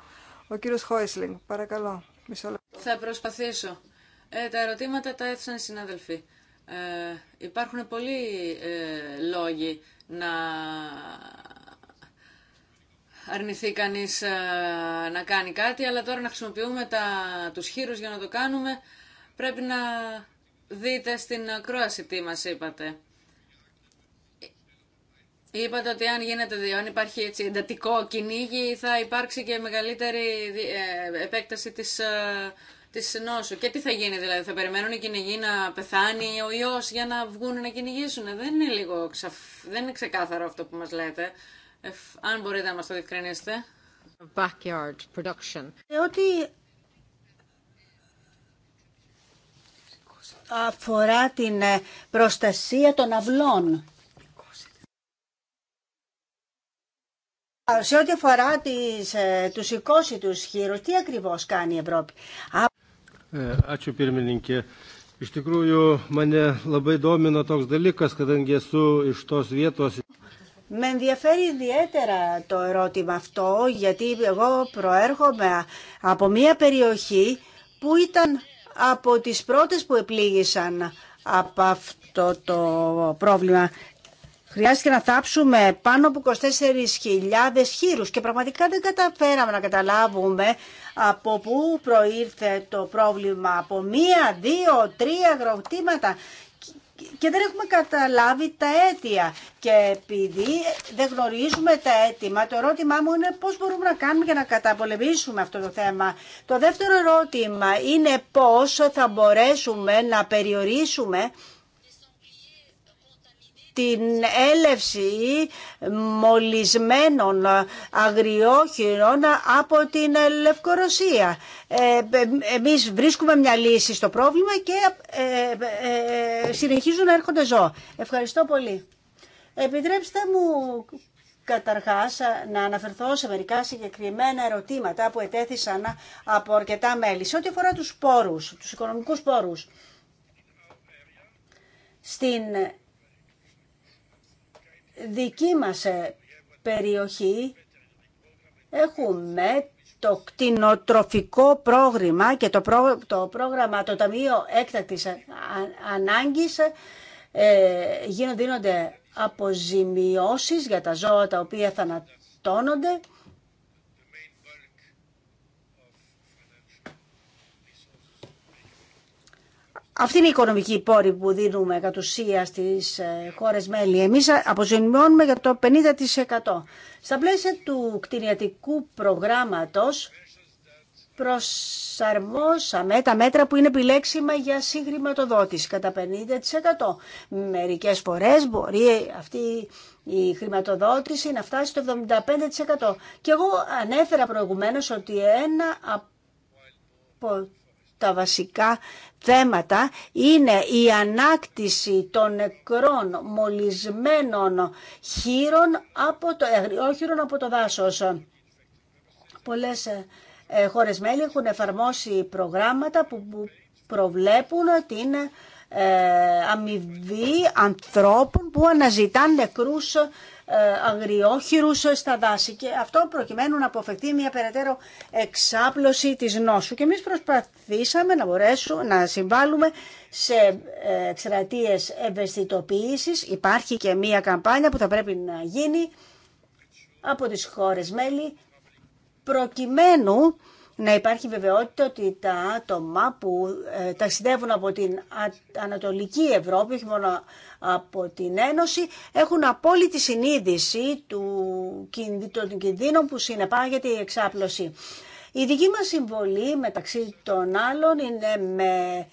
Ο κύριος Χόισλινγκ, παρακαλώ. Μισό λεπτό. Θα προσπαθήσω. Ε, τα ερωτήματα τα έθεσαν οι συνάδελφοι. Ε, υπάρχουν πολλοί ε, λόγοι να αρνηθεί κανείς ε, να κάνει κάτι, αλλά τώρα να χρησιμοποιούμε τα, τους χείρους για να το κάνουμε, πρέπει να δείτε στην ακρόαση τι μας είπατε. Είπατε ότι αν, γίνεται, αν υπάρχει έτσι εντατικό κυνήγι θα υπάρξει και μεγαλύτερη ε, επέκταση της, ε, της νόσου. Και τι θα γίνει δηλαδή, θα περιμένουν οι κυνηγοί να πεθάνει ο ιός για να βγουν να κυνηγήσουν. Δεν είναι λίγο δεν είναι ξεκάθαρο αυτό που μας λέτε. αν μπορείτε να μας το διευκρινίσετε. Ε, ότι αφορά την ε, προστασία των αυλών. Σε ό,τι αφορά τις, ε, τους οικόσιτους χείρους, τι ακριβώς κάνει η Ευρώπη. Με ενδιαφέρει ιδιαίτερα το ερώτημα αυτό, γιατί εγώ προέρχομαι από μια περιοχή που ήταν από τις πρώτες που επλήγησαν από αυτό το πρόβλημα. Χρειάστηκε να θάψουμε πάνω από 24.000 χείρους και πραγματικά δεν καταφέραμε να καταλάβουμε από πού προήρθε το πρόβλημα. Από μία, δύο, τρία αγροκτήματα και δεν έχουμε καταλάβει τα αίτια. Και επειδή δεν γνωρίζουμε τα αίτημα, το ερώτημά μου είναι πώς μπορούμε να κάνουμε για να καταπολεμήσουμε αυτό το θέμα. Το δεύτερο ερώτημα είναι πώς θα μπορέσουμε να περιορίσουμε την έλευση μολυσμένων αγριόχειρων από την Λευκορωσία. Ε, ε, εμείς βρίσκουμε μια λύση στο πρόβλημα και ε, συνεχίζουν να έρχονται ζώα. Ευχαριστώ πολύ. Επιτρέψτε μου καταρχάς να αναφερθώ σε μερικά συγκεκριμένα ερωτήματα που ετέθησαν από αρκετά μέλη. Σε ό,τι αφορά τους πόρους, τους οικονομικούς πόρους, στην δική μας ε, περιοχή έχουμε το κτηνοτροφικό πρόγραμμα και το, το πρόγραμμα, το Ταμείο Έκτακτης Ανάγκης ε, γίνονται, δίνονται αποζημιώσεις για τα ζώα τα οποία θανατώνονται. Θα Αυτή είναι η οικονομική πόρη που δίνουμε κατ' ουσία στις ε, χώρες μέλη. Εμείς αποζημιώνουμε για το 50%. Στα πλαίσια του κτηνιατικού προγράμματος προσαρμόσαμε τα μέτρα που είναι επιλέξιμα για συγχρηματοδότηση κατά 50%. Μερικές φορές μπορεί αυτή η χρηματοδότηση να φτάσει στο 75%. Και εγώ ανέφερα προηγουμένως ότι ένα από τα βασικά θέματα είναι η ανάκτηση των νεκρών μολυσμένων χείρων από το, χείρων από το δάσος. Πολλές ε, ε, χώρες μέλη έχουν εφαρμόσει προγράμματα που προβλέπουν την ε, αμοιβή ανθρώπων που αναζητάν νεκρούς ε, αγριόχειρους στα δάση και αυτό προκειμένου να αποφευθεί μια περαιτέρω εξάπλωση της νόσου και εμείς προσπαθήσαμε να μπορέσουμε να συμβάλλουμε σε ε, εξτρατείες ευαισθητοποίησης υπάρχει και μια καμπάνια που θα πρέπει να γίνει από τις χώρες μέλη προκειμένου να υπάρχει βεβαιότητα ότι τα άτομα που ε, ταξιδεύουν από την Ανατολική Ευρώπη, όχι μόνο από την Ένωση, έχουν απόλυτη συνείδηση του, των κινδύνων που συνεπάγεται η εξάπλωση. Η δική μας συμβολή μεταξύ των άλλων είναι με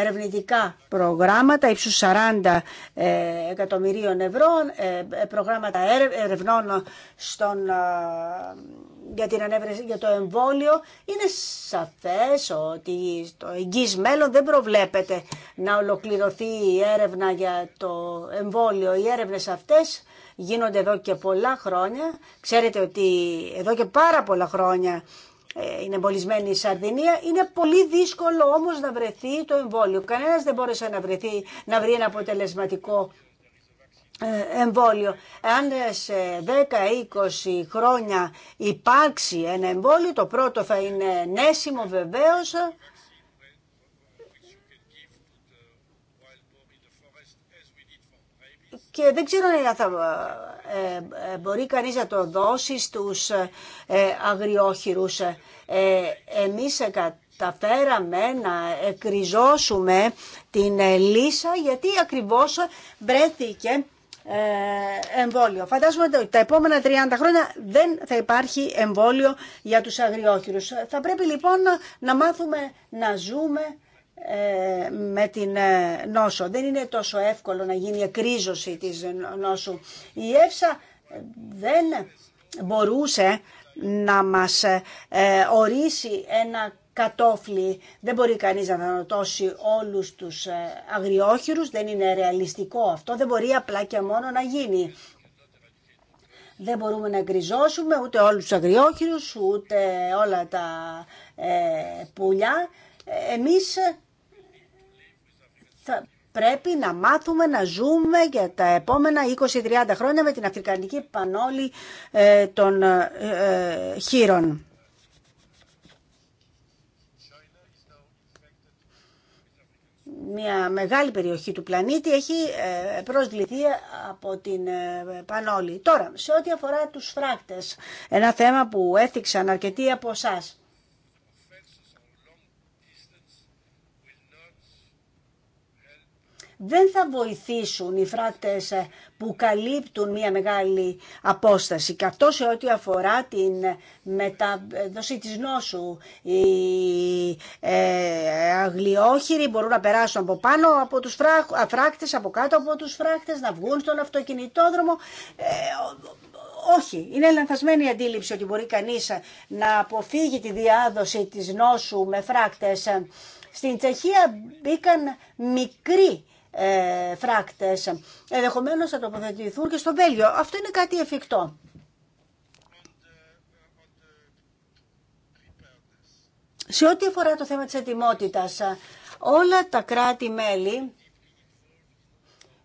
ερευνητικά προγράμματα ύψους 40 ε, εκατομμυρίων ευρώ, ε, ε, προγράμματα ερευνών στον, για, την ανέβρεση, για το εμβόλιο. Είναι σαφές ότι στο εγγύς μέλλον δεν προβλέπεται να ολοκληρωθεί η έρευνα για το εμβόλιο. Οι έρευνες αυτές γίνονται εδώ και πολλά χρόνια. Ξέρετε ότι εδώ και πάρα πολλά χρόνια ε, είναι εμπολισμένη η Σαρδινία. Είναι πολύ δύσκολο όμως να βρεθεί το εμβόλιο. Κανένα δεν μπόρεσε να, βρεθεί, να βρει ένα αποτελεσματικό ε, εμβόλιο. Αν σε 10-20 χρόνια υπάρξει ένα εμβόλιο, το πρώτο θα είναι νέσιμο βεβαίως, και δεν ξέρω αν θα ε, ε, μπορεί κανείς να το δώσει στους ε, αγριόχειρους. Εμείς καταφέραμε να εκριζώσουμε την λύσα γιατί ακριβώς βρέθηκε εμβόλιο. Φαντάζομαι ότι τα επόμενα 30 χρόνια δεν θα υπάρχει εμβόλιο για τους αγριόχειρους. Θα πρέπει λοιπόν να μάθουμε να ζούμε ε, με την ε, νόσο. Δεν είναι τόσο εύκολο να γίνει η εκρίζωση της νόσου. Η ΕΦΣΑ ε, δεν μπορούσε να μας ορίσει ένα κατόφλι. Δεν μπορεί κανείς να ανατώσει όλους τους αγριόχειρους, δεν είναι ρεαλιστικό αυτό, δεν μπορεί απλά και μόνο να γίνει. Δεν μπορούμε να εγκριζώσουμε ούτε όλους τους αγριόχειρους, ούτε όλα τα πουλιά. Εμείς ε, θα πρέπει να μάθουμε να ζούμε για τα επόμενα 20-30 χρόνια με την Αφρικανική Πανόλη ε, των ε, χείρων. μια μεγάλη περιοχή του πλανήτη έχει προσβληθεί από την Πανόλη. Τώρα, σε ό,τι αφορά τους φράκτες, ένα θέμα που έθιξαν αρκετοί από εσά. δεν θα βοηθήσουν οι φράκτες ε, που καλύπτουν μια μεγάλη απόσταση. Και αυτό σε ό,τι αφορά την μετάδοση της νόσου. Οι ε, αγλιόχειροι μπορούν να περάσουν από πάνω από τους φράκτες, από κάτω από τους φράκτες, να βγουν στον αυτοκινητόδρομο. Ε, όχι, είναι λανθασμένη η αντίληψη ότι μπορεί κανείς να αποφύγει τη διάδοση της νόσου με φράκτες. Στην Τσεχία μπήκαν μικροί ε, φράκτες. Ενδεχομένως θα τοποθετηθούν και στο Βέλγιο. Αυτό είναι κάτι εφικτό. Σε ό,τι αφορά το θέμα της ετοιμότητας, όλα τα κράτη-μέλη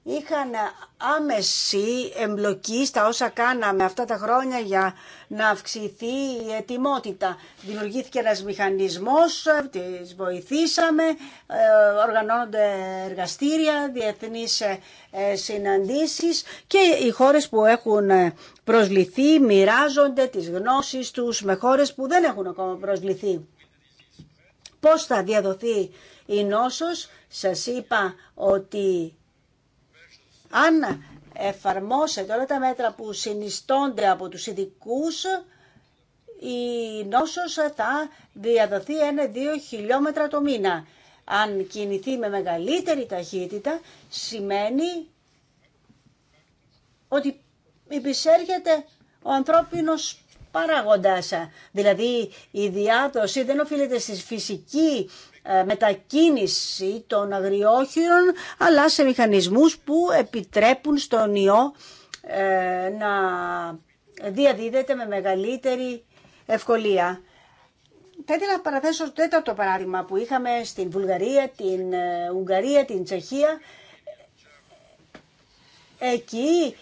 είχαν άμεση εμπλοκή στα όσα κάναμε αυτά τα χρόνια για να αυξηθεί η ετοιμότητα. Δημιουργήθηκε ένας μηχανισμός, τις βοηθήσαμε, ε, οργανώνονται εργαστήρια, διεθνείς ε, συναντήσεις και οι χώρες που έχουν ε, προσληθεί μοιράζονται τις γνώσεις τους με χώρες που δεν έχουν ακόμα προσληθεί. Πώς θα διαδοθεί η νόσος, σας είπα ότι αν εφαρμόσετε όλα τα μέτρα που συνιστώνται από τους ειδικού, η νόσος θα διαδοθεί ένα-δύο χιλιόμετρα το μήνα. Αν κινηθεί με μεγαλύτερη ταχύτητα, σημαίνει ότι υπησέρχεται ο ανθρώπινος παράγοντας. Δηλαδή η διάδοση δεν οφείλεται στη φυσική ε, μετακίνηση των αγριόχειρων αλλά σε μηχανισμούς που επιτρέπουν στον ιό ε, να διαδίδεται με μεγαλύτερη ευκολία. Θα ήθελα να παραθέσω το τέταρτο παράδειγμα που είχαμε στην Βουλγαρία, την ε, Ουγγαρία, την Τσεχία. Εκεί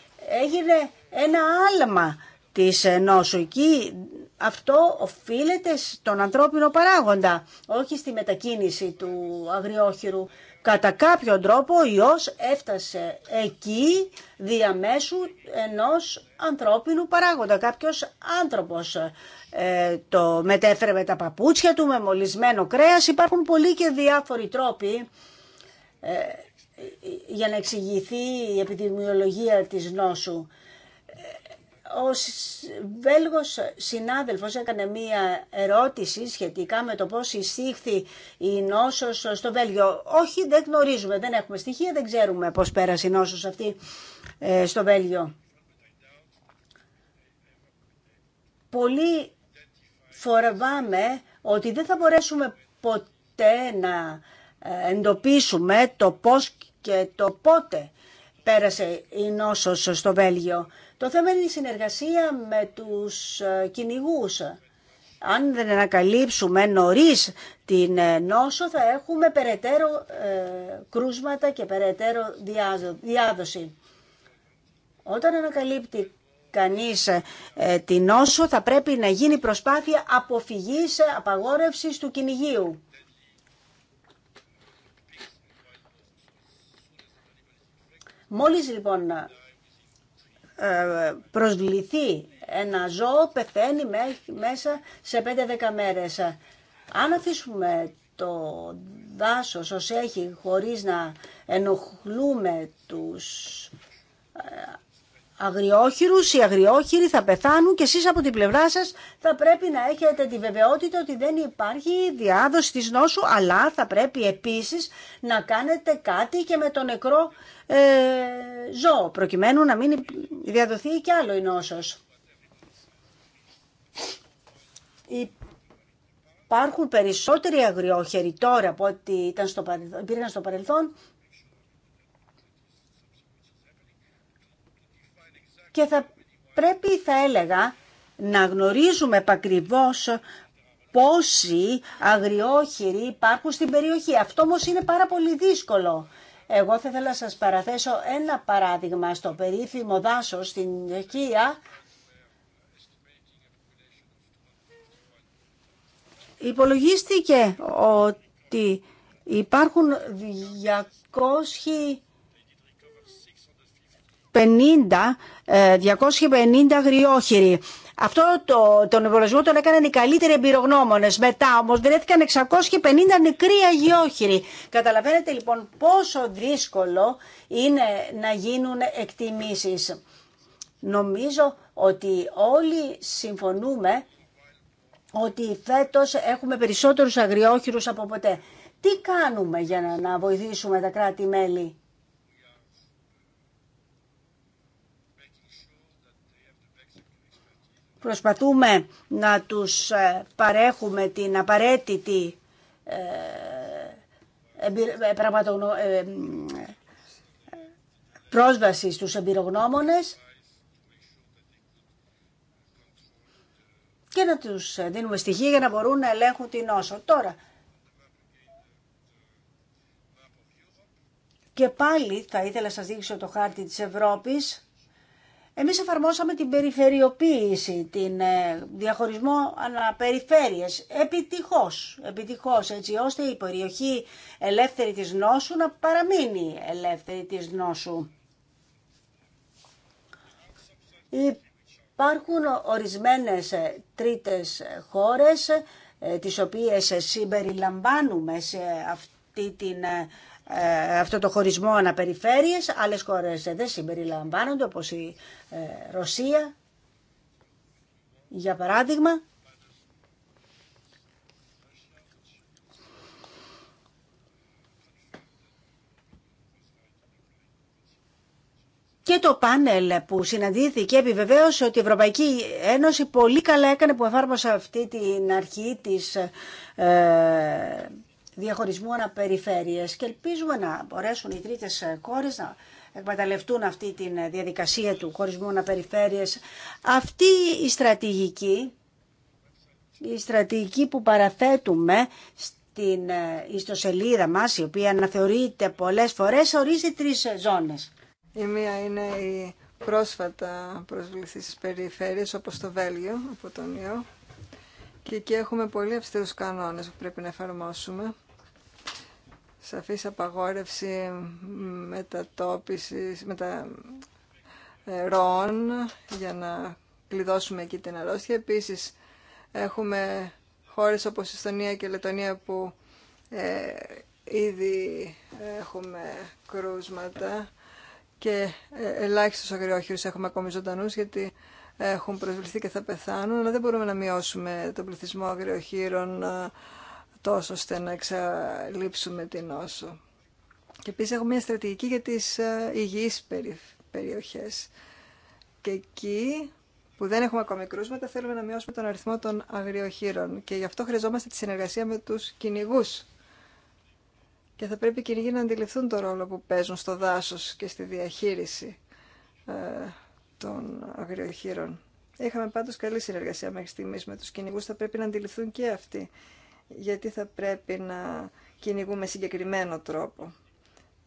έγινε ένα άλμα της νόσου. Εκεί αυτό οφείλεται στον ανθρώπινο παράγοντα, όχι στη μετακίνηση του αγριόχειρου. Κατά κάποιον τρόπο ο ιός έφτασε εκεί διαμέσου ενός ανθρώπινου παράγοντα. Κάποιος άνθρωπος ε, το μετέφερε με τα παπούτσια του, με μολυσμένο κρέας. Υπάρχουν πολλοί και διάφοροι τρόποι ε, για να εξηγηθεί η επιδημιολογία της νόσου ο Βέλγος συνάδελφος έκανε μία ερώτηση σχετικά με το πώς εισήχθη η νόσος στο Βέλγιο. Όχι, δεν γνωρίζουμε, δεν έχουμε στοιχεία, δεν ξέρουμε πώς πέρασε η νόσος αυτή ε, στο Βέλγιο. Πολύ φορβάμε ότι δεν θα μπορέσουμε ποτέ να ε, εντοπίσουμε το πώς και το πότε πέρασε η νόσος στο Βέλγιο. Το θέμα είναι η συνεργασία με τους ε, κυνηγού. Αν δεν ανακαλύψουμε νωρί την ε, νόσο θα έχουμε περαιτέρω ε, κρούσματα και περαιτέρω διάδοση. Όταν ανακαλύπτει κανείς την νόσο θα πρέπει να γίνει προσπάθεια αποφυγής, απαγόρευσης του κυνηγίου. Μόλις λοιπόν ε, προσβληθεί ένα ζώο πεθαίνει μέσα σε 5-10 μέρες. Αν αφήσουμε το δάσος ως έχει χωρίς να ενοχλούμε τους ε, αγριόχειρους, οι αγριόχειροι θα πεθάνουν και εσείς από την πλευρά σας θα πρέπει να έχετε τη βεβαιότητα ότι δεν υπάρχει διάδοση της νόσου αλλά θα πρέπει επίσης να κάνετε κάτι και με το νεκρό ε, ζώο προκειμένου να μην διαδοθεί και άλλο η νόσος. Υπάρχουν περισσότεροι αγριόχειροι τώρα από ό,τι ήταν υπήρχαν στο παρελθόν και θα πρέπει, θα έλεγα, να γνωρίζουμε επακριβώς πόσοι αγριόχειροι υπάρχουν στην περιοχή. Αυτό όμω είναι πάρα πολύ δύσκολο. Εγώ θα ήθελα να σας παραθέσω ένα παράδειγμα στο περίφημο δάσος στην Ιεχεία. Υπολογίστηκε ότι υπάρχουν 200 250, ε, αγριόχειροι. Αυτό το, τον εμβολιασμό τον έκαναν οι καλύτεροι εμπειρογνώμονε. Μετά όμω βρέθηκαν 650 νεκροί αγιόχειροι. Καταλαβαίνετε λοιπόν πόσο δύσκολο είναι να γίνουν εκτιμήσεις. Νομίζω ότι όλοι συμφωνούμε ότι φέτος έχουμε περισσότερους αγριόχειρους από ποτέ. Τι κάνουμε για να, να βοηθήσουμε τα κράτη-μέλη. Προσπαθούμε να τους ε, παρέχουμε την απαραίτητη ε, ε, πρόσβαση στους εμπειρογνώμονες και να τους δίνουμε στοιχεία για να μπορούν να ελέγχουν την όσο Τώρα, και πάλι θα ήθελα να σας δείξω το χάρτη της Ευρώπης. Εμείς εφαρμόσαμε την περιφερειοποίηση, την ε, διαχωρισμό αναπεριφέρειες, επιτυχώς, επιτυχώς, έτσι ώστε η περιοχή ελεύθερη της νόσου να παραμείνει ελεύθερη της νόσου. Υπάρχουν ορισμένες ε, τρίτες χώρες, ε, τις οποίες συμπεριλαμβάνουμε σε αυτή την ε, αυτό το χωρισμό αναπεριφέρειες, άλλες χώρες δεν συμπεριλαμβάνονται όπως η ε, Ρωσία για παράδειγμα. Και το πάνελ που συναντήθηκε επιβεβαίωσε ότι η Ευρωπαϊκή Ένωση πολύ καλά έκανε που εφάρμοσε αυτή την αρχή της ε, διαχωρισμού αναπεριφέρειες και ελπίζουμε να μπορέσουν οι τρίτες χώρες να εκμεταλλευτούν αυτή τη διαδικασία του χωρισμού αναπεριφέρειες. Αυτή η στρατηγική, η στρατηγική που παραθέτουμε στην ε, ιστοσελίδα μας, η οποία αναθεωρείται πολλές φορές, ορίζει τρεις ζώνες. Η μία είναι η πρόσφατα προσβληθεί στις περιφέρειες, όπως το Βέλγιο, από τον ιό. Και εκεί έχουμε πολύ αυστηρούς κανόνες που πρέπει να εφαρμόσουμε σαφής απαγόρευση μετατόπισης, μετα... Ε, για να κλειδώσουμε εκεί την αρρώστια. Επίσης έχουμε χώρες όπως η Στονία και η Λετωνία που ε, ήδη έχουμε κρούσματα και ε, ελάχιστος αγριόχειρους έχουμε ακόμη ζωντανούς γιατί έχουν προσβληθεί και θα πεθάνουν αλλά δεν μπορούμε να μειώσουμε τον πληθυσμό αγριοχείρων τόσο ώστε να εξαλείψουμε την όσο. Και επίσης έχουμε μια στρατηγική για τις ε, υγιείς περιοχές. Και εκεί που δεν έχουμε ακόμη κρούσματα θέλουμε να μειώσουμε τον αριθμό των αγριοχείρων και γι' αυτό χρειαζόμαστε τη συνεργασία με τους κυνηγού. Και θα πρέπει οι κυνηγοί να αντιληφθούν τον ρόλο που παίζουν στο δάσος και στη διαχείριση ε, των αγριοχείρων. Είχαμε πάντως καλή συνεργασία μέχρι στιγμής με τους κυνηγού, θα πρέπει να αντιληφθούν και αυτοί γιατί θα πρέπει να κυνηγούμε συγκεκριμένο τρόπο.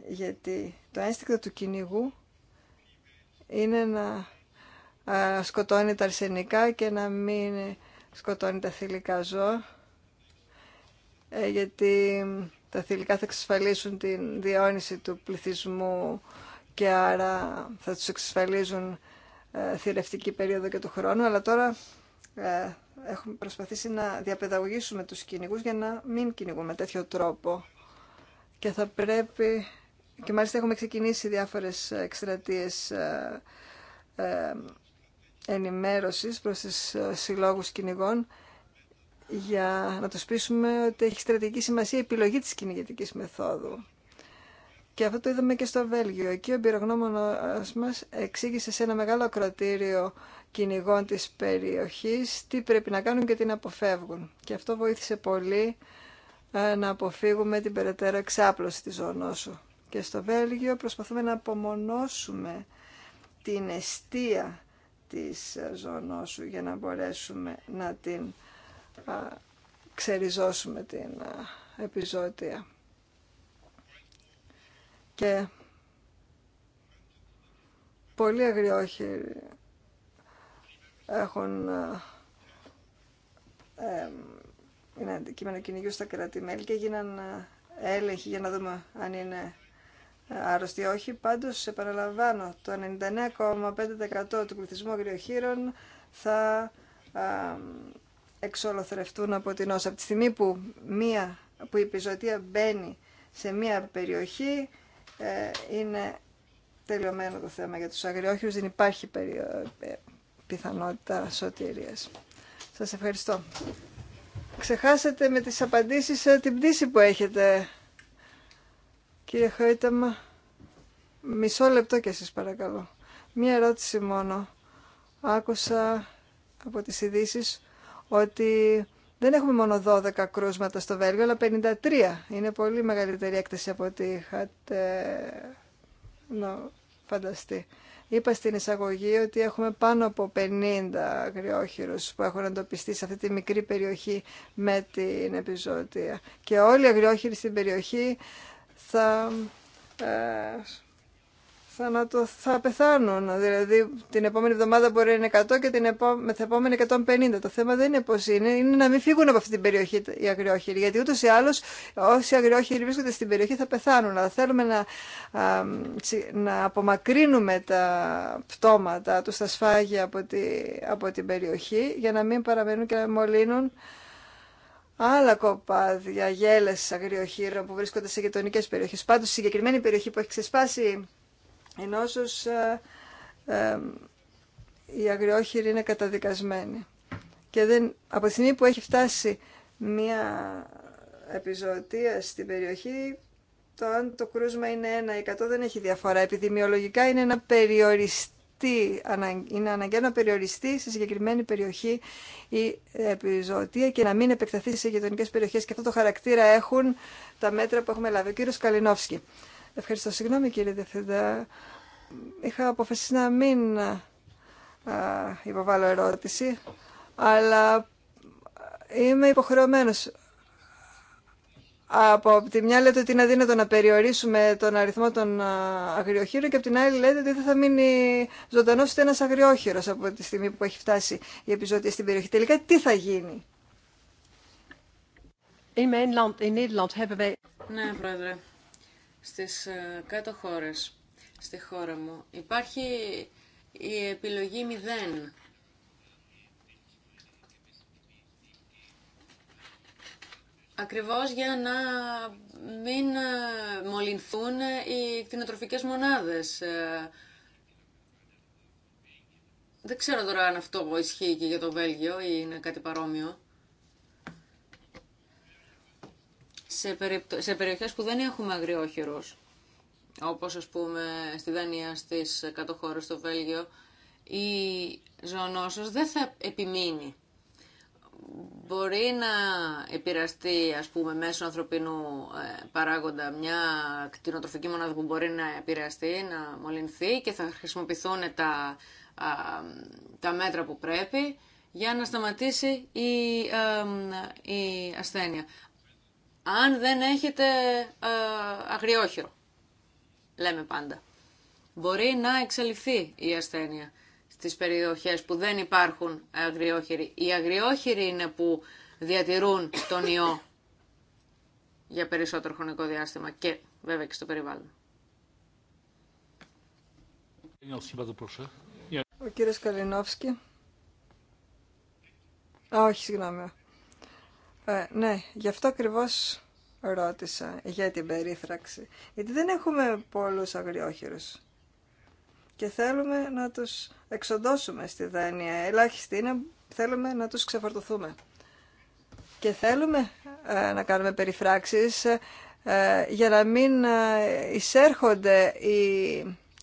Γιατί το ένστικτο του κυνηγού είναι να σκοτώνει τα αρσενικά και να μην σκοτώνει τα θηλυκά ζώα, ε, γιατί τα θηλυκά θα εξασφαλίσουν την διόνυση του πληθυσμού και άρα θα τους εξασφαλίζουν ε, θηρευτική περίοδο και του χρόνου, αλλά τώρα ε, έχουμε προσπαθήσει να διαπαιδαγωγήσουμε τους κυνηγούς για να μην κυνηγούμε τέτοιο τρόπο. Και θα πρέπει... Και μάλιστα έχουμε ξεκινήσει διάφορες εκστρατείες ε, ε, ενημέρωσης προς τις ε, συλλόγους κυνηγών για να τους πείσουμε ότι έχει στρατηγική σημασία η επιλογή της κυνηγητικής μεθόδου. Και αυτό το είδαμε και στο Βέλγιο. Εκεί ο εμπειρογνώμονο μας εξήγησε σε ένα μεγάλο ακροτήριο κυνηγών της περιοχής τι πρέπει να κάνουν και τι να αποφεύγουν. Και αυτό βοήθησε πολύ ε, να αποφύγουμε την περαιτέρω εξάπλωση της ζωνόσου. Και στο Βέλγιο προσπαθούμε να απομονώσουμε την αιστεία της ε, ζωνόσου για να μπορέσουμε να την ξεριζώσουμε την ε, επιζώτια και πολλοί αγριόχοι έχουν ε, είναι αντικείμενο κυνηγιού στα κρατημέλη και έγιναν ε, έλεγχοι για να δούμε αν είναι ε, άρρωστοι ή όχι. Πάντως, επαναλαμβάνω, το 99,5% του πληθυσμού αγριοχείρων θα ε, εξολοθρευτούν από την όσα. Από τη στιγμή που, μία, που η επιζωτία μπαίνει σε μία περιοχή, ε, είναι τελειωμένο το θέμα για τους αγριόχειρους. Δεν υπάρχει ε, πιθανότητα σωτηρίας. Σας ευχαριστώ. Ξεχάσετε με τις απαντήσεις ε, την πτήση που έχετε. Κύριε Χαϊταμα, μισό λεπτό και εσείς παρακαλώ. Μία ερώτηση μόνο. Άκουσα από τις ειδήσει ότι δεν έχουμε μόνο 12 κρούσματα στο Βέλγιο, αλλά 53. Είναι πολύ μεγαλύτερη έκταση από ό,τι είχατε no, φανταστεί. Είπα στην εισαγωγή ότι έχουμε πάνω από 50 αγριόχειρους που έχουν εντοπιστεί σε αυτή τη μικρή περιοχή με την επιζώτια. Και όλοι οι αγριόχειροι στην περιοχή θα ε, θα πεθάνουν. Δηλαδή την επόμενη εβδομάδα μπορεί να είναι 100 και την επό, με την επόμενη 150. Το θέμα δεν είναι πώ είναι, είναι να μην φύγουν από αυτή την περιοχή οι αγριόχειροι. Γιατί ούτω ή άλλω όσοι αγριόχειροι βρίσκονται στην περιοχή θα πεθάνουν. Αλλά θέλουμε να, να απομακρύνουμε τα πτώματα του, τα σφάγια από, τη, από την περιοχή για να μην παραμένουν και να μολύνουν άλλα κοπάδια, γέλες αγριοχείρων που βρίσκονται σε γειτονικέ περιοχές. Πάντως, η συγκεκριμένη περιοχή που έχει ξεσπάσει ενώ όσους ε, ε, οι αγριόχειροι είναι καταδικασμένοι. Και δεν, από τη στιγμή που έχει φτάσει μία επιζωτία στην περιοχή, το αν το κρούσμα είναι ένα ή εκατό δεν έχει διαφορά. Επιδημιολογικά είναι ένα περιοριστή, είναι αναγκαίο να περιοριστεί σε συγκεκριμένη περιοχή η επιζωτία και να μην επεκταθεί σε γειτονικέ περιοχέ Και αυτό το χαρακτήρα έχουν τα μέτρα που έχουμε λάβει. Ο κύριο Καλινόφσκι. Ευχαριστώ. Συγγνώμη κύριε Διευθυντά. Είχα αποφασίσει να μην α, υποβάλω ερώτηση, αλλά είμαι υποχρεωμένος. Από τη μια λέτε ότι είναι αδύνατο να περιορίσουμε τον αριθμό των αγριοχείρων και από την άλλη λέτε ότι δεν θα μείνει ζωντανό ούτε ένα αγριόχειρο από τη στιγμή που έχει φτάσει η επιζώτια στην περιοχή. Τελικά τι θα γίνει. Ναι, Πρόεδρε στις ε, κάτω χώρες, στη χώρα μου, υπάρχει η επιλογή μηδέν. Ακριβώς για να μην ε, μολυνθούν οι κτηνοτροφικές μονάδες. Ε, δεν ξέρω τώρα αν αυτό ισχύει και για το Βέλγιο ή είναι κάτι παρόμοιο. σε, περιοχές που δεν έχουμε αγριόχειρους, όπως ας πούμε στη Δανία, στις κατοχώρες στο Βέλγιο, η ζωονόσος δεν θα επιμείνει. Μπορεί να επηρεαστεί, ας πούμε, μέσω ανθρωπινού ε, παράγοντα μια κτηνοτροφική μονάδα που μπορεί να επηρεαστεί, να μολυνθεί και θα χρησιμοποιηθούν τα, μέτρα που πρέπει για να σταματήσει η, ε, ε, η ασθένεια αν δεν έχετε ε, αγριόχειρο, λέμε πάντα. Μπορεί να εξελιχθεί η ασθένεια στις περιοχές που δεν υπάρχουν αγριόχειροι. Οι αγριόχειροι είναι που διατηρούν τον ιό για περισσότερο χρονικό διάστημα και βέβαια και στο περιβάλλον. Ο κύριος Καλινόφσκι. Α, όχι, συγγνώμη. Ε, ναι, γι' αυτό ακριβώς ρώτησα για την περίφραξη. Γιατί δεν έχουμε πολλούς αγριόχειρους. Και θέλουμε να τους εξοντώσουμε στη Δανία. Ελάχιστη είναι, θέλουμε να τους ξεφορτωθούμε. Και θέλουμε ε, να κάνουμε περιφράξεις ε, ε για να μην εισέρχονται οι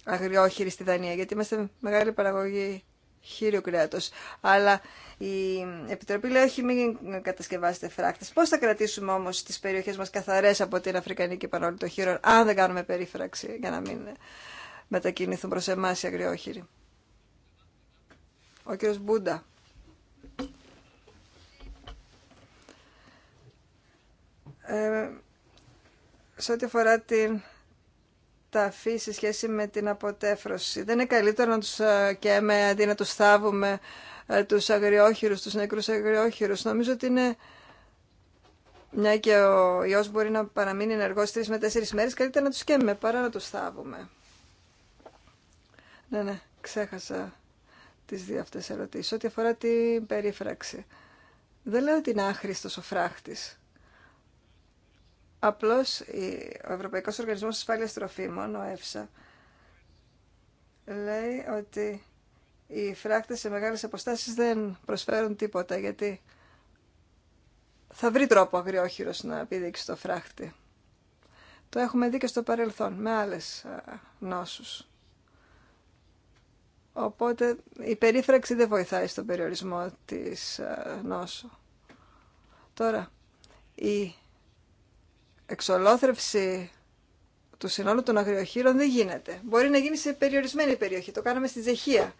αγριόχειροι στη Δανία. Γιατί είμαστε μεγάλη παραγωγή χείριου κρέατος. Αλλά η Επιτροπή λέει όχι μην κατασκευάσετε φράκτες. Πώς θα κρατήσουμε όμως τις περιοχές μας καθαρές από την Αφρικανική παρόλη των χείρων αν δεν κάνουμε περίφραξη για να μην μετακινηθούν προς εμάς οι αγριόχειροι. Ο κύριος Μπούντα. Ε, σε ό,τι αφορά την ταφή σε σχέση με την αποτέφρωση, δεν είναι καλύτερο να τους ε, καίμε αντί να τους θάβουμε ε, τους αγριόχειρους, τους νεκρούς αγριόχειρους. Νομίζω ότι είναι, μια και ο ιός μπορεί να παραμείνει ενεργός τρεις με τέσσερις μέρες, καλύτερα να τους καίμε παρά να τους θάβουμε. Ναι, ναι, ξέχασα τις δύο αυτές ερωτήσεις. Ό,τι αφορά την περίφραξη. Δεν λέω ότι είναι άχρηστος ο φράχτης. Απλώς ο Ευρωπαϊκός Οργανισμός Ασφάλειας Τροφίμων, ο ΕΦΣΑ, λέει ότι οι φράκτες σε μεγάλες αποστάσεις δεν προσφέρουν τίποτα γιατί θα βρει τρόπο αγριόχειρος να επιδείξει το φράχτη. Το έχουμε δει και στο παρελθόν με άλλες νόσους. Οπότε η περίφραξη δεν βοηθάει στον περιορισμό της νόσου. Τώρα, η εξολόθρευση του συνόλου των αγριοχείρων δεν γίνεται. Μπορεί να γίνει σε περιορισμένη περιοχή. Το κάναμε στη Ζεχία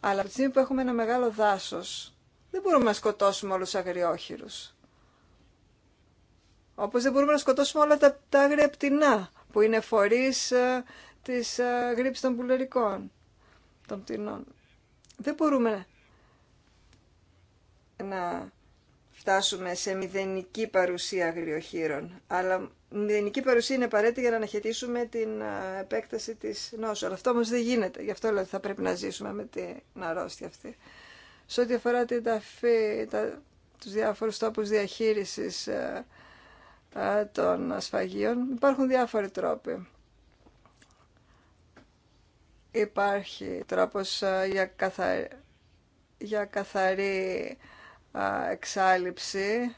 αλλά από τη στιγμή που έχουμε ένα μεγάλο δάσος, δεν μπορούμε να σκοτώσουμε όλους τους αγριόχειρους. Όπως δεν μπορούμε να σκοτώσουμε όλα τα, τα πτηνά που είναι φορείς τη ε, της ε, των πουλερικών, των πτηνών. Δεν μπορούμε να φτάσουμε σε μηδενική παρουσία αγριοχείρων. Αλλά μηδενική παρουσία είναι απαραίτητη για να αναχαιτήσουμε την επέκταση τη νόσου. Αλλά αυτό όμω δεν γίνεται. Γι' αυτό λέω ότι θα πρέπει να ζήσουμε με την αρρώστια αυτή. Σε ό,τι αφορά την ταφή, τα, τους διάφορου τόπου διαχείρισης ε, ε, των ασφαγίων υπάρχουν διάφοροι τρόποι. Υπάρχει τρόπος ε, για, καθα... για καθαρή εξάλληψη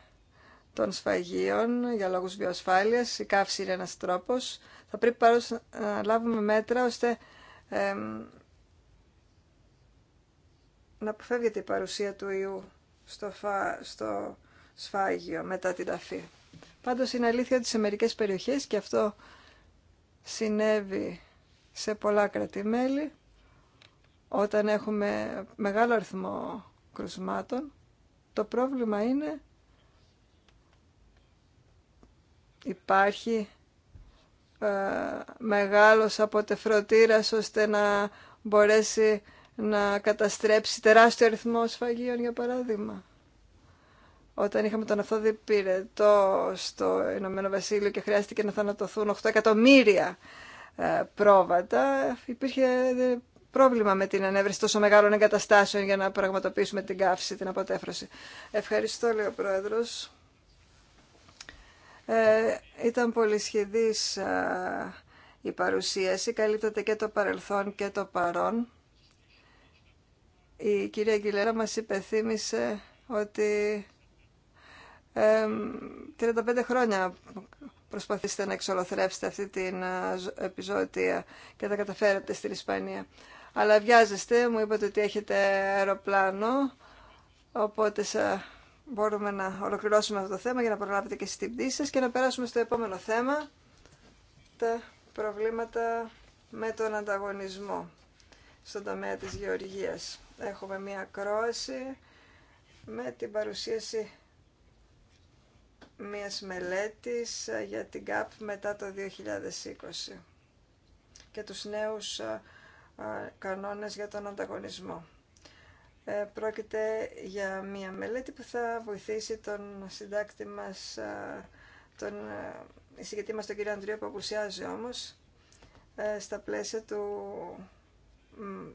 των σφαγείων για λόγους βιοσφάλειας. Η καύση είναι ένας τρόπος. Θα πρέπει να λάβουμε μέτρα ώστε να αποφεύγεται η παρουσία του ιού στο, στο σφάγιο μετά την ταφή. Πάντως είναι αλήθεια ότι σε μερικές περιοχές και αυτό συνέβη σε πολλά κρατημέλη όταν έχουμε μεγάλο αριθμό κρουσμάτων το πρόβλημα είναι υπάρχει ε, μεγάλος αποτεφρωτήρας ώστε να μπορέσει να καταστρέψει τεράστιο αριθμό σφαγείων. για παράδειγμα. Όταν είχαμε τον Αυθόδη Πυρετό στο Ηνωμένο Βασίλειο και χρειάστηκε να θανατωθούν 8 εκατομμύρια ε, πρόβατα, υπήρχε ε, πρόβλημα με την ανέβριση τόσο μεγάλων εγκαταστάσεων για να πραγματοποιήσουμε την καύση, την αποτέφρωση. Ευχαριστώ, λέει ο Πρόεδρος. Ε, ήταν πολύ α, η παρουσίαση. Καλύπτεται και το παρελθόν και το παρόν. Η κυρία Αγγιλέρα μας υπεθύμησε ότι 35 χρόνια προσπαθήσατε να εξολοθρεύσετε αυτή την επιζώτια και τα καταφέρατε στην Ισπανία αλλά βιάζεστε, μου είπατε ότι έχετε αεροπλάνο, οπότε μπορούμε να ολοκληρώσουμε αυτό το θέμα για να προλάβετε και στην πτήση σας και να περάσουμε στο επόμενο θέμα, τα προβλήματα με τον ανταγωνισμό στον τομέα της γεωργίας. Έχουμε μία κρόαση με την παρουσίαση μίας μελέτης για την ΚΑΠ μετά το 2020 και τους νέους κανόνες για τον ανταγωνισμό. Ε, πρόκειται για μία μελέτη που θα βοηθήσει τον συντάκτη μας, τον ε, συγκεκριτή μας τον κύριο Ανδρείο που απουσιάζει όμως, ε, στα πλαίσια του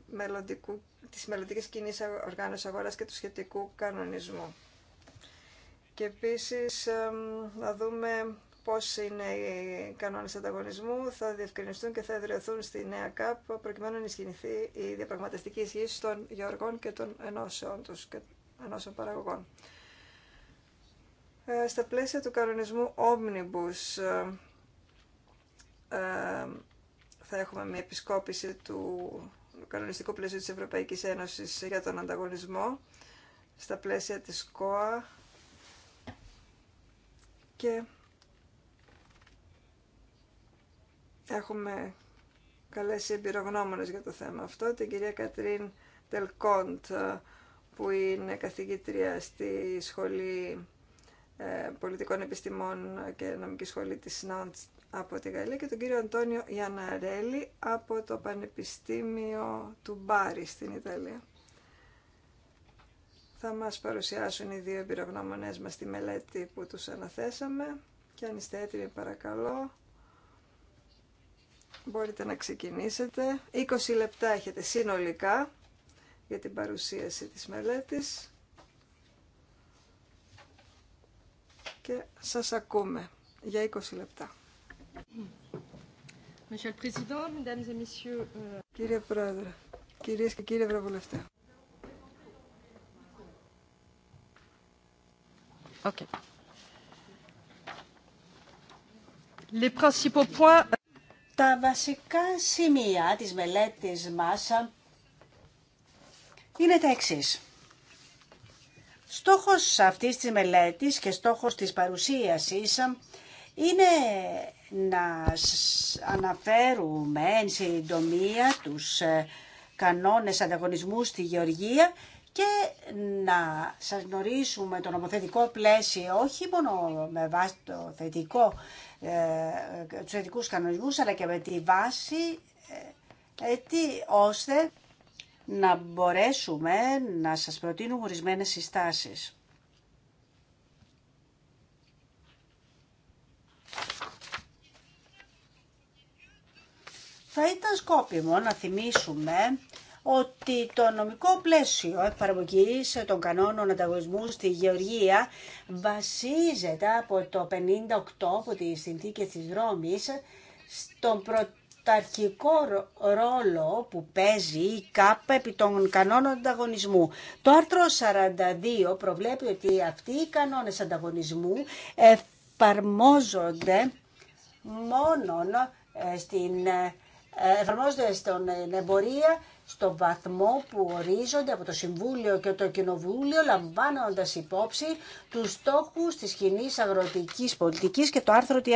μελλοντικού, της μελλοντικής κοινής οργάνωσης αγοράς και του σχετικού κανονισμού. Και επίσης να δούμε Πώ είναι οι κανόνε ανταγωνισμού, θα διευκρινιστούν και θα εδραιωθούν στη νέα ΚΑΠ, προκειμένου να ενισχυθεί η διαπραγματευτική ισχύση των γεωργών και των ενώσεων τους και ενώσεων παραγωγών. Ε, στα πλαίσια του κανονισμού Omnibus, ε, ε, θα έχουμε μια επισκόπηση του κανονιστικού πλαίσιου της Ευρωπαϊκής Ένωσης για τον ανταγωνισμό στα πλαίσια της ΚΟΑ και Έχουμε καλέσει εμπειρογνώμονες για το θέμα αυτό, την κυρία Κατρίν Τελκόντ, ε, που είναι καθηγήτρια στη Σχολή ε, Πολιτικών Επιστημών και Νομική Σχολή της Νάντς από τη Γαλλία και τον κύριο Αντώνιο Ιαναρέλη από το Πανεπιστήμιο του Μπάρι στην Ιταλία. Θα μας παρουσιάσουν οι δύο εμπειρογνώμονές μας τη μελέτη που τους αναθέσαμε και αν είστε έτοιμοι παρακαλώ Μπορείτε να ξεκινήσετε. 20 λεπτά έχετε συνολικά για την παρουσίαση της μελέτης. Και σας ακούμε για 20 λεπτά. Euh, Κύριε Πρόεδρε, κυρίες και κύριοι Ευρωβουλευτέ. Okay. Les principaux points τα βασικά σημεία της μελέτης μας είναι τα εξής. Στόχος αυτής της μελέτης και στόχος της παρουσίασης είναι να αναφέρουμε εν συντομία τους ε, κανόνες ανταγωνισμού στη γεωργία και να σας γνωρίσουμε το νομοθετικό πλαίσιο όχι μόνο με βάση το θετικό, ε, τους θετικούς κανονισμούς αλλά και με τη βάση ε, έτσι ώστε να μπορέσουμε να σας προτείνουμε ορισμένες συστάσεις. Θα ήταν σκόπιμο να θυμίσουμε ότι το νομικό πλαίσιο εφαρμογής των κανόνων ανταγωνισμού στη Γεωργία βασίζεται από το 58 από τη συνθήκη της Ρώμης στον πρωταρχικό ρόλο που παίζει η ΚΑΠ επί των κανόνων ανταγωνισμού. Το άρθρο 42 προβλέπει ότι αυτοί οι κανόνες ανταγωνισμού εφαρμόζονται μόνο ε, στην ε, εφαρμόζονται στον ε, εμπορία στο βαθμό που ορίζονται από το Συμβούλιο και το Κοινοβούλιο λαμβάνοντας υπόψη τους στόχους της κοινή αγροτικής πολιτικής και το άρθρο 39.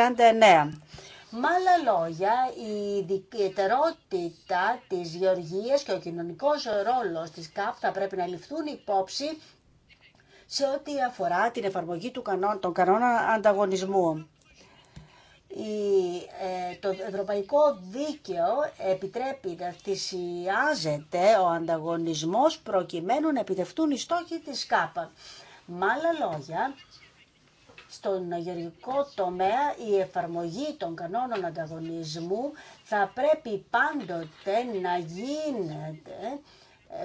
Με άλλα λόγια, η ιδιαιτερότητα της γεωργίας και ο κοινωνικός ρόλος της ΚΑΠ θα πρέπει να ληφθούν υπόψη σε ό,τι αφορά την εφαρμογή του κανόνα των κανόνων ανταγωνισμού. Ε, το ευρωπαϊκό δίκαιο επιτρέπει να θυσιάζεται ο ανταγωνισμός προκειμένου να επιτευτούν οι στόχοι της ΚΑΠΑ. Με άλλα λόγια, στον γεωργικό τομέα η εφαρμογή των κανόνων ανταγωνισμού θα πρέπει πάντοτε να γίνεται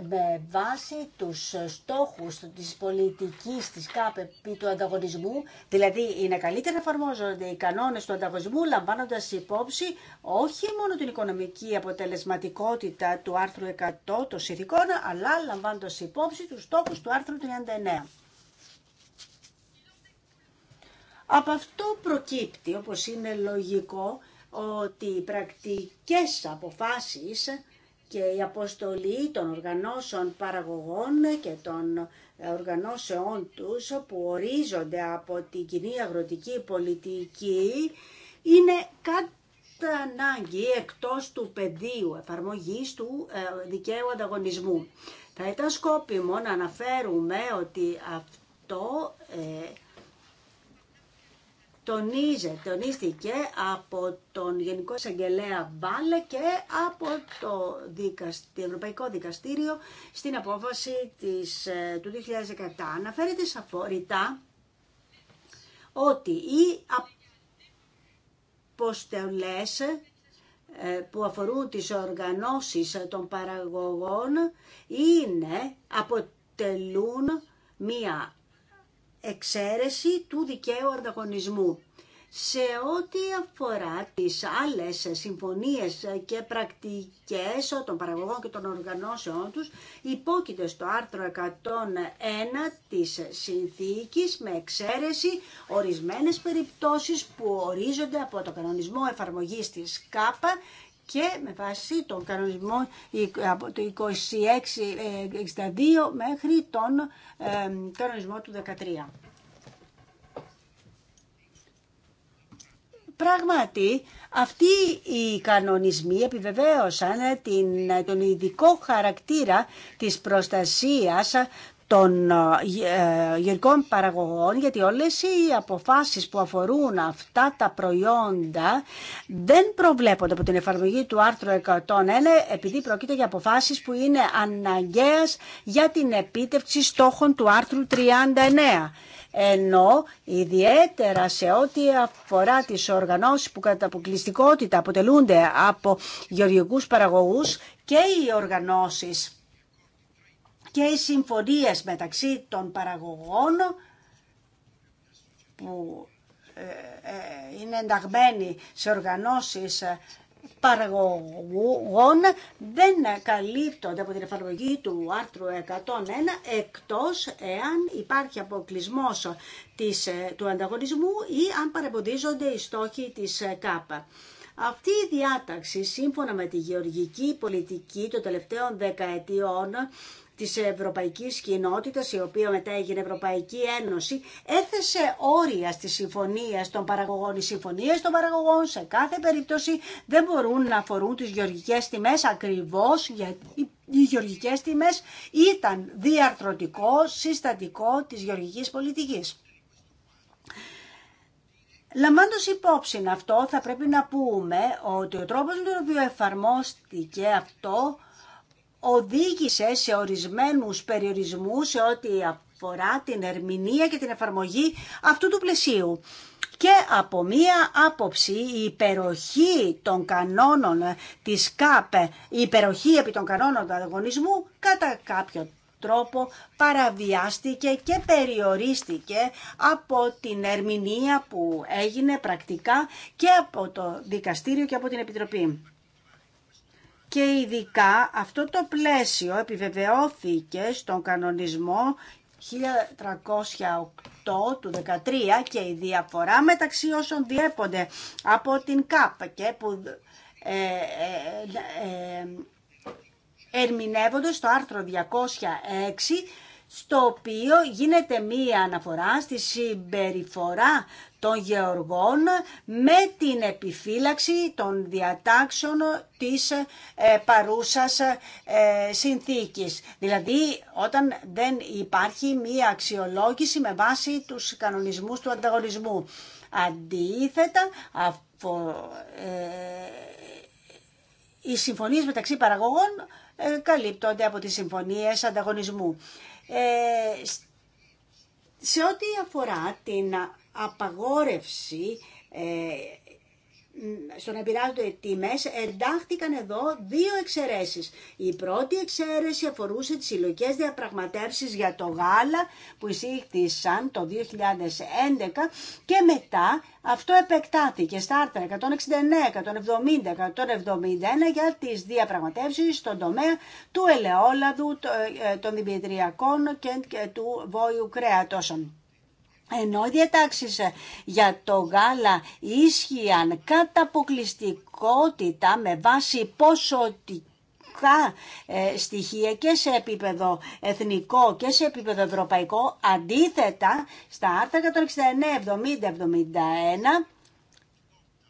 με βάση τους στόχους της πολιτικής της ΚΑΠΕΠΗ του ανταγωνισμού, δηλαδή είναι καλύτερα να εφαρμόζονται οι κανόνες του ανταγωνισμού λαμβάνοντας υπόψη όχι μόνο την οικονομική αποτελεσματικότητα του άρθρου 100 των συνθηκών, αλλά λαμβάνοντας υπόψη τους στόχους του άρθρου 39. Από αυτό προκύπτει, όπως είναι λογικό, ότι οι πρακτικές αποφάσεις και η αποστολή των οργανώσεων παραγωγών και των οργανώσεών τους που ορίζονται από την κοινή αγροτική πολιτική είναι κατά ανάγκη εκτός του πεδίου εφαρμογής του ε, δικαίου ανταγωνισμού. Θα ήταν σκόπιμο να αναφέρουμε ότι αυτό ε, τονίστηκε από τον Γενικό Εισαγγελέα Βάλε και από το Ευρωπαϊκό Δικαστήριο στην απόφαση της, ε, του 2017. Αναφέρεται σαφορητά ότι οι αποστολές ε, που αφορούν τις οργανώσεις των παραγωγών είναι, αποτελούν μία εξαίρεση του δικαίου ανταγωνισμού. Σε ό,τι αφορά τις άλλες συμφωνίες και πρακτικές των παραγωγών και των οργανώσεων τους, υπόκειται στο άρθρο 101 της συνθήκης με εξαίρεση ορισμένες περιπτώσεις που ορίζονται από το κανονισμό εφαρμογής της ΚΑΠΑ και με βάση τον κανονισμό από το 26-62 μέχρι τον κανονισμό του 13. Πράγματι, αυτοί οι κανονισμοί επιβεβαίωσαν την, τον ειδικό χαρακτήρα της προστασίας των ε, ε, γεωργικών παραγωγών γιατί όλες οι αποφάσεις που αφορούν αυτά τα προϊόντα δεν προβλέπονται από την εφαρμογή του άρθρου 101 επειδή πρόκειται για αποφάσεις που είναι αναγκαίες για την επίτευξη στόχων του άρθρου 39 ενώ ιδιαίτερα σε ό,τι αφορά τις οργανώσεις που κατά αποκλειστικότητα αποτελούνται από γεωργικούς παραγωγούς και οι οργανώσεις και οι συμφωνίες μεταξύ των παραγωγών που ε, ε, είναι ενταγμένοι σε οργανώσεις παραγωγών δεν καλύπτονται από την εφαρμογή του άρθρου 101 εκτός εάν υπάρχει αποκλεισμό ε, του ανταγωνισμού ή αν παρεμποδίζονται οι στόχοι της ΚΑΠΑ. Αυτή η διάταξη σύμφωνα με τη γεωργική πολιτική των τελευταίων δεκαετιών της Ευρωπαϊκής Κοινότητας, η οποία μετά έγινε Ευρωπαϊκή Ένωση, έθεσε όρια στη συμφωνία των παραγωγών. Οι συμφωνίες των παραγωγών σε κάθε περίπτωση δεν μπορούν να αφορούν τις γεωργικές τιμές ακριβώς γιατί οι γεωργικές τιμές ήταν διαρθρωτικό, συστατικό της γεωργικής πολιτικής. Λαμβάνοντα υπόψη αυτό, θα πρέπει να πούμε ότι ο τρόπος με τον οποίο εφαρμόστηκε αυτό οδήγησε σε ορισμένους περιορισμούς σε ό,τι αφορά την ερμηνεία και την εφαρμογή αυτού του πλαισίου. Και από μία άποψη η υπεροχή των κανόνων της ΚΑΠ, η υπεροχή επί των κανόνων του αγωνισμού, κατά κάποιο τρόπο παραβιάστηκε και περιορίστηκε από την ερμηνεία που έγινε πρακτικά και από το δικαστήριο και από την Επιτροπή και ειδικά αυτό το πλαίσιο επιβεβαιώθηκε στον κανονισμό 1308 του 13 και η διαφορά μεταξύ όσων διέπονται από την ΚΑΠ και που ε, ε, ε, ε ερμηνεύονται στο άρθρο 206 στο οποίο γίνεται μία αναφορά στη συμπεριφορά των γεωργών με την επιφύλαξη των διατάξεων της ε, παρούσας ε, συνθήκης. Δηλαδή όταν δεν υπάρχει μία αξιολόγηση με βάση τους κανονισμούς του ανταγωνισμού. Αντίθετα, αφο, ε, οι συμφωνίες μεταξύ παραγωγών καλύπτονται από τις συμφωνίες ανταγωνισμού. Ε, σε ό,τι αφορά την απαγόρευση ε, στον να επηρεάζονται οι τιμές εντάχθηκαν εδώ δύο εξαιρέσει. Η πρώτη εξαίρεση αφορούσε τις συλλογικέ διαπραγματεύσεις για το γάλα που εισήχθησαν το 2011 και μετά αυτό επεκτάθηκε στα άρθρα 169, 170, 171 για τις διαπραγματεύσεις στον τομέα του ελαιόλαδου, ε, των δημητριακών και του βόηου κρέατος ενώ οι διατάξεις ε, για το γάλα ίσχυαν κατά αποκλειστικότητα με βάση ποσοτική ε, στοιχεία και σε επίπεδο εθνικό και σε επίπεδο ευρωπαϊκό αντίθετα στα άρθρα 169, 70, 71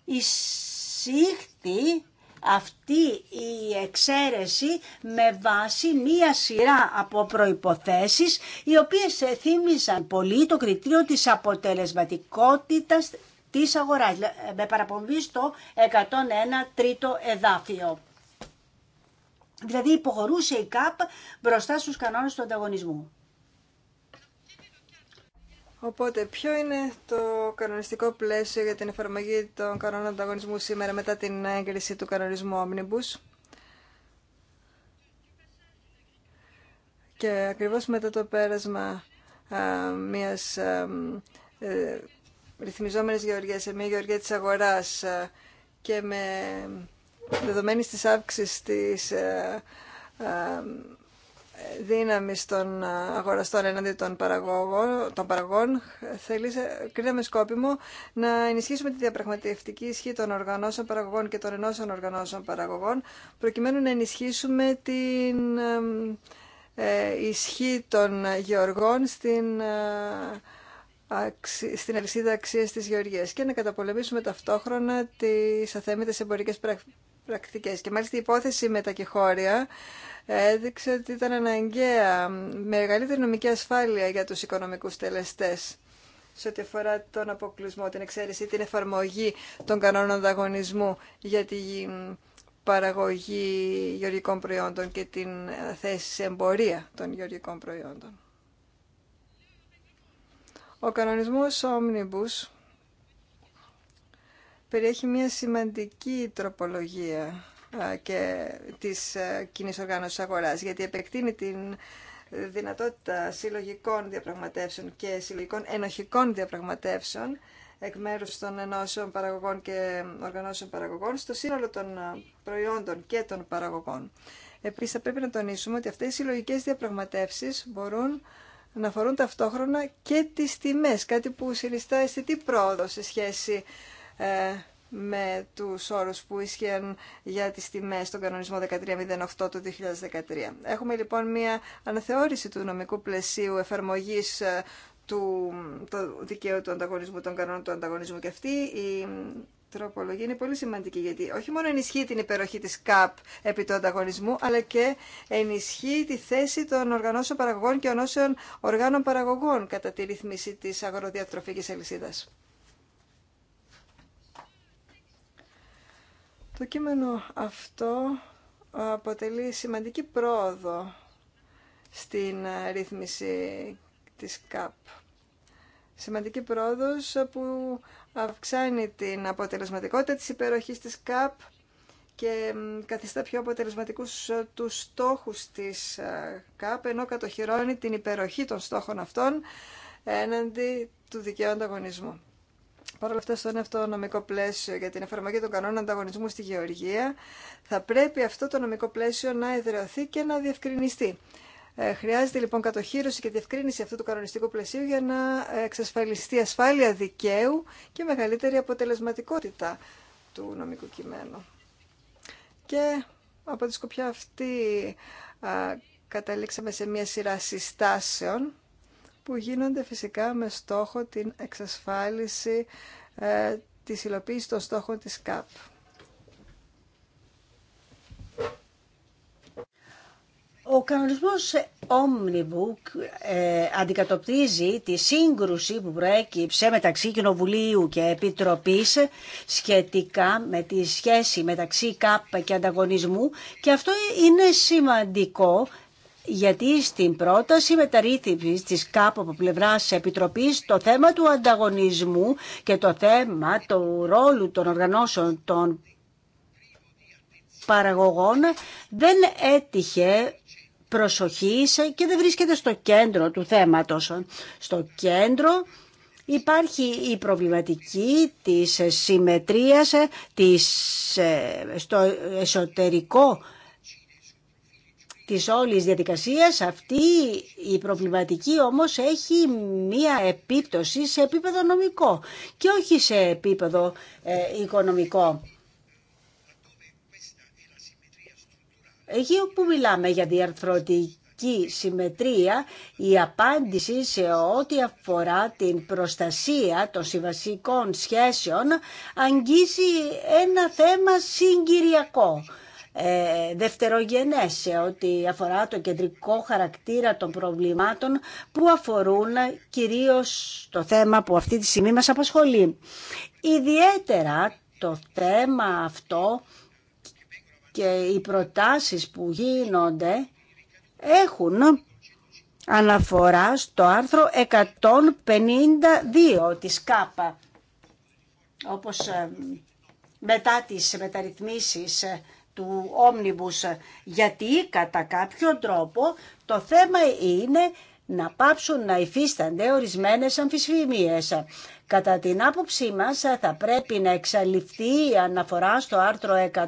εισήχθη αυτή η εξαίρεση με βάση μία σειρά από προϋποθέσεις οι οποίες θύμισαν πολύ το κριτήριο της αποτελεσματικότητας της αγοράς ε, με παραπομπή στο 101 τρίτο εδάφιο. Δηλαδή υποχωρούσε η ΚΑΠ μπροστά στους κανόνες του ανταγωνισμού. Οπότε, ποιο είναι το κανονιστικό πλαίσιο για την εφαρμογή των κανόνων ανταγωνισμού σήμερα μετά την έγκριση του κανονισμού Omnibus. Και ακριβώς μετά το πέρασμα α, μιας α, ε, ρυθμιζόμενης γεωργίας, σε μια γεωργία της αγοράς και με δεδομένη της αύξησης της ε, Δύναμη των αγοραστών εναντί των, παραγωγών, των παραγών, κρίναμε σκόπιμο να ενισχύσουμε τη διαπραγματευτική ισχύ των οργανώσεων παραγωγών και των ενώσεων οργανώσεων παραγωγών, προκειμένου να ενισχύσουμε την ε, ισχύ των γεωργών στην, ε, στην αλυσίδα αξίας της γεωργίας και να καταπολεμήσουμε ταυτόχρονα τις αθέμητες εμπορικές πρακτικές. Και μάλιστα η υπόθεση με τα κεχώρια έδειξε ότι ήταν αναγκαία μεγαλύτερη νομική ασφάλεια για τους οικονομικούς τελεστές σε ό,τι αφορά τον αποκλεισμό, την εξαίρεση, την εφαρμογή των κανόνων ανταγωνισμού για την παραγωγή γεωργικών προϊόντων και την θέση σε εμπορία των γεωργικών προϊόντων. Ο κανονισμός Omnibus περιέχει μια σημαντική τροπολογία ε, και της ε, κοινή οργάνωσης αγοράς, γιατί επεκτείνει την δυνατότητα συλλογικών διαπραγματεύσεων και συλλογικών ενοχικών διαπραγματεύσεων εκ μέρους των ενώσεων παραγωγών και οργανώσεων παραγωγών στο σύνολο των ε, προϊόντων και των παραγωγών. Επίσης, θα πρέπει να τονίσουμε ότι αυτές οι συλλογικέ διαπραγματεύσεις μπορούν να αφορούν ταυτόχρονα και τις τιμές, κάτι που συνιστά αισθητή πρόοδο σε σχέση με τους όρους που ίσχυαν για τις τιμές στον κανονισμό 1308 του 2013. Έχουμε λοιπόν μία αναθεώρηση του νομικού πλαισίου εφαρμογής ε, του το δικαίου του ανταγωνισμού, των κανόνων του ανταγωνισμού και αυτή η τροπολογία είναι πολύ σημαντική γιατί όχι μόνο ενισχύει την υπεροχή της ΚΑΠ επί του ανταγωνισμού αλλά και ενισχύει τη θέση των οργανώσεων παραγωγών και ονώσεων οργάνων παραγωγών κατά τη ρυθμίση της αγροδιατροφικής αλυσίδας. Το κείμενο αυτό αποτελεί σημαντική πρόοδο στην ε, ρύθμιση της ΚΑΠ. Σημαντική πρόοδος που αυξάνει την αποτελεσματικότητα της υπεροχής της ΚΑΠ και καθιστά πιο αποτελεσματικούς ε, τους στόχους της ε, ΚΑΠ, ενώ κατοχυρώνει την υπεροχή των στόχων αυτών έναντι του δικαίου ανταγωνισμού. Παρ' όλα αυτά, στον νομικό πλαίσιο για την εφαρμογή των κανόνων ανταγωνισμού στη Γεωργία, θα πρέπει αυτό το νομικό πλαίσιο να εδραιωθεί και να διευκρινιστεί. Ε, χρειάζεται λοιπόν κατοχήρωση και διευκρίνηση αυτού του κανονιστικού πλαισίου για να εξασφαλιστεί ασφάλεια δικαίου και μεγαλύτερη αποτελεσματικότητα του νομικού κειμένου. Και από τη σκοπιά αυτή καταλήξαμε σε μια σειρά συστάσεων που γίνονται φυσικά με στόχο την εξασφάλιση ε, της υλοποίησης των στόχων της ΚΑΠ. Ο κανονισμός Omnibook ε, αντικατοπτρίζει τη σύγκρουση που προέκυψε μεταξύ Κοινοβουλίου και Επιτροπής σχετικά με τη σχέση μεταξύ ΚΑΠ και ανταγωνισμού και αυτό είναι σημαντικό γιατί στην πρόταση μεταρρύθμιση της ΚΑΠ από πλευρά Επιτροπής το θέμα του ανταγωνισμού και το θέμα του ρόλου των οργανώσεων των παραγωγών δεν έτυχε προσοχή και δεν βρίσκεται στο κέντρο του θέματος. Στο κέντρο υπάρχει η προβληματική της συμμετρίας της, ε, στο εσωτερικό της όλης διαδικασίας. Αυτή η προβληματική όμως έχει μία επίπτωση σε επίπεδο νομικό και όχι σε επίπεδο ε, οικονομικό. Εκεί όπου μιλάμε για διαρθρωτική συμμετρία η απάντηση σε ό,τι αφορά την προστασία των συμβασικών σχέσεων αγγίζει ένα θέμα συγκυριακό ε, δευτερογενές σε ό,τι αφορά το κεντρικό χαρακτήρα των προβλημάτων που αφορούν κυρίως το θέμα που αυτή τη στιγμή μας απασχολεί. Ιδιαίτερα το θέμα αυτό και οι προτάσεις που γίνονται έχουν αναφορά στο άρθρο 152 της ΚΑΠΑ, όπως ε, μετά τις μεταρρυθμίσεις ε, του όμνιμπους γιατί κατά κάποιο τρόπο το θέμα είναι να πάψουν να υφίστανται ορισμένες αμφισβήμιες. Κατά την άποψή μας θα πρέπει να εξαλειφθεί η αναφορά στο άρθρο 101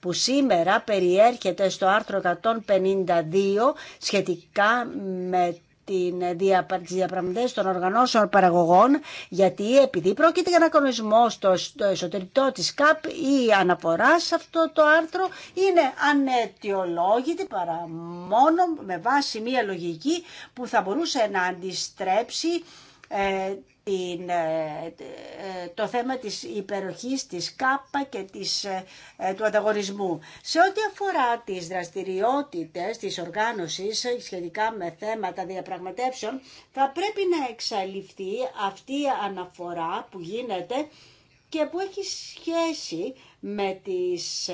που σήμερα περιέρχεται στο άρθρο 152 σχετικά με την διαπραγματεύσει των οργανώσεων παραγωγών, γιατί επειδή πρόκειται για ένα κανονισμό στο εσωτερικό τη ΚΑΠ η αναφορά σε αυτό το άρθρο είναι ανετιολόγητη παρά μόνο με βάση μια λογική που θα μπορούσε να αντιστρέψει ε, ε, ε, το θέμα της υπεροχής, της κάπα και της, ε, του ανταγωνισμού. Σε ό,τι αφορά τις δραστηριότητες της οργάνωσης σχετικά με θέματα διαπραγματεύσεων, θα πρέπει να εξαλειφθεί αυτή η αναφορά που γίνεται και που έχει σχέση με τις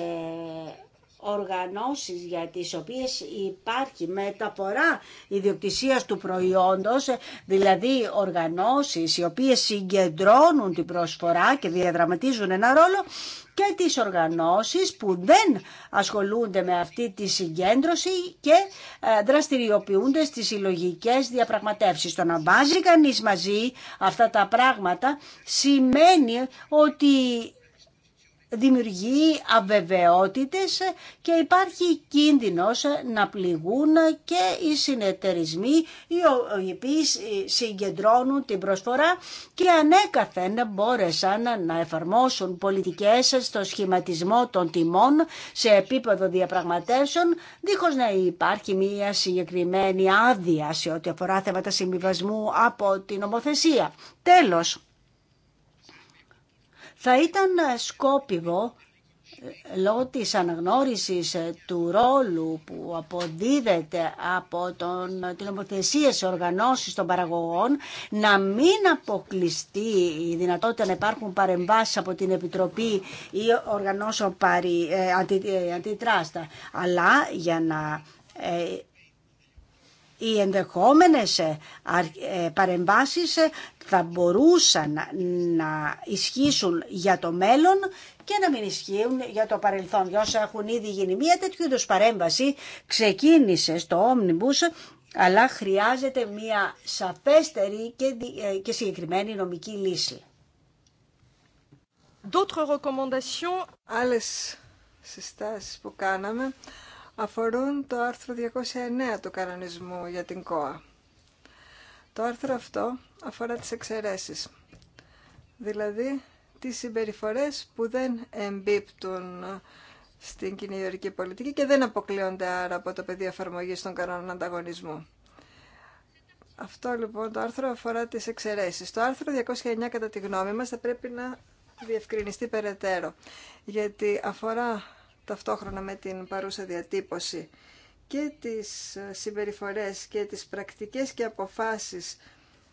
οργανώσεις για τις οποίες υπάρχει μεταφορά ιδιοκτησίας του προϊόντος, δηλαδή οργανώσεις οι οποίες συγκεντρώνουν την προσφορά και διαδραματίζουν ένα ρόλο και τις οργανώσεις που δεν ασχολούνται με αυτή τη συγκέντρωση και ε, δραστηριοποιούνται στις συλλογικέ διαπραγματεύσεις. Το να βάζει κανείς μαζί αυτά τα πράγματα σημαίνει ότι δημιουργεί αβεβαιότητες και υπάρχει κίνδυνος να πληγούν και οι συνεταιρισμοί οι οποίοι συγκεντρώνουν την προσφορά και ανέκαθεν μπόρεσαν να εφαρμόσουν πολιτικές στο σχηματισμό των τιμών σε επίπεδο διαπραγματεύσεων δίχως να υπάρχει μια συγκεκριμένη άδεια σε ό,τι αφορά θέματα συμβιβασμού από την νομοθεσία. Τέλος, θα ήταν ε, σκόπιμο ε, λόγω της αναγνώρισης ε, του ρόλου που αποδίδεται από τον, την ομοθεσία σε οργανώσεις των παραγωγών να μην αποκλειστεί η δυνατότητα να υπάρχουν παρεμβάσεις από την Επιτροπή ή οργανώσεων παρι, αντιτράστα. Αλλά για να... οι ενδεχόμενες παρεμβάσεις θα μπορούσαν να ισχύσουν για το μέλλον και να μην ισχύουν για το παρελθόν. Για όσα έχουν ήδη γίνει, μια τέτοιου είδους παρέμβαση ξεκίνησε στο Omnibus, αλλά χρειάζεται μια σαφέστερη ε, και συγκεκριμένη νομική λύση. Άλλες συστάσεις που κάναμε αφορούν το άρθρο 209 του κανονισμού για την ΚΟΑ. Το άρθρο αυτό αφορά τις εξαιρέσεις, δηλαδή τις συμπεριφορές που δεν εμπίπτουν στην κοινωνική πολιτική και δεν αποκλείονται άρα από το πεδίο εφαρμογή των κανόνων ανταγωνισμού. Αυτό λοιπόν το άρθρο αφορά τις εξαιρέσεις. Το άρθρο 209 κατά τη γνώμη μας θα πρέπει να διευκρινιστεί περαιτέρω, γιατί αφορά ταυτόχρονα με την παρούσα διατύπωση και τις ε, συμπεριφορές και τις πρακτικές και αποφάσεις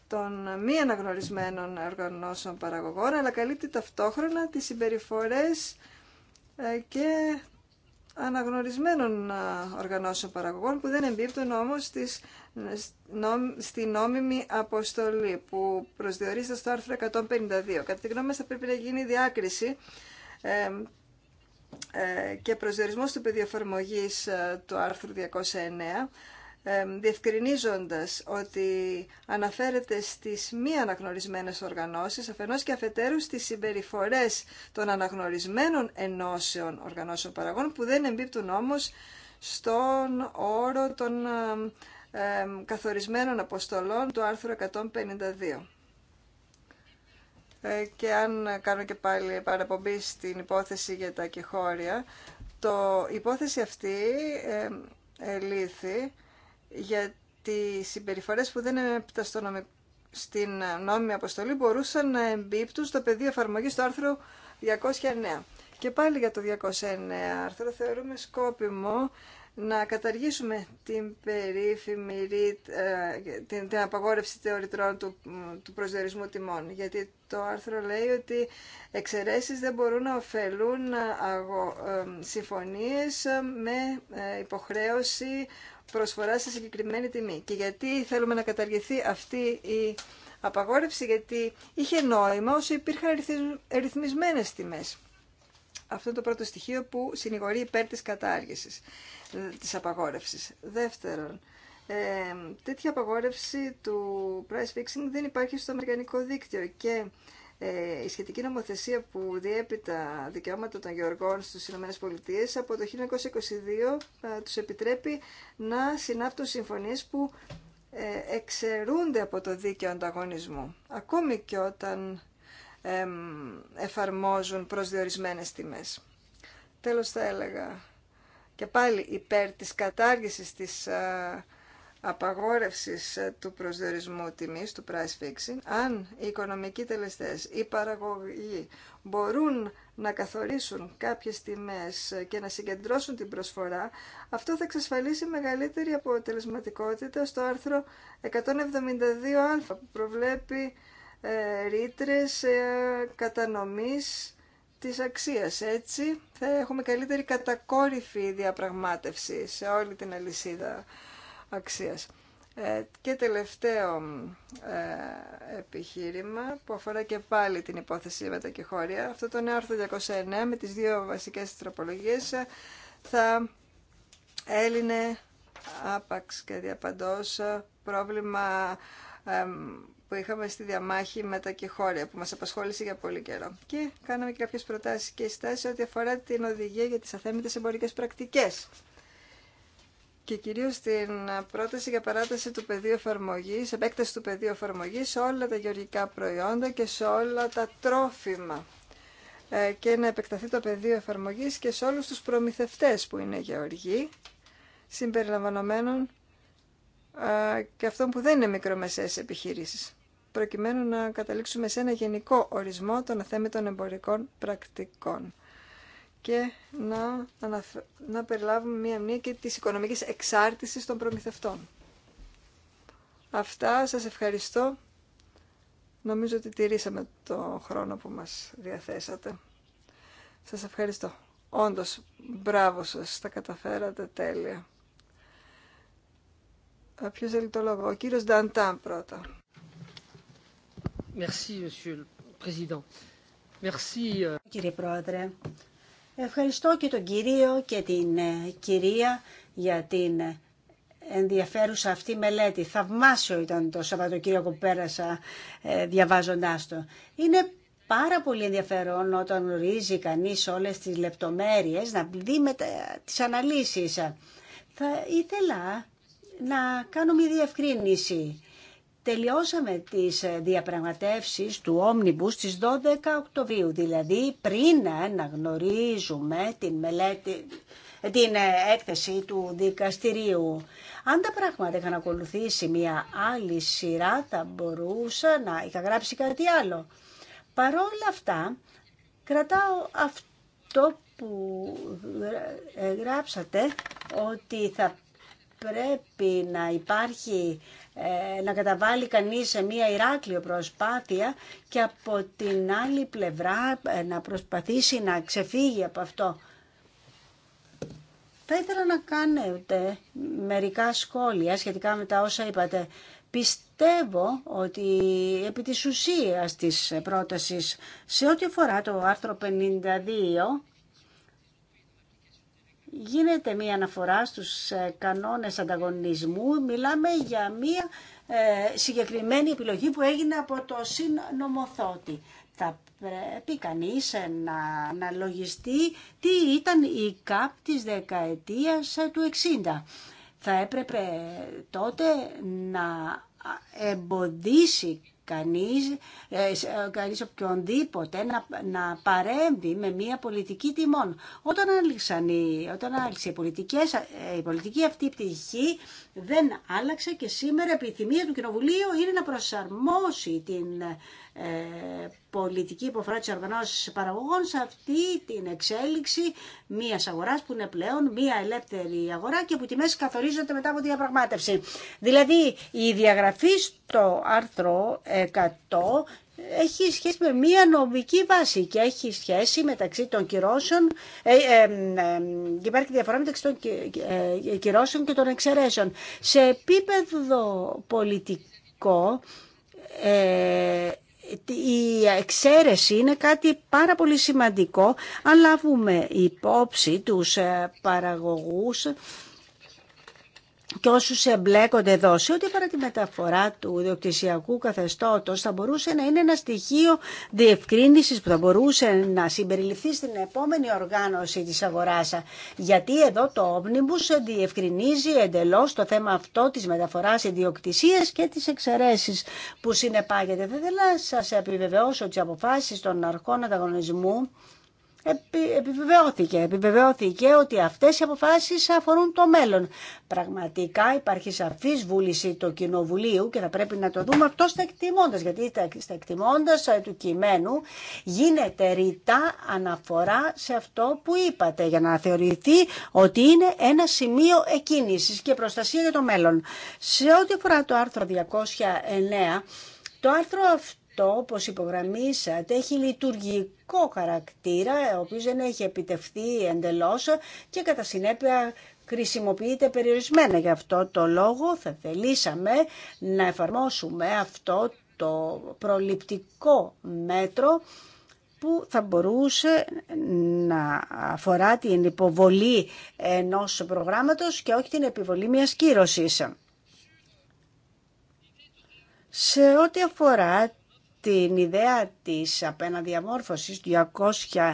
των μη αναγνωρισμένων οργανώσεων παραγωγών, αλλά καλύπτει ταυτόχρονα τις συμπεριφορές ε, και αναγνωρισμένων ε, οργανώσεων παραγωγών που δεν εμπίπτουν όμως στις, στη νόμιμη αποστολή που προσδιορίζεται στο άρθρο 152. Κατά τη γνώμη μας θα πρέπει να γίνει διάκριση ε, και προσδιορισμός του πεδίου ε, του άρθρου 209 ε, διευκρινίζοντας ότι αναφέρεται στις μη αναγνωρισμένες οργανώσεις, αφενός και αφετέρου στις συμπεριφορές των αναγνωρισμένων ενώσεων οργανώσεων παραγών, που δεν εμπίπτουν όμως στον όρο των καθορισμένων αποστολών του άρθρου 152. Ε, και αν κάνω και πάλι παραπομπή στην υπόθεση για τα κεχώρια, το η υπόθεση αυτή ε, ε λύθη για τις συμπεριφορές που δεν έπτασαν στην νόμιμη αποστολή μπορούσαν να εμπίπτουν στο πεδίο εφαρμογή του άρθρου 209. Και πάλι για το 209 άρθρο θεωρούμε σκόπιμο να καταργήσουμε την περίφημη ε, την, την απαγόρευση θεωρητρών του, του προσδιορισμού τιμών. Γιατί το άρθρο λέει ότι εξαιρέσεις δεν μπορούν να ωφελούν ε, αγο, ε, συμφωνίες με υποχρέωση προσφορά σε συγκεκριμένη τιμή. Και γιατί θέλουμε να καταργηθεί αυτή η απαγόρευση, γιατί είχε νόημα όσο υπήρχαν ρυθμισμένες τιμές. Αυτό είναι το πρώτο στοιχείο που συνηγορεί υπέρ της κατάργησης, ε, της απαγόρευσης. Δεύτερον, ε, τέτοια απαγόρευση του price fixing δεν υπάρχει στο αμερικανικό δίκτυο και ε, η σχετική νομοθεσία που διέπει τα δικαιώματα των γεωργών στις ΗΠΑ από το 1922 ε, τους επιτρέπει να συνάπτουν συμφωνίες που εξαιρούνται από το δίκαιο ανταγωνισμού. Ακόμη και όταν εφαρμόζουν προσδιορισμένες τιμές. Τέλος θα έλεγα και πάλι υπέρ της κατάργησης της ε, απαγόρευσης ε, του προσδιορισμού τιμής, του price fixing, αν οι οικονομικοί τελεστές, οι παραγωγοί μπορούν να καθορίσουν κάποιες τιμές ε, και να συγκεντρώσουν την προσφορά, αυτό θα εξασφαλίσει μεγαλύτερη αποτελεσματικότητα στο άρθρο 172α που προβλέπει ε, ρήτρες ε, κατανομής της αξίας. Έτσι θα έχουμε καλύτερη κατακόρυφη διαπραγμάτευση σε όλη την αλυσίδα αξίας. Ε, και τελευταίο επιχείρημα που αφορά και πάλι την υπόθεση με τα Αυτό το νέο άρθρο 209 με τις δύο βασικές τροπολογίες θα έλυνε άπαξ και διαπαντός πρόβλημα που είχαμε στη διαμάχη με τα Κεχώρια που μας απασχόλησε για πολύ καιρό. Και κάναμε και κάποιες προτάσεις και στάσεις ό,τι αφορά την οδηγία για τις αθέμητες εμπορικές πρακτικές. Και κυρίως την πρόταση για παράταση του πεδίου εφαρμογή, επέκταση του πεδίου εφαρμογή σε όλα τα γεωργικά προϊόντα και σε όλα τα τρόφιμα. Ε, και να επεκταθεί το πεδίο εφαρμογή και σε όλου του προμηθευτέ που είναι γεωργοί, συμπεριλαμβανομένων και αυτών που δεν είναι μικρομεσαίες επιχειρήσεις, προκειμένου να καταλήξουμε σε ένα γενικό ορισμό των αθέμητων εμπορικών πρακτικών και να, να περιλάβουμε μία μνήμη και της οικονομικής εξάρτησης των προμηθευτών. Αυτά, σας ευχαριστώ. Νομίζω ότι τηρήσαμε το χρόνο που μας διαθέσατε. Σας ευχαριστώ. Όντως, μπράβο σας, τα καταφέρατε τέλεια. Ποιο το λόγο, ο κύριο Νταντάν πρώτα. Euh, Κύριε Πρόεδρε, ευχαριστώ και τον κύριο και την ε, κυρία για την ε, ενδιαφέρουσα αυτή μελέτη. Θαυμάσιο ήταν το Σαββατοκύριακο που πέρασα ε, διαβάζοντάς το. Είναι πάρα πολύ ενδιαφέρον όταν γνωρίζει κανείς όλες τις λεπτομέρειες να δει με τις αναλύσεις. Θα ήθελα να κάνω μια διευκρίνηση. Τελειώσαμε τις ε, διαπραγματεύσεις του Όμνιμπου στις 12 Οκτωβρίου, δηλαδή πριν ε, να γνωρίζουμε την, μελέτη, την ε, έκθεση του δικαστηρίου. Αν τα πράγματα είχαν ακολουθήσει μια άλλη σειρά θα μπορούσα να είχα γράψει κάτι άλλο. Παρόλα αυτά κρατάω αυτό που γράψατε ότι θα πρέπει να υπάρχει, ε, να καταβάλει κανείς σε μία Ηράκλειο προσπάθεια και από την άλλη πλευρά ε, να προσπαθήσει να ξεφύγει από αυτό. Θα ήθελα να κάνετε μερικά σχόλια σχετικά με τα όσα είπατε. Πιστεύω ότι επί της ουσίας της πρότασης σε ό,τι αφορά το άρθρο 52 γίνεται μία αναφορά στους ε, κανόνες ανταγωνισμού. Μιλάμε για μία ε, συγκεκριμένη επιλογή που έγινε από το συνομοθότη. Θα πρέπει κανείς ε, να αναλογιστεί τι ήταν η ΚΑΠ της δεκαετίας του 60. Θα έπρεπε τότε να εμποδίσει κανείς, ε, ε, κανείς οποιονδήποτε να, να παρέμβει με μια πολιτική τιμών. Όταν άλυξαν οι, όταν άλυξε ε, η, πολιτική αυτή πτυχή δεν άλλαξε και σήμερα η επιθυμία του Κοινοβουλίου είναι να προσαρμόσει την ε, πολιτική που αφορά τις παραγωγών σε αυτή την εξέλιξη μια αγοράς που είναι πλέον μια ελεύθερη αγορά και που τιμές καθορίζονται μετά από διαπραγμάτευση. Δηλαδή η διαγραφή στο άρθρο 100 έχει σχέση με μία νομική βάση και έχει σχέση μεταξύ των κυρώσεων, ε, ε, ε, υπάρχει διαφορά μεταξύ των ε, ε, κυρώσεων και των εξαιρέσεων. Σε επίπεδο πολιτικό, ε, η εξαίρεση είναι κάτι πάρα πολύ σημαντικό αν λάβουμε υπόψη τους παραγωγούς και όσου εμπλέκονται εδώ σε ό,τι αφορά τη μεταφορά του ιδιοκτησιακού καθεστώτο, θα μπορούσε να είναι ένα στοιχείο διευκρίνηση που θα μπορούσε να συμπεριληφθεί στην επόμενη οργάνωση της αγορά. Γιατί εδώ το Omnibus διευκρινίζει εντελώς το θέμα αυτό τη μεταφορά ιδιοκτησία και της εξαιρέσεις που συνεπάγεται. Θα θέλω να σα επιβεβαιώσω ότι οι των αρχών ανταγωνισμού επιβεβαιώθηκε. Επιβεβαιώθηκε ότι αυτές οι αποφάσεις αφορούν το μέλλον. Πραγματικά υπάρχει σαφής βούληση του Κοινοβουλίου και θα πρέπει να το δούμε αυτό στα εκτιμώντας, γιατί στα εκτιμώντας ε, του κειμένου γίνεται ρητά αναφορά σε αυτό που είπατε για να θεωρηθεί ότι είναι ένα σημείο εκκίνησης και προστασία για το μέλλον. Σε ό,τι αφορά το άρθρο 209, το άρθρο αυτό αυτό, όπως υπογραμμίσατε, έχει λειτουργικό χαρακτήρα, ο οποίος δεν έχει επιτευχθεί εντελώς και κατά συνέπεια χρησιμοποιείται περιορισμένα. Γι' αυτό το λόγο θα θελήσαμε να εφαρμόσουμε αυτό το προληπτικό μέτρο που θα μπορούσε να αφορά την υποβολή ενός προγράμματος και όχι την επιβολή μιας κύρωσης. Σε ό,τι αφορά την ιδέα της απέναδιαμόρφωσης του 209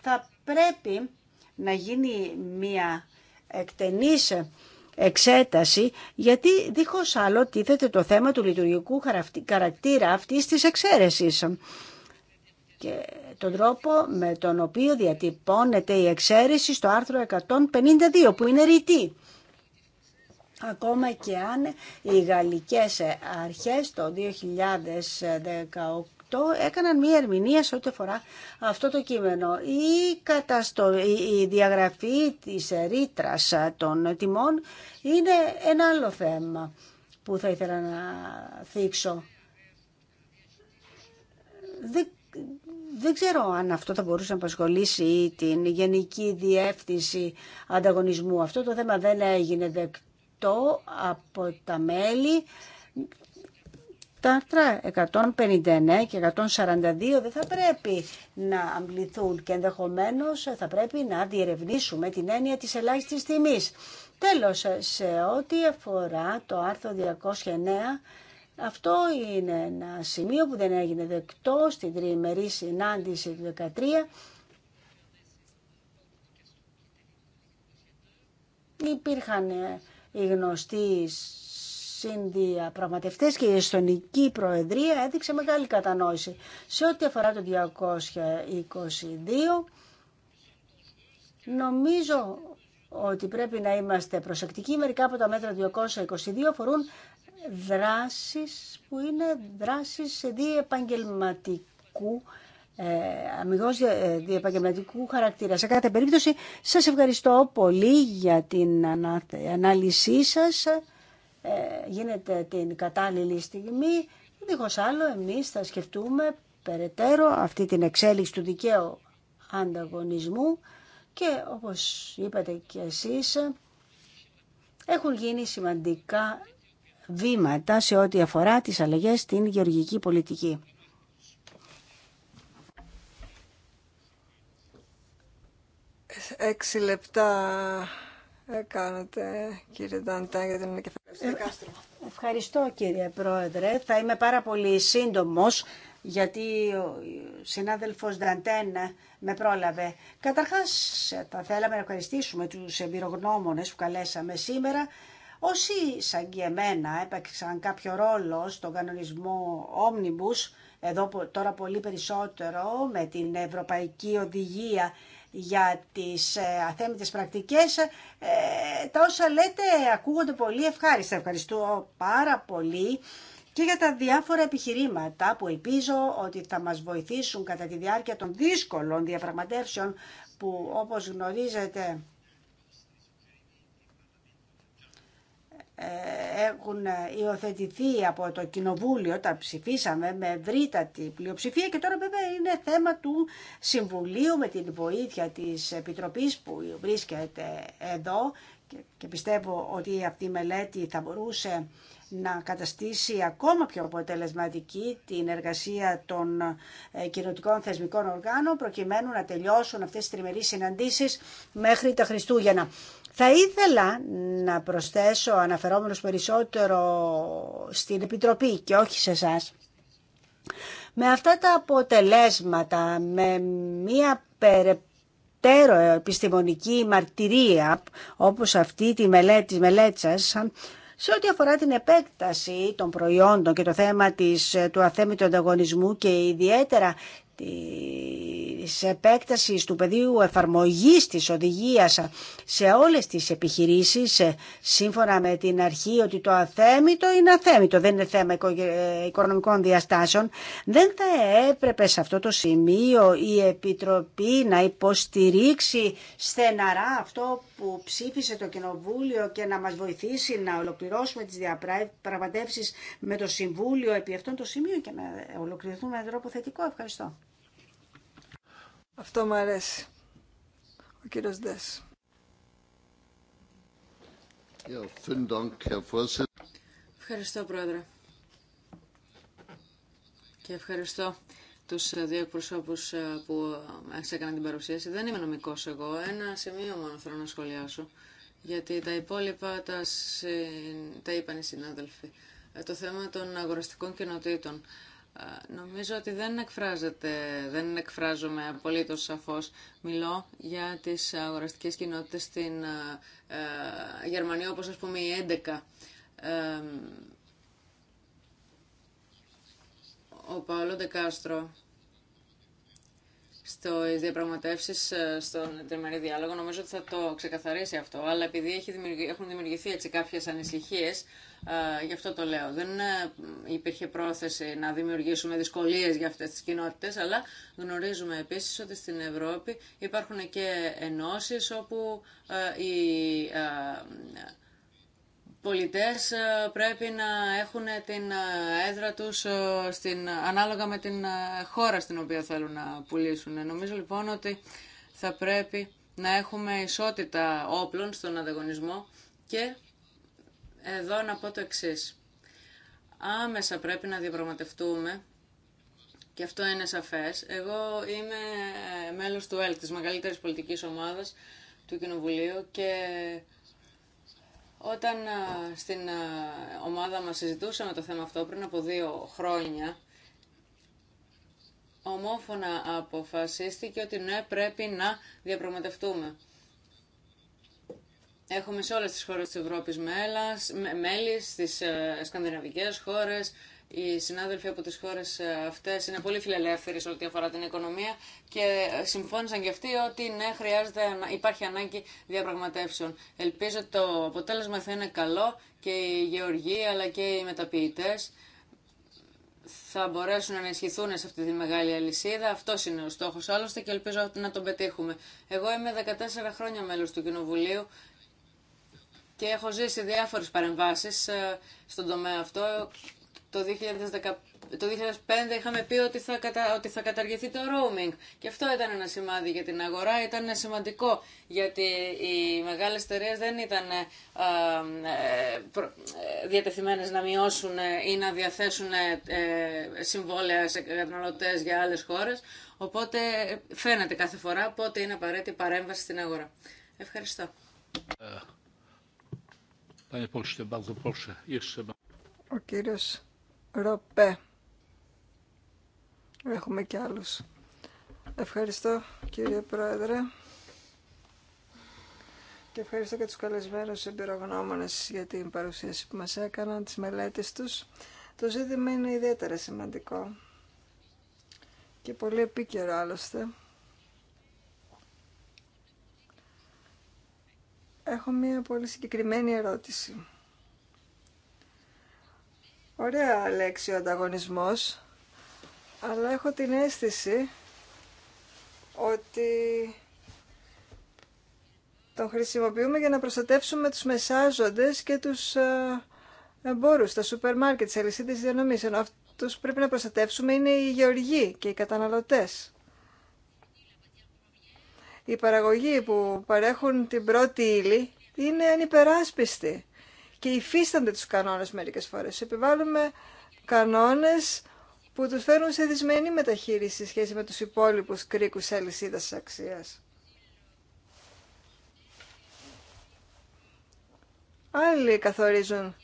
θα πρέπει να γίνει μια εκτενής εξέταση γιατί δίχως άλλο τίθεται το θέμα του λειτουργικού χαρακτήρα αυτής της εξαίρεσης και τον τρόπο με τον οποίο διατυπώνεται η εξαίρεση στο άρθρο 152 που είναι ρητή. Ακόμα και αν οι γαλλικές αρχές το 2018 έκαναν μία ερμηνεία σε ό,τι αφορά αυτό το κείμενο. Η, καταστο... η διαγραφή της ρήτρα των τιμών είναι ένα άλλο θέμα που θα ήθελα να θίξω. Δεν, δεν ξέρω αν αυτό θα μπορούσε να απασχολήσει την Γενική Διεύθυνση Ανταγωνισμού. Αυτό το θέμα δεν έγινε δεκτό από τα μέλη τα άρθρα 159 και 142 δεν θα πρέπει να αμπληθούν και ενδεχομένως θα πρέπει να διερευνήσουμε την έννοια της ελάχιστης τιμής. Τέλος, σε ό,τι αφορά το άρθρο 209, αυτό είναι ένα σημείο που δεν έγινε δεκτό στην τριημερή συνάντηση του 2013, Υπήρχαν ε, οι γνωστοί συνδιαπραγματευτές και η Εστονική Προεδρία έδειξε μεγάλη κατανόηση. Σε ό,τι αφορά το 222, νομίζω ότι πρέπει να είμαστε προσεκτικοί. Μερικά από τα μέτρα 222 αφορούν δράσεις που είναι δράσεις σε διεπαγγελματικού ε, αμυγός ε, διεπαγγελματικού χαρακτήρα. Σε κάθε περίπτωση σας ευχαριστώ πολύ για την ανάλυση σας. Ε, γίνεται την κατάλληλη στιγμή. Δίχω άλλο εμείς θα σκεφτούμε περαιτέρω αυτή την εξέλιξη του δικαίου ανταγωνισμού και όπως είπατε και εσείς έχουν γίνει σημαντικά βήματα σε ό,τι αφορά τις αλλαγές στην γεωργική πολιτική. Έξι λεπτά ε, κάνετε, κύριε Νταντά, για την ανακεφαλαιότητα. Ευχαριστώ, κύριε Πρόεδρε. Θα είμαι πάρα πολύ σύντομος, γιατί ο συνάδελφος Νταντέν ε, με πρόλαβε. Καταρχάς, ε, θα θέλαμε να ευχαριστήσουμε τους εμπειρογνώμονες που καλέσαμε σήμερα. Όσοι, σαν και εμένα, έπαιξαν κάποιο ρόλο στον κανονισμό Omnibus, εδώ τώρα πολύ περισσότερο με την Ευρωπαϊκή Οδηγία για τις ε, αθέμητες πρακτικές. Ε, τα όσα λέτε ακούγονται πολύ ευχάριστα. Ευχαριστώ πάρα πολύ και για τα διάφορα επιχειρήματα που ελπίζω ότι θα μας βοηθήσουν κατά τη διάρκεια των δύσκολων διαπραγματεύσεων που όπως γνωρίζετε Ε, έχουν υιοθετηθεί από το Κοινοβούλιο, τα ψηφίσαμε με ευρύτατη πλειοψηφία και τώρα βέβαια είναι θέμα του Συμβουλίου με την βοήθεια της Επιτροπής που βρίσκεται εδώ και πιστεύω ότι αυτή η μελέτη θα μπορούσε να καταστήσει ακόμα πιο αποτελεσματική την εργασία των ε, κοινωτικών θεσμικών οργάνων προκειμένου να τελειώσουν αυτές τις τριμερείς συναντήσεις μέχρι τα Χριστούγεννα. Θα ήθελα να προσθέσω αναφερόμενος περισσότερο στην Επιτροπή και όχι σε εσά. Με αυτά τα αποτελέσματα, με μία περαιτέρω επιστημονική μαρτυρία, όπως αυτή τη μελέτη, της μελέτης σας, σε ό,τι αφορά την επέκταση των προϊόντων και το θέμα της, του αθέμητου ανταγωνισμού και ιδιαίτερα της επέκτασης του πεδίου εφαρμογής της οδηγίας σε όλες τις επιχειρήσεις ε, σύμφωνα με την αρχή ότι το αθέμητο είναι αθέμητο, δεν είναι θέμα ε, οικονομικών διαστάσεων, δεν θα έπρεπε σε αυτό το σημείο η Επιτροπή να υποστηρίξει στεναρά αυτό που ψήφισε το Κοινοβούλιο και να μας βοηθήσει να ολοκληρώσουμε τις διαπραγματεύσεις με το Συμβούλιο επί αυτών το σημείο και να ολοκληρωθούμε με τρόπο θετικό. Ευχαριστώ. Αυτό μου αρέσει. Ο κύριος Ντες. Ευχαριστώ, Πρόεδρε. Και ευχαριστώ του ε, δύο εκπροσώπου ε, που ε, έκαναν την παρουσίαση. Δεν είμαι νομικός εγώ, ένα σημείο μόνο θέλω να σχολιάσω, γιατί τα υπόλοιπα τα, τα είπαν οι συνάδελφοι. Το θέμα των αγοραστικών κοινοτήτων. Νομίζω ότι δεν εκφράζεται, δεν εκφράζομαι απολύτω σαφώ. Μιλώ για τις αγοραστικέ κοινότητε στην Γερμανία, όπως α πούμε η 11. ο Παόλο Ντεκάστρο στο διαπραγματεύσει ε, στον τριμερή διάλογο. Νομίζω ότι θα το ξεκαθαρίσει αυτό. Αλλά επειδή έχουν δημιουργηθεί έτσι κάποιε ανησυχίε, ε, γι' αυτό το λέω. Δεν ε, υπήρχε πρόθεση να δημιουργήσουμε δυσκολίε για αυτέ τι κοινότητε, αλλά γνωρίζουμε επίση ότι στην Ευρώπη υπάρχουν και ενώσει όπου οι πολιτές ε, πρέπει να έχουν την ε, έδρα τους ε, στην, ανάλογα με την χώρα στην οποία θέλουν να πουλήσουν. Νομίζω λοιπόν ότι θα πρέπει να έχουμε ισότητα όπλων στον ανταγωνισμό και εδώ να πω το εξής. Άμεσα πρέπει να διαπραγματευτούμε και αυτό είναι σαφές. Εγώ είμαι μέλος του ΕΛΚ, της μεγαλύτερης πολιτικής ομάδας του Κοινοβουλίου και όταν στην ομάδα μας συζητούσαμε το θέμα αυτό πριν από δύο χρόνια, ομόφωνα αποφασίστηκε ότι ναι, πρέπει να διαπραγματευτούμε. Έχουμε σε όλες τις χώρες της Ευρώπης μέλη, στις ε, σκανδιναβικές χώρες, οι συνάδελφοι από τις χώρες ε, αυτές είναι πολύ φιλελεύθεροι σε ό,τι αφορά την οικονομία και ε, συμφώνησαν και αυτοί ότι ναι, χρειάζεται, υπάρχει ανάγκη διαπραγματεύσεων. Ελπίζω το αποτέλεσμα θα είναι καλό και οι γεωργοί αλλά και οι μεταποιητές θα μπορέσουν να ενισχυθούν σε αυτή τη μεγάλη αλυσίδα. Αυτό είναι ο στόχο άλλωστε και ελπίζω να τον πετύχουμε. Εγώ είμαι 14 χρόνια μέλο του Κοινοβουλίου και έχω ζήσει διάφορες παρεμβάσεις ε, στον τομέα αυτό το 2015 το 2005 είχαμε πει ότι θα, κατα... καταργηθεί το roaming και αυτό ήταν ένα σημάδι για την αγορά, ήταν σημαντικό γιατί οι μεγάλες εταιρείε δεν ήταν ε, ε, ε, διατεθειμένες να μειώσουν ή να διαθέσουν συμβόλαια σε καταναλωτέ για άλλες χώρες, οπότε φαίνεται κάθε φορά πότε είναι απαραίτητη παρέμβαση στην αγορά. Ευχαριστώ. Ο κύριος Ροπέ. Έχουμε και άλλους. Ευχαριστώ κύριε Πρόεδρε. Και ευχαριστώ και τους καλεσμένους εμπειρογνώμονες για την παρουσίαση που μας έκαναν, τις μελέτες τους. Το ζήτημα είναι ιδιαίτερα σημαντικό και πολύ επίκαιρο άλλωστε. Έχω μία πολύ συγκεκριμένη ερώτηση. Ωραία λέξη ο ανταγωνισμός, αλλά έχω την αίσθηση ότι τον χρησιμοποιούμε για να προστατεύσουμε τους μεσάζοντες και τους ε, εμπόρους, τα σούπερ μάρκετ, τις αλυσίδες διανομής, ενώ αυτούς πρέπει να προστατεύσουμε είναι οι γεωργοί και οι καταναλωτές. Οι παραγωγοί που παρέχουν την πρώτη ύλη είναι ανυπεράσπιστοι και υφίστανται τους κανόνες μερικές φορές. Επιβάλλουμε κανόνες που τους φέρουν σε δυσμενή μεταχείριση σχέση με τους υπόλοιπους κρίκους αλυσίδα αξίας. Άλλοι καθορίζουν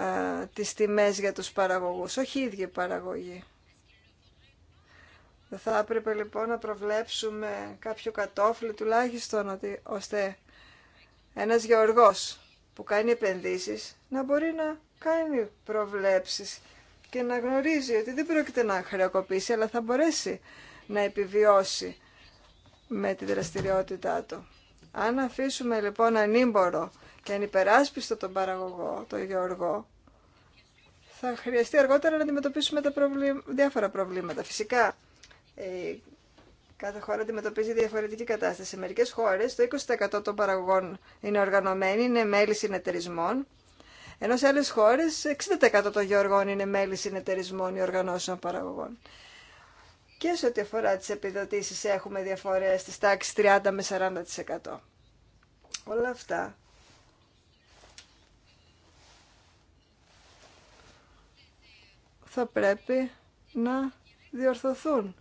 α, τις τιμές για τους παραγωγούς, όχι οι ίδιοι παραγωγοί. θα έπρεπε λοιπόν να προβλέψουμε κάποιο κατόφλι τουλάχιστον ότι, ώστε ένας γεωργός που κάνει επενδύσεις να μπορεί να κάνει προβλέψεις και να γνωρίζει ότι δεν πρόκειται να χρεοκοπήσει, αλλά θα μπορέσει να επιβιώσει με τη δραστηριότητά του. Αν αφήσουμε λοιπόν ανήμπορο και ανυπεράσπιστο τον παραγωγό, τον γεωργό, θα χρειαστεί αργότερα να αντιμετωπίσουμε τα διάφορα προβλήματα. Φυσικά, ε, Κάθε χώρα αντιμετωπίζει διαφορετική κατάσταση. Σε μερικέ χώρε το 20% των παραγωγών είναι οργανωμένοι, είναι μέλη συνεταιρισμών, ενώ σε άλλε χώρε 60% των γεωργών είναι μέλη συνεταιρισμών ή οργανώσεων παραγωγών. Και σε ό,τι αφορά τι επιδοτήσει έχουμε διαφορέ τη τάξη 30 με 40%. Όλα αυτά. Θα πρέπει να διορθωθούν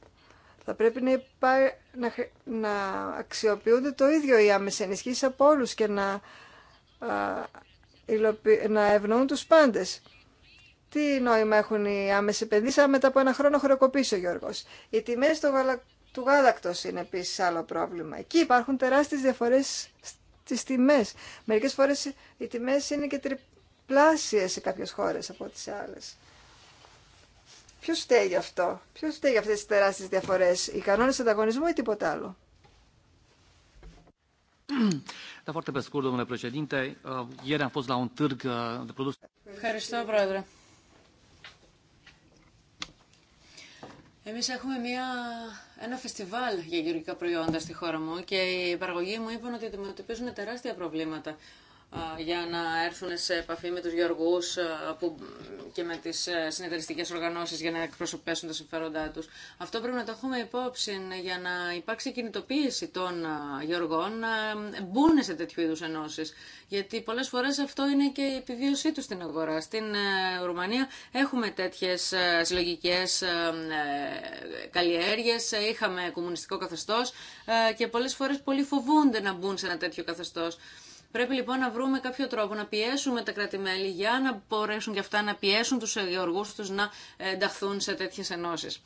θα πρέπει να, υπά... να... να αξιοποιούνται το ίδιο οι άμεσα ενισχύσεις από όλους και να, να ευνοούν τους πάντες. Τι νόημα έχουν οι άμεσε επενδύσει, μετά από ένα χρόνο χρεοκοπήσει ο Γιώργος. Οι τιμέ του γάλακτο είναι επίση άλλο πρόβλημα. Εκεί υπάρχουν τεράστιες διαφορές στις τιμές. Μερικές φορές οι τιμές είναι και τριπλάσια σε κάποιες χώρες από τις άλλες. Ποιο φταίει γι' αυτό, ποιο φταίει για αυτέ τι τεράστιε διαφορέ, οι κανόνε ανταγωνισμού ή τίποτα άλλο. Ευχαριστώ, Πρόεδρε. Εμείς έχουμε μια, ένα φεστιβάλ για γεωργικά προϊόντα στη χώρα μου και οι παραγωγοί μου είπαν ότι αντιμετωπίζουν τεράστια προβλήματα για να έρθουν σε επαφή με τους γεωργούς και με τις ε, συνεταιριστικές οργανώσεις για να εκπροσωπέσουν τα συμφέροντά τους. Αυτό πρέπει να το έχουμε υπόψη για να υπάρξει κινητοποίηση των γεωργών να μπουν σε τέτοιου είδους ενώσεις. Γιατί πολλές φορές αυτό είναι και η επιβίωσή τους στην αγορά. Στην ε, Ρουμανία έχουμε τέτοιες ε, συλλογικέ καλλιέργειες, είχαμε κομμουνιστικό καθεστώς και πολλές φορές πολλοί φοβούνται να μπουν σε ένα τέτοιο καθεστώς. Πρέπει λοιπόν να βρούμε κάποιο τρόπο να πιέσουμε τα κρατη για να μπορέσουν και αυτά να πιέσουν τους γεωργούς τους να ενταχθούν σε τέτοιες ενώσεις.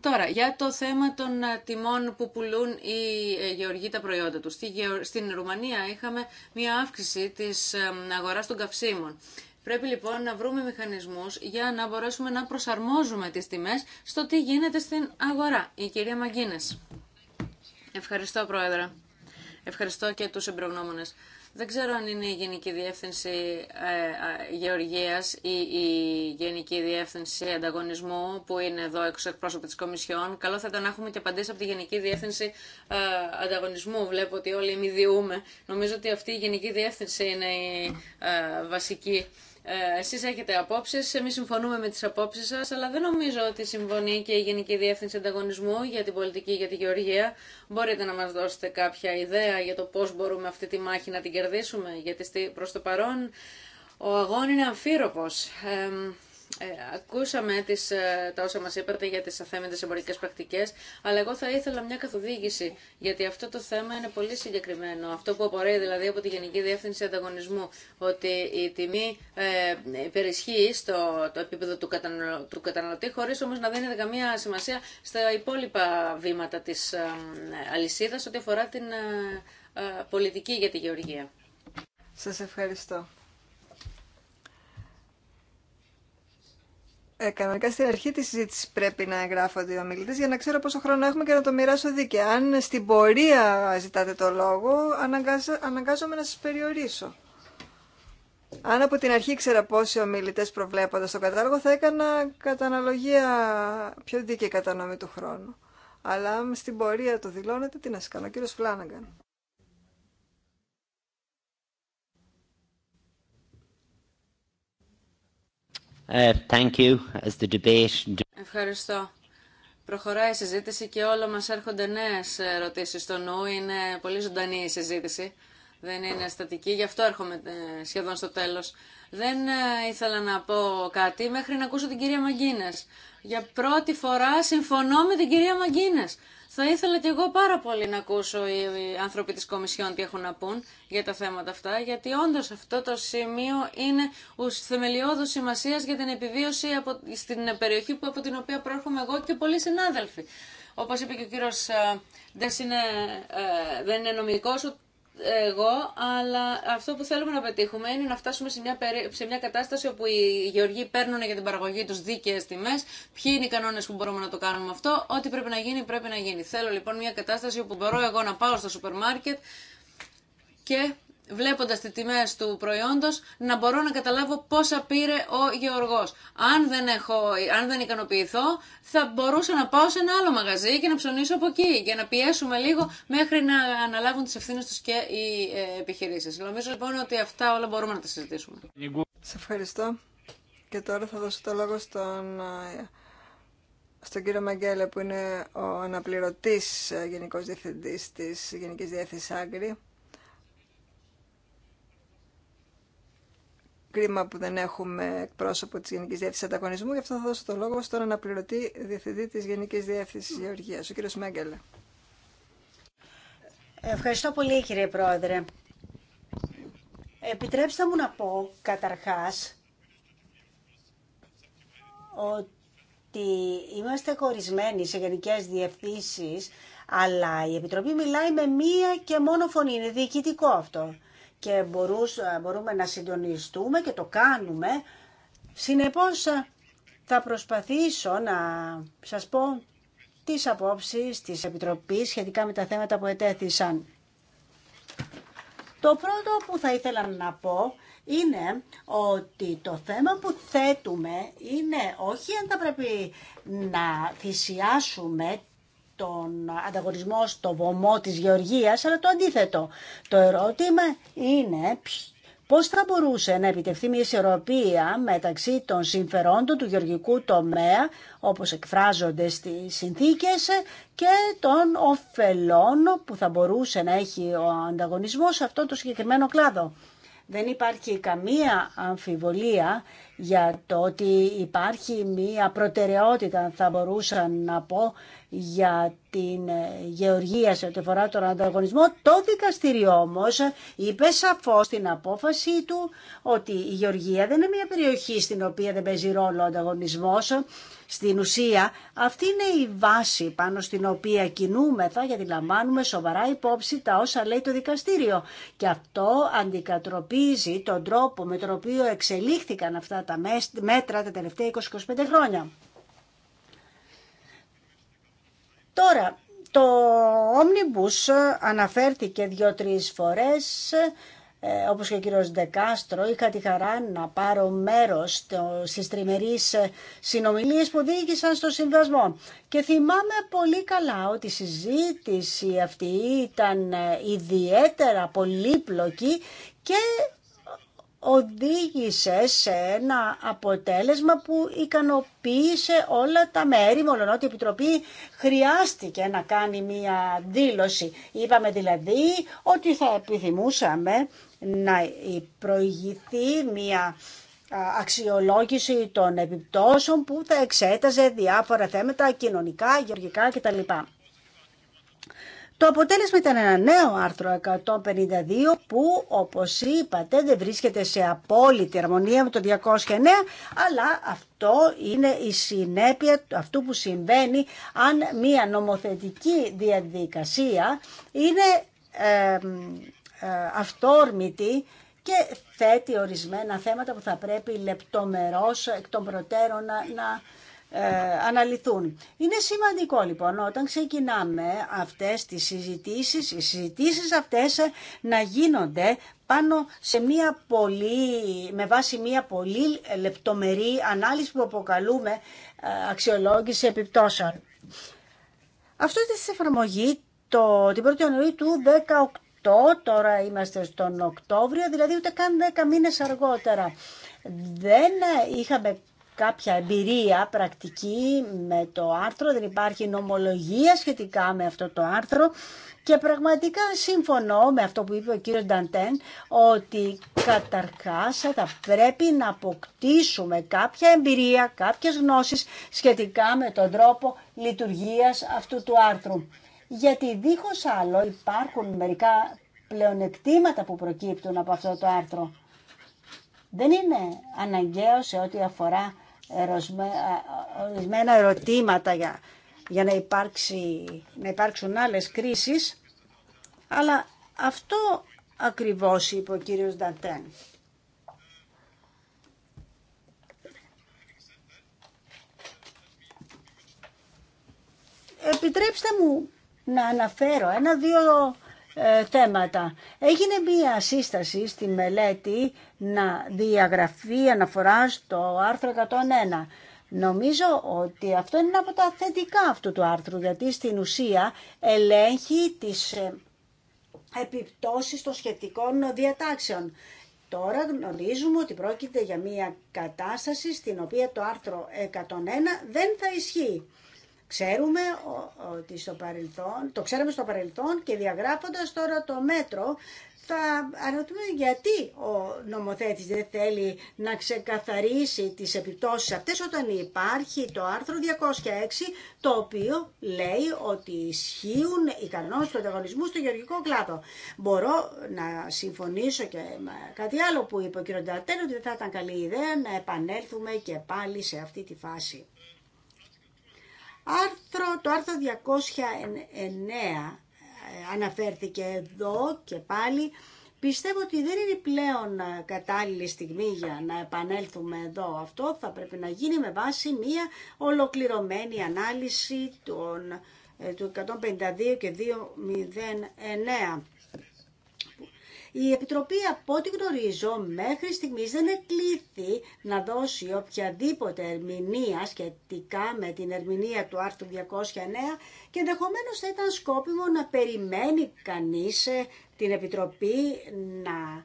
Τώρα, για το θέμα των ε, τιμών που πουλούν οι ε, γεωργοί τα προϊόντα τους. Στην Ρουμανία είχαμε μια αύξηση της αγοράς των καυσίμων. Πρέπει λοιπόν να βρούμε μηχανισμούς για να μπορέσουμε να προσαρμόζουμε τις τιμές στο τι γίνεται στην αγορά. Η κυρία Μαγκίνες. Ευχαριστώ, Πρόεδρε. Ευχαριστώ και τους εμπρογνώμονες. Δεν ξέρω αν είναι η Γενική Διεύθυνση ε, Γεωργίας ή η Γενική Διεύθυνση Ανταγωνισμού που είναι εδώ έξω εκπρόσωποι της Κομισιόν. Καλό θα ήταν να έχουμε και απαντήσει από τη Γενική Διεύθυνση ε, Ανταγωνισμού. Βλέπω ότι όλοι εμιδιούμε. Νομίζω ότι αυτή η Γενική Διεύθυνση διευθυνση ανταγωνισμου βλεπω οτι ολοι μιδιουμε νομιζω οτι αυτη η ε, βασική ε, Εσεί έχετε απόψει, εμεί συμφωνούμε με τι απόψει σα, αλλά δεν νομίζω ότι συμφωνεί και η Γενική Διεύθυνση Ανταγωνισμού για την πολιτική για τη γεωργία. Μπορείτε να μα δώσετε κάποια ιδέα για το πώ μπορούμε αυτή τη μάχη να την κερδίσουμε, γιατί προ το παρόν ο αγώνα είναι αμφίροπος. Ε, ακούσαμε τις, ε, τα όσα μας είπατε για τις αθέμεντες εμπορικές πρακτικές, αλλά εγώ θα ήθελα μια καθοδήγηση, γιατί αυτό το θέμα είναι πολύ συγκεκριμένο. Αυτό που απορρέει δηλαδή από τη Γενική Διεύθυνση Ανταγωνισμού, ότι η τιμή ε, υπερισχύει στο το επίπεδο του, καταναλωτή, χωρίς όμως να δίνεται καμία σημασία στα υπόλοιπα βήματα της ε, αλυσίδας ό,τι αφορά την ε, πολιτική για τη γεωργία. Σας ευχαριστώ. ε, κανονικά στην αρχή τη συζήτηση πρέπει να εγγράφονται οι ομιλητέ για να ξέρω πόσο χρόνο έχουμε και να το μοιράσω δίκαια. Αν στην πορεία ζητάτε το λόγο, αναγκάζομαι να σα περιορίσω. Αν από την αρχή ξέρα πόσοι ομιλητέ προβλέπονται στο κατάλογο, θα έκανα κατά αναλογία πιο δίκαιη κατανομή του χρόνου. Αλλά αν στην πορεία το δηλώνετε, τι να σα κάνω, κύριο Φλάναγκαν. Ε, Ευχαριστώ. Προχωράει η συζήτηση και όλο μας έρχονται νέες ερωτήσεις στο νου. Είναι πολύ ζωντανή η συζήτηση. Δεν είναι στατική, γι' αυτό έρχομαι ε, σχεδόν στο τέλος. Δεν ε, ήθελα να πω κάτι μέχρι να ακούσω την κυρία Μαγκίνες. Για πρώτη φορά συμφωνώ με την κυρία Μαγκίνες. Θα ήθελα και εγώ πάρα πολύ να ακούσω οι άνθρωποι της Κομισιόν τι έχουν να πούν για τα θέματα αυτά, γιατί όντως αυτό το σημείο είναι θεμελιώδους σημασία για την επιβίωση από, στην περιοχή που, από την οποία προέρχομαι εγώ και πολλοί συνάδελφοι. Όπως είπε και ο κύριος ε, ε, δεν είναι νομικός, εγώ, αλλά αυτό που θέλουμε να πετύχουμε είναι να φτάσουμε σε μια, σε μια κατάσταση όπου οι γεωργοί παίρνουν για την παραγωγή του δίκαιε τιμέ. ποιοι είναι οι κανόνες που μπορούμε να το κάνουμε αυτό, ό,τι πρέπει να γίνει πρέπει να γίνει. Θέλω λοιπόν μια κατάσταση όπου μπορώ εγώ να πάω στο σούπερ μάρκετ και βλέποντας τις τιμές του προϊόντος, να μπορώ να καταλάβω πόσα πήρε ο γεωργός. Αν δεν, έχω, αν δεν ικανοποιηθώ, θα μπορούσα να πάω σε ένα άλλο μαγαζί και να ψωνίσω από εκεί και να πιέσουμε λίγο μέχρι να αναλάβουν τις ευθύνες τους και οι ε, επιχειρήσεις. Νομίζω λοιπόν ότι αυτά όλα μπορούμε να τα συζητήσουμε. Σε ευχαριστώ. Και τώρα θα δώσω το λόγο στον, ε, στον κύριο Μαγγέλε που είναι ο αναπληρωτής ε, γενικός διευθυντής της Γενικής Διεύθυνσης Άγκρη κρίμα που δεν έχουμε εκπρόσωπο της Γενικής Διεύθυνση Ανταγωνισμού. Γι' αυτό θα δώσω το λόγο στον αναπληρωτή διευθυντή της Γενικής Διεύθυνση Γεωργία, ο κύριος Μέγκελε. Ευχαριστώ πολύ κύριε Πρόεδρε. Επιτρέψτε μου να πω καταρχάς ότι είμαστε χωρισμένοι σε γενικές διευθύνσεις αλλά η Επιτροπή μιλάει με μία και μόνο φωνή. Είναι διοικητικό αυτό και ε, μπορούμε να συντονιστούμε και το κάνουμε. Συνεπώς ε, θα προσπαθήσω να σας πω τις απόψεις της Επιτροπής σχετικά με τα θέματα που ετέθησαν. Το πρώτο που θα ήθελα να πω είναι ότι το θέμα που θέτουμε είναι όχι αν θα πρέπει να θυσιάσουμε τον ανταγωνισμό στο βωμό της γεωργίας, αλλά το αντίθετο. Το ερώτημα είναι πώς θα μπορούσε να επιτευχθεί μια ισορροπία μεταξύ των συμφερόντων του γεωργικού τομέα, όπως εκφράζονται στις συνθήκες, και των ωφελών που θα μπορούσε να έχει ο ανταγωνισμός σε αυτό το συγκεκριμένο κλάδο. Δεν υπάρχει καμία αμφιβολία για το ότι υπάρχει μία προτεραιότητα, θα μπορούσα να πω, για την ε, γεωργία σε ό,τι αφορά τον ανταγωνισμό. Το δικαστήριο όμως είπε σαφώς στην απόφαση του ότι η γεωργία δεν είναι μία περιοχή στην οποία δεν παίζει ρόλο ο ανταγωνισμός. Στην ουσία αυτή είναι η βάση πάνω στην οποία κινούμεθα γιατί λαμβάνουμε σοβαρά υπόψη τα όσα λέει το δικαστήριο. Και αυτό αντικατροπίζει τον τρόπο με τον οποίο εξελίχθηκαν αυτά τα μέτρα τα τελευταία 20-25 χρόνια. Τώρα, το Omnibus αναφέρθηκε δύο-τρεις φορές, ε, όπως και ο κύριος Ντεκάστρο, είχα τη χαρά να πάρω μέρος στις τριμερείς ε, συνομιλίες που διήγησαν στο συμβασμό. Και θυμάμαι πολύ καλά ότι η συζήτηση αυτή ήταν ε, ιδιαίτερα πολύπλοκη και οδήγησε σε ένα αποτέλεσμα που ικανοποίησε όλα τα μέρη, μόνο ότι η Επιτροπή χρειάστηκε να κάνει μία δήλωση. Είπαμε δηλαδή ότι θα επιθυμούσαμε να προηγηθεί μία αξιολόγηση των επιπτώσεων που θα εξέταζε διάφορα θέματα κοινωνικά, γεωργικά κτλ. Το αποτέλεσμα ήταν ένα νέο άρθρο 152 που όπως είπατε δεν βρίσκεται σε απόλυτη αρμονία με το 209 αλλά αυτό είναι η συνέπεια αυτού που συμβαίνει αν μια νομοθετική διαδικασία είναι ε, αυτόρμητη και θέτει ορισμένα θέματα που θα πρέπει λεπτομερώς εκ των προτέρων να, να ε, αναλυθούν. Είναι σημαντικό λοιπόν όταν ξεκινάμε αυτές τις συζητήσεις, οι συζητήσεις αυτές να γίνονται πάνω σε μια πολύ, με βάση μια πολύ λεπτομερή ανάλυση που αποκαλούμε ε, αξιολόγηση επιπτώσεων. Αυτό ήταν στην εφαρμογή το, την 1η Ιανουαρίου του 2018, τώρα είμαστε στον Οκτώβριο, δηλαδή ούτε καν 10 μήνες αργότερα. Δεν είχαμε κάποια εμπειρία πρακτική με το άρθρο, δεν υπάρχει νομολογία σχετικά με αυτό το άρθρο και πραγματικά συμφωνώ με αυτό που είπε ο κύριος Νταντέν ότι καταρχάς θα πρέπει να αποκτήσουμε κάποια εμπειρία, κάποιες γνώσεις σχετικά με τον τρόπο λειτουργίας αυτού του άρθρου. Γιατί δίχως άλλο υπάρχουν μερικά πλεονεκτήματα που προκύπτουν από αυτό το άρθρο. Δεν είναι αναγκαίο σε ό,τι αφορά ορισμένα ερωτήματα για, για να, υπάρξει, να υπάρξουν άλλες κρίσεις, αλλά αυτό ακριβώς είπε ο κύριος Νταντέν. Επιτρέψτε μου να αναφέρω ένα-δύο ε, θέματα. Έγινε μία σύσταση στη μελέτη να διαγραφεί αναφορά στο άρθρο 101. Νομίζω ότι αυτό είναι από τα θετικά αυτού του άρθρου, γιατί στην ουσία ελέγχει τις ε, επιπτώσεις των σχετικών διατάξεων. Τώρα γνωρίζουμε ότι πρόκειται για μια κατάσταση στην οποία το άρθρο 101 δεν θα ισχύει. Ξέρουμε ότι στο παρελθόν, το ξέραμε στο παρελθόν και διαγράφοντας τώρα το μέτρο θα αναρωτούμε γιατί ο νομοθέτης δεν θέλει να ξεκαθαρίσει τις επιπτώσεις αυτές όταν υπάρχει το άρθρο 206 το οποίο λέει ότι ισχύουν οι κανόνες του ανταγωνισμού στο γεωργικό κλάδο. Μπορώ να συμφωνήσω και με κάτι άλλο που είπε ο κ. ότι δεν θα ήταν καλή ιδέα να επανέλθουμε και πάλι σε αυτή τη φάση. Άρθρο, το άρθρο 209 ε, αναφέρθηκε εδώ και πάλι. Πιστεύω ότι δεν είναι πλέον ε, κατάλληλη στιγμή για να επανέλθουμε εδώ. Αυτό θα πρέπει να γίνει με βάση μια ολοκληρωμένη ανάλυση των, ε, του 152 και 209. Η Επιτροπή, από ό,τι γνωρίζω, μέχρι στιγμής δεν εκλήθη να δώσει οποιαδήποτε ερμηνεία σχετικά με την ερμηνεία του άρθρου 209 και ενδεχομένω θα ήταν σκόπιμο να περιμένει κανείς ε, την Επιτροπή να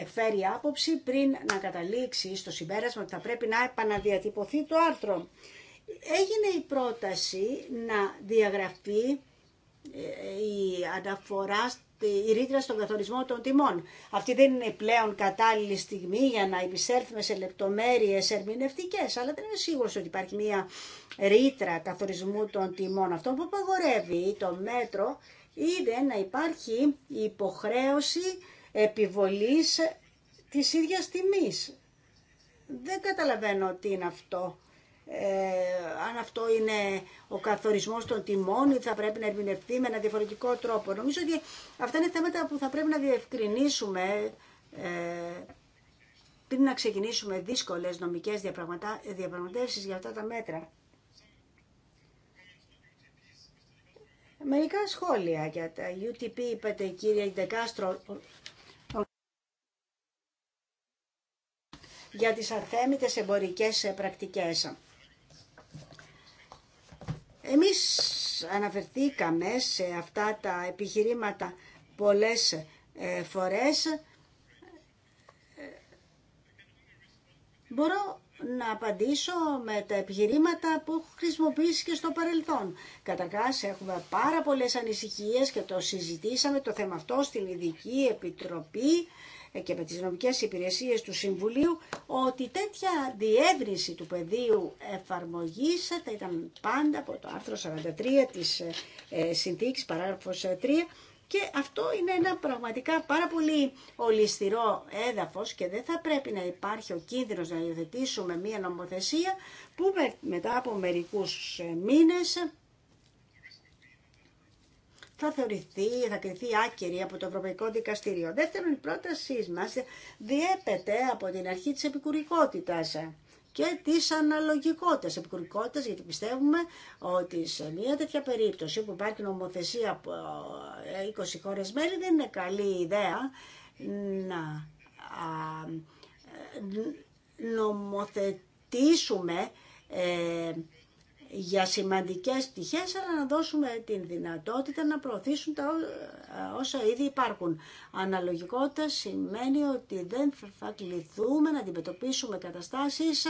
ε, φέρει άποψη πριν να καταλήξει στο συμπέρασμα ότι θα πρέπει να επαναδιατυπωθεί το άρθρο. Έγινε η πρόταση να διαγραφεί ε, η αναφορά η ρήτρα στον καθορισμό των τιμών. Αυτή δεν είναι πλέον κατάλληλη στιγμή για να επισέλθουμε σε λεπτομέρειες ερμηνευτικές, αλλά δεν είναι σίγουρο ότι υπάρχει μια ρήτρα καθορισμού των τιμών. Αυτό που απαγορεύει το μέτρο είναι να υπάρχει υποχρέωση επιβολής της ίδιας τιμής. Δεν καταλαβαίνω τι είναι αυτό ε, αν αυτό είναι ο καθορισμός των τιμών ή θα πρέπει να ερμηνευτεί με ένα διαφορετικό τρόπο. Νομίζω ότι αυτά είναι θέματα που θα πρέπει να διευκρινίσουμε ε, πριν να ξεκινήσουμε δύσκολες νομικές διαπραγματεύσεις για αυτά τα μέτρα. Μερικά σχόλια για τα UTP, είπατε κυρία Ντεκάστρο, για τις αθέμητες εμπορικές πρακτικές. Εμείς αναφερθήκαμε σε αυτά τα επιχειρήματα πολλές ε, φορές. Ε, μπορώ να απαντήσω με τα επιχειρήματα που έχω χρησιμοποιήσει και στο παρελθόν. Καταρχάς έχουμε πάρα πολλές ανησυχίες και το συζητήσαμε το θέμα αυτό στην Ειδική Επιτροπή και με τις νομικές υπηρεσίες του Συμβουλίου ότι τέτοια διεύρυνση του πεδίου εφαρμογής θα ήταν πάντα από το άρθρο 43 της ε, ε, συνθήκης παράγραφος 3 ε, και αυτό είναι ένα πραγματικά πάρα πολύ ολιστηρό έδαφος και δεν θα πρέπει να υπάρχει ο κίνδυνος να υιοθετήσουμε μία νομοθεσία που μετά από μερικούς μήνες θα θεωρηθεί, θα κριθεί άκυρη από το Ευρωπαϊκό Δικαστήριο. Δεύτερον, η πρότασή μα διέπεται από την αρχή της επικούρικότητα και της αναλογικότητας, επικούρικότητα, γιατί πιστεύουμε ότι σε μια τέτοια περίπτωση που υπάρχει νομοθεσία από 20 ε, χώρε μέλη δεν είναι καλή ιδέα να ε, νομοθετήσουμε ε, για σημαντικές πτυχές, αλλά να δώσουμε την δυνατότητα να προωθήσουν τα ε, όσα ήδη υπάρχουν. Αναλογικότητα σημαίνει ότι δεν θα κληθούμε να αντιμετωπίσουμε καταστάσεις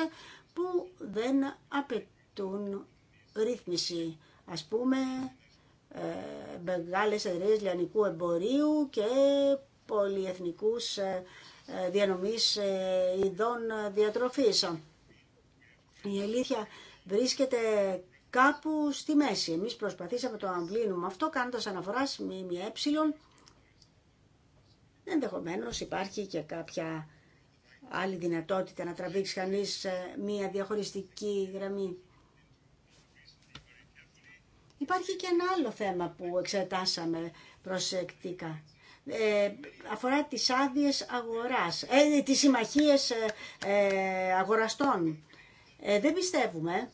που δεν απαιτούν ρύθμιση. Ας πούμε, ε, μεγάλες εταιρείε λιανικού εμπορίου και πολυεθνικούς ε, διανομής ειδών διατροφής. Η αλήθεια βρίσκεται κάπου στη μέση. Εμείς προσπαθήσαμε το αμβλύνουμε αυτό κάνοντας αναφορά σε έψιλον. Ενδεχομένω υπάρχει και κάποια άλλη δυνατότητα να τραβήξει κανείς ε, μία διαχωριστική γραμμή. Υπάρχει και ένα άλλο θέμα που εξετάσαμε προσεκτικά. Ε, αφορά τις άδειες αγοράς, ε, τις συμμαχίες ε, ε αγοραστών. Ε, δεν πιστεύουμε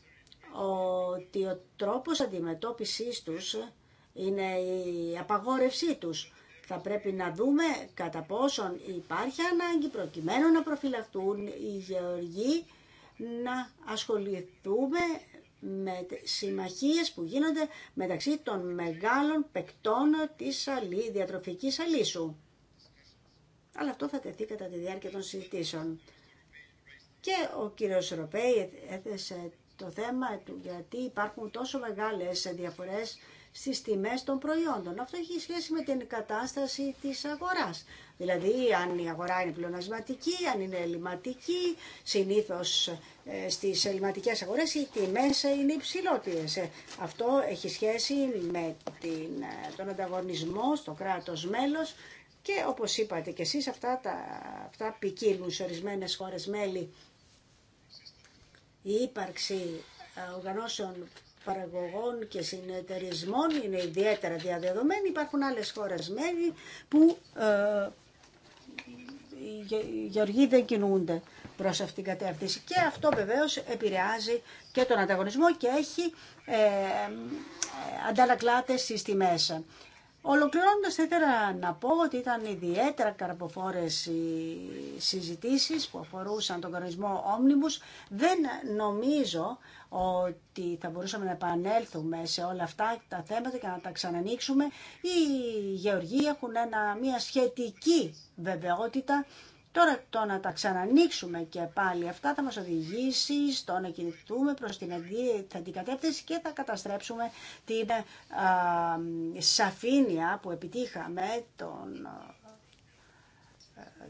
ότι ο τρόπος αντιμετώπισης τους είναι η απαγόρευσή τους. Θα πρέπει να δούμε κατά πόσον υπάρχει ανάγκη προκειμένου να προφυλαχτούν οι γεωργοί να ασχοληθούμε με συμμαχίες που γίνονται μεταξύ των μεγάλων παικτών της διατροφικής αλήσου. Αλλά αυτό θα τεθεί κατά τη διάρκεια των συζητήσεων. Και ο κύριος Ροπέη έθεσε το θέμα του γιατί υπάρχουν τόσο μεγάλες διαφορές στις τιμές των προϊόντων. Αυτό έχει σχέση με την κατάσταση της αγοράς. Δηλαδή αν η αγορά είναι πλεονασματική, αν είναι ελληματική, συνήθως ε, στις ελληματικές αγορές οι τιμές είναι υψηλότερες. Ε, αυτό έχει σχέση με την, ε, τον ανταγωνισμό στο κράτος μέλος και όπως είπατε και εσείς αυτά, τα, αυτά ποικίλουν σε ορισμένες χώρες μέλη η ύπαρξη ε, οργανώσεων παραγωγών και συνεταιρισμών είναι ιδιαίτερα διαδεδομένη. Υπάρχουν άλλες χώρες μέλη που ε, οι γεωργοί δεν κινούνται προς αυτήν την κατεύθυνση. Και αυτό βεβαίως επηρεάζει και τον ανταγωνισμό και έχει ε, ε στη μέσα. Ολοκληρώνοντας θα να πω ότι ήταν ιδιαίτερα καρποφόρες οι συζητήσεις που αφορούσαν τον κανονισμό Omnibus. Δεν νομίζω ότι θα μπορούσαμε να επανέλθουμε σε όλα αυτά τα θέματα και να τα ξανανοίξουμε. Οι γεωργοί έχουν ένα, μια σχετική βεβαιότητα Τώρα το να τα ξανανοίξουμε και πάλι αυτά θα μας οδηγήσει στο να κινηθούμε προς την αντικατεύθυνση και θα καταστρέψουμε την ε, ε, σαφήνεια που επιτύχαμε τον 17.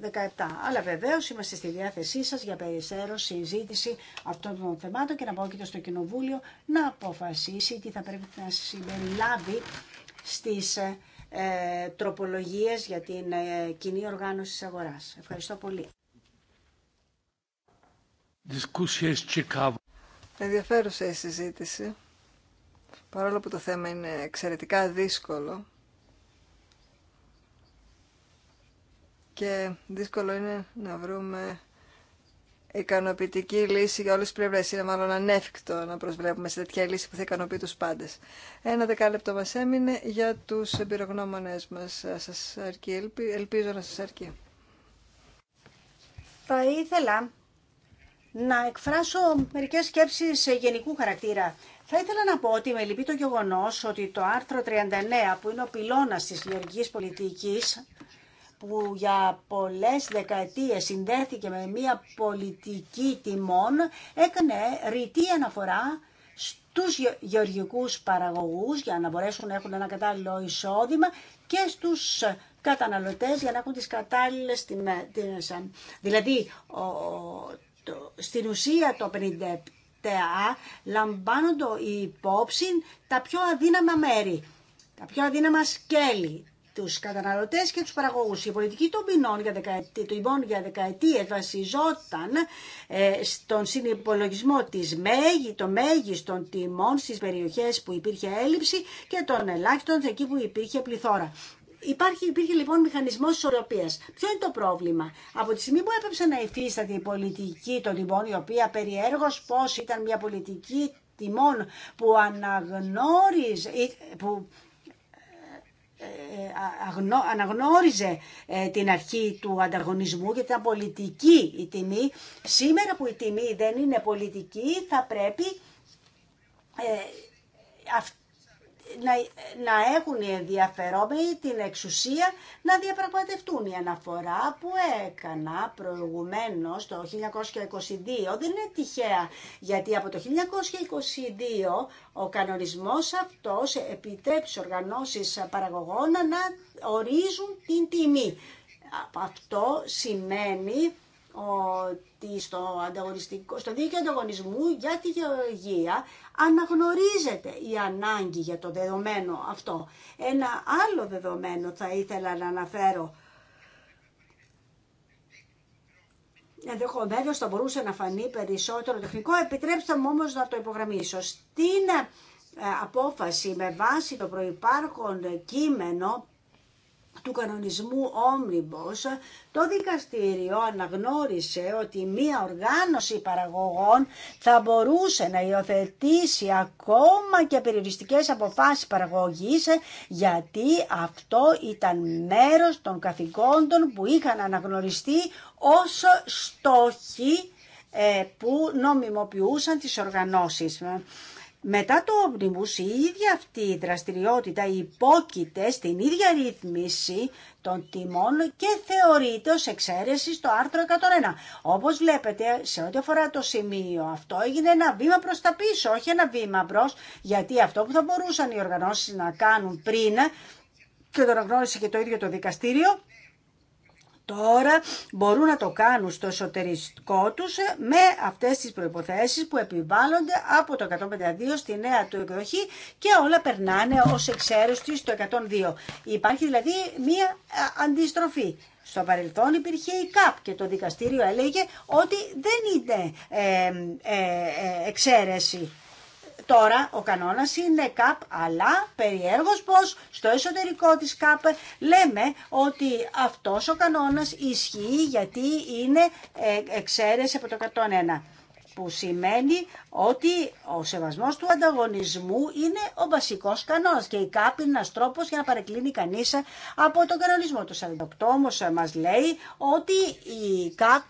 Ε, Αλλά βεβαίως είμαστε στη διάθεσή σας για περισσέρω συζήτηση αυτών των θεμάτων και να πρόκειται στο Κοινοβούλιο να αποφασίσει τι θα πρέπει να συμπεριλάβει στις ε, τροπολογίες για την ε, κοινή οργάνωση της αγοράς. Ευχαριστώ πολύ. Ενδιαφέρουσα η συζήτηση, παρόλο που το θέμα είναι εξαιρετικά δύσκολο και δύσκολο είναι να βρούμε ικανοποιητική λύση για όλες τις πλευρές. Είναι μάλλον ανέφικτο να προσβλέπουμε σε τέτοια λύση που θα ικανοποιεί τους πάντες. Ένα δεκάλεπτο μας έμεινε για τους εμπειρογνώμονες μας. Σας αρκεί, ελπίζω να σας αρκεί. Θα ήθελα να εκφράσω μερικές σκέψεις σε γενικού χαρακτήρα. Θα ήθελα να πω ότι με λυπεί το γεγονός ότι το άρθρο 39 που είναι ο πυλώνας της γεωργικής πολιτικής που για πολλές δεκαετίες συνδέθηκε με μια πολιτική τιμών, έκανε ρητή αναφορά στους γεωργικούς παραγωγούς για να μπορέσουν να έχουν ένα κατάλληλο εισόδημα και στους καταναλωτές για να έχουν τις κατάλληλες τιμές. Δηλαδή, στην ουσία το 57 λαμβάνονται υπόψη τα πιο αδύναμα μέρη, τα πιο αδύναμα σκέλη τους καταναλωτές και τους παραγωγούς. Η πολιτική των ποινών για, δεκαετί, για δεκαετίες βασιζόταν ε, στον συνυπολογισμό της μέγι, των μέγιστων τιμών στις περιοχές που υπήρχε έλλειψη και των ελάχιστων εκεί που υπήρχε πληθώρα. Υπάρχει, υπήρχε λοιπόν μηχανισμό ισορροπία. Ποιο είναι το πρόβλημα. Από τη στιγμή που έπεψε να υφίσταται η πολιτική των τιμών, η οποία περιέργω πώ ήταν μια πολιτική τιμών που αναγνώριζε, που ε, ε, αναγνώριζε ε, την αρχή του ανταγωνισμού γιατί ήταν πολιτική η τιμή. Σήμερα που η τιμή δεν είναι πολιτική θα πρέπει να, έχουν οι ενδιαφερόμενοι την εξουσία να διαπραγματευτούν. Η αναφορά που έκανα προηγουμένως το 1922 δεν είναι τυχαία, γιατί από το 1922 ο κανονισμός αυτός επιτρέπει στις οργανώσεις παραγωγών να ορίζουν την τιμή. Αυτό σημαίνει ότι στο, ανταγωνιστικό, στο δίκαιο ανταγωνισμού για τη γεωργία αναγνωρίζεται η ανάγκη για το δεδομένο αυτό. Ένα άλλο δεδομένο θα ήθελα να αναφέρω. Ενδεχομένω θα μπορούσε να φανεί περισσότερο τεχνικό, επιτρέψτε μου όμως να το υπογραμμίσω. Στην ε, απόφαση με βάση το προϋπάρχον κείμενο του κανονισμού Omnibus, το δικαστήριο αναγνώρισε ότι μία οργάνωση παραγωγών θα μπορούσε να υιοθετήσει ακόμα και περιοριστικές αποφάσεις παραγωγής γιατί αυτό ήταν μέρος των καθηκόντων που είχαν αναγνωριστεί ως στόχοι ε, που νομιμοποιούσαν τις οργανώσεις. Μετά το Omnibus η ίδια αυτή η δραστηριότητα υπόκειται στην ίδια ρύθμιση των τιμών και θεωρείται ως εξαίρεση στο άρθρο 101. Όπως βλέπετε σε ό,τι αφορά το σημείο αυτό έγινε ένα βήμα προς τα πίσω, όχι ένα βήμα προς, γιατί αυτό που θα μπορούσαν οι οργανώσεις να κάνουν πριν και το αναγνώρισε και το ίδιο το δικαστήριο, τώρα μπορούν να το κάνουν στο εσωτερικό τους με αυτές τις προϋποθέσεις που επιβάλλονται από το 152 στη νέα του εκδοχή και όλα περνάνε ως εξαίρεστη στο 102. Υπάρχει δηλαδή μία ε, αντιστροφή. Στο παρελθόν υπήρχε η ΚΑΠ και το δικαστήριο έλεγε ότι δεν είναι ε, ε, εξαίρεση Τώρα ο κανόνας είναι ΚΑΠ, αλλά περιέργως πως στο εσωτερικό της ΚΑΠ λέμε ότι αυτός ο κανόνας ισχύει γιατί είναι ε, εξαίρεση από το 101 που σημαίνει ότι ο σεβασμός του ανταγωνισμού είναι ο βασικός κανόνας και η ΚΑΠ είναι ένας τρόπος για να παρεκκλίνει κανείς από τον κανονισμό. Το 48 όμως μας λέει ότι η ΚΑΠ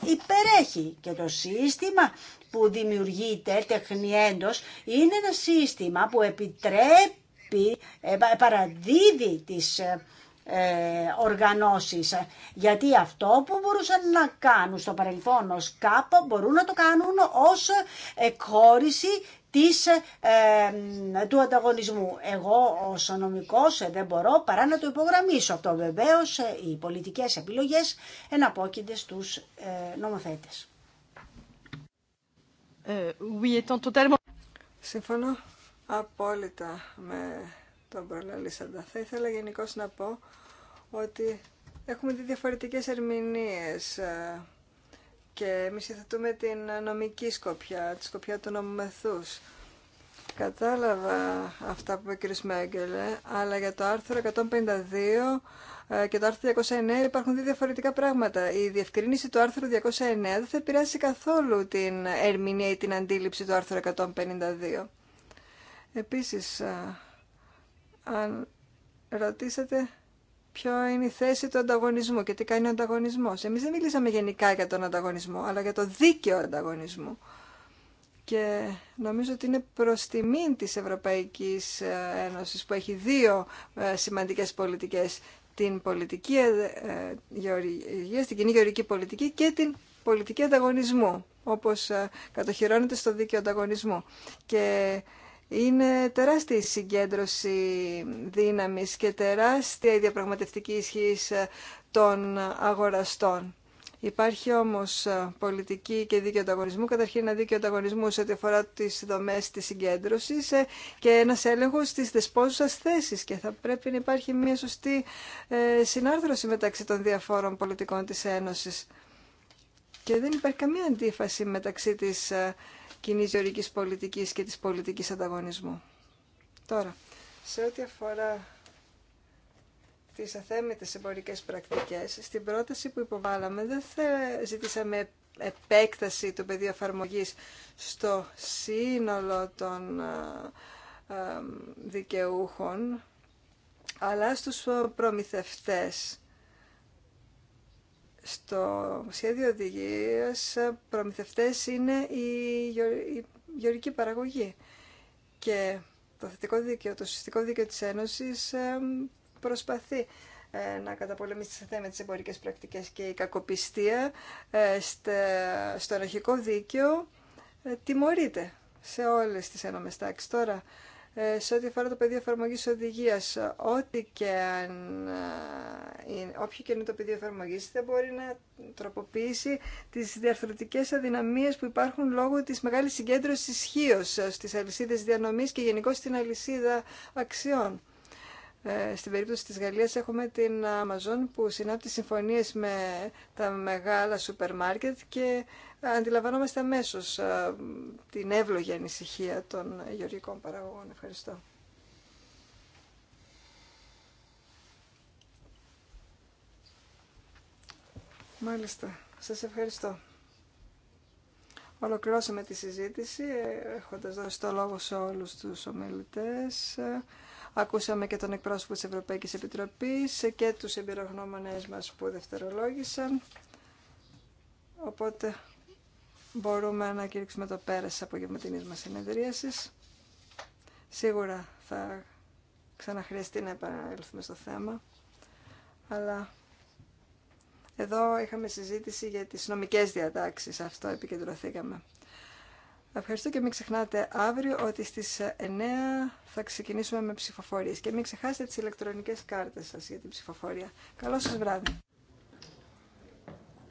υπερέχει και το σύστημα που δημιουργείται τεχνιέντος είναι ένα σύστημα που επιτρέπει, ε, παραδίδει τις ε, ε, οργανώσεις γιατί αυτό που μπορούσαν να κάνουν στο παρελθόν ως κάπο μπορούν να το κάνουν ως εκχώρηση της, του ανταγωνισμού. Εγώ ως νομικός δεν μπορώ παρά να το υπογραμμίσω αυτό. Βεβαίως οι πολιτικές επιλογές εναπόκεινται στους ε, νομοθέτες. Ε, Συμφωνώ απόλυτα με τον προλαλήσαντα. Θα ήθελα γενικώ να πω ότι έχουμε δει διαφορετικές ερμηνείες ε, και εμείς υιοθετούμε την νομική σκοπιά, τη σκοπιά του νομιμεθούς. Κατάλαβα αυτά που είπε ο κ. Μέγκελε, αλλά για το άρθρο 152 ε, και το άρθρο 209 υπάρχουν δύο διαφορετικά πράγματα. Η διευκρίνηση του άρθρου 209 δεν θα επηρεάσει καθόλου την ερμηνεία ή την αντίληψη του άρθρου 152. Επίσης, ε, αν ρωτήσατε ποιο είναι η θέση του ανταγωνισμού και τι κάνει ο ανταγωνισμός. Εμείς δεν μιλήσαμε γενικά για τον ανταγωνισμό, αλλά για το δίκαιο ανταγωνισμό. Και νομίζω ότι είναι προς τιμήν της Ευρωπαϊκής ε, Ένωσης που έχει δύο σημαντικές πολιτικές την πολιτική ε, ε, γεωργία, κοινή γεωργική πολιτική και την πολιτική ανταγωνισμού, όπως ε, κατοχυρώνεται στο δίκαιο ανταγωνισμού. Και είναι τεράστια η συγκέντρωση δύναμης και τεράστια η διαπραγματευτική ισχύ των αγοραστών. Υπάρχει όμως ε, πολιτική και δίκαιο ανταγωνισμού. Καταρχήν ένα δίκαιο ανταγωνισμού σε ό,τι αφορά τι δομές της συγκέντρωσης ε, και ένας έλεγχος της δεσπόζουσας θέσης και θα πρέπει να υπάρχει μια σωστή ε, συνάρθρωση μεταξύ των διαφόρων πολιτικών τη Ένωση. Και δεν υπάρχει καμία αντίφαση μεταξύ της κοινή γεωρικής πολιτική και τη πολιτική ανταγωνισμού. Τώρα, σε ό,τι αφορά τι αθέμητε εμπορικέ πρακτικές, στην πρόταση που υποβάλαμε δεν ζητήσαμε επέκταση του πεδίου εφαρμογή στο σύνολο των δικαιούχων, αλλά στους προμηθευτές. Στο σχέδιο οδηγίας προμηθευτές είναι η γεωρική παραγωγή και το θετικό δίκαιο, το συστικό δίκαιο της Ένωσης προσπαθεί ε, να καταπολεμήσει σε θέμα τις εμπορικές πρακτικές και η κακοπιστία ε, στο αρχικό δίκαιο ε, τιμωρείται σε όλες τις ένωμες τάξεις. Τώρα, σε ό,τι αφορά το πεδίο εφαρμογή οδηγία, ό,τι και αν όποιο και είναι το πεδίο εφαρμογή, δεν μπορεί να τροποποιήσει τι διαρθρωτικέ αδυναμίε που υπάρχουν λόγω τη μεγάλη συγκέντρωση ισχύω στι αλυσίδε διανομή και γενικώ στην αλυσίδα αξιών. Ε, στην περίπτωση της Γαλλίας έχουμε την Amazon που συνάπτει συμφωνίες με τα μεγάλα σούπερ μάρκετ και αντιλαμβανόμαστε αμέσω ε, την εύλογη ανησυχία των γεωργικών παραγωγών. Ευχαριστώ. Μάλιστα. Σας ευχαριστώ. Ολοκληρώσαμε τη συζήτηση ε, έχοντας δώσει το λόγο σε όλους τους ομιλητές. Ακούσαμε και τον εκπρόσωπο της Ευρωπαϊκής Επιτροπής και τους εμπειρογνώμονες μας που δευτερολόγησαν. Οπότε μπορούμε να κηρύξουμε το πέρας της απογευματινής μας συνεδρίασης. Σίγουρα θα ξαναχρειαστεί να επανέλθουμε στο θέμα, αλλά εδώ είχαμε συζήτηση για τις νομικές διατάξεις, αυτό επικεντρωθήκαμε. Ευχαριστώ και μην ξεχνάτε αύριο ότι στις 9 θα ξεκινήσουμε με ψηφοφορίες και μην ξεχάσετε τις ηλεκτρονικές κάρτες σας για την ψηφοφορία. Καλό σας βράδυ.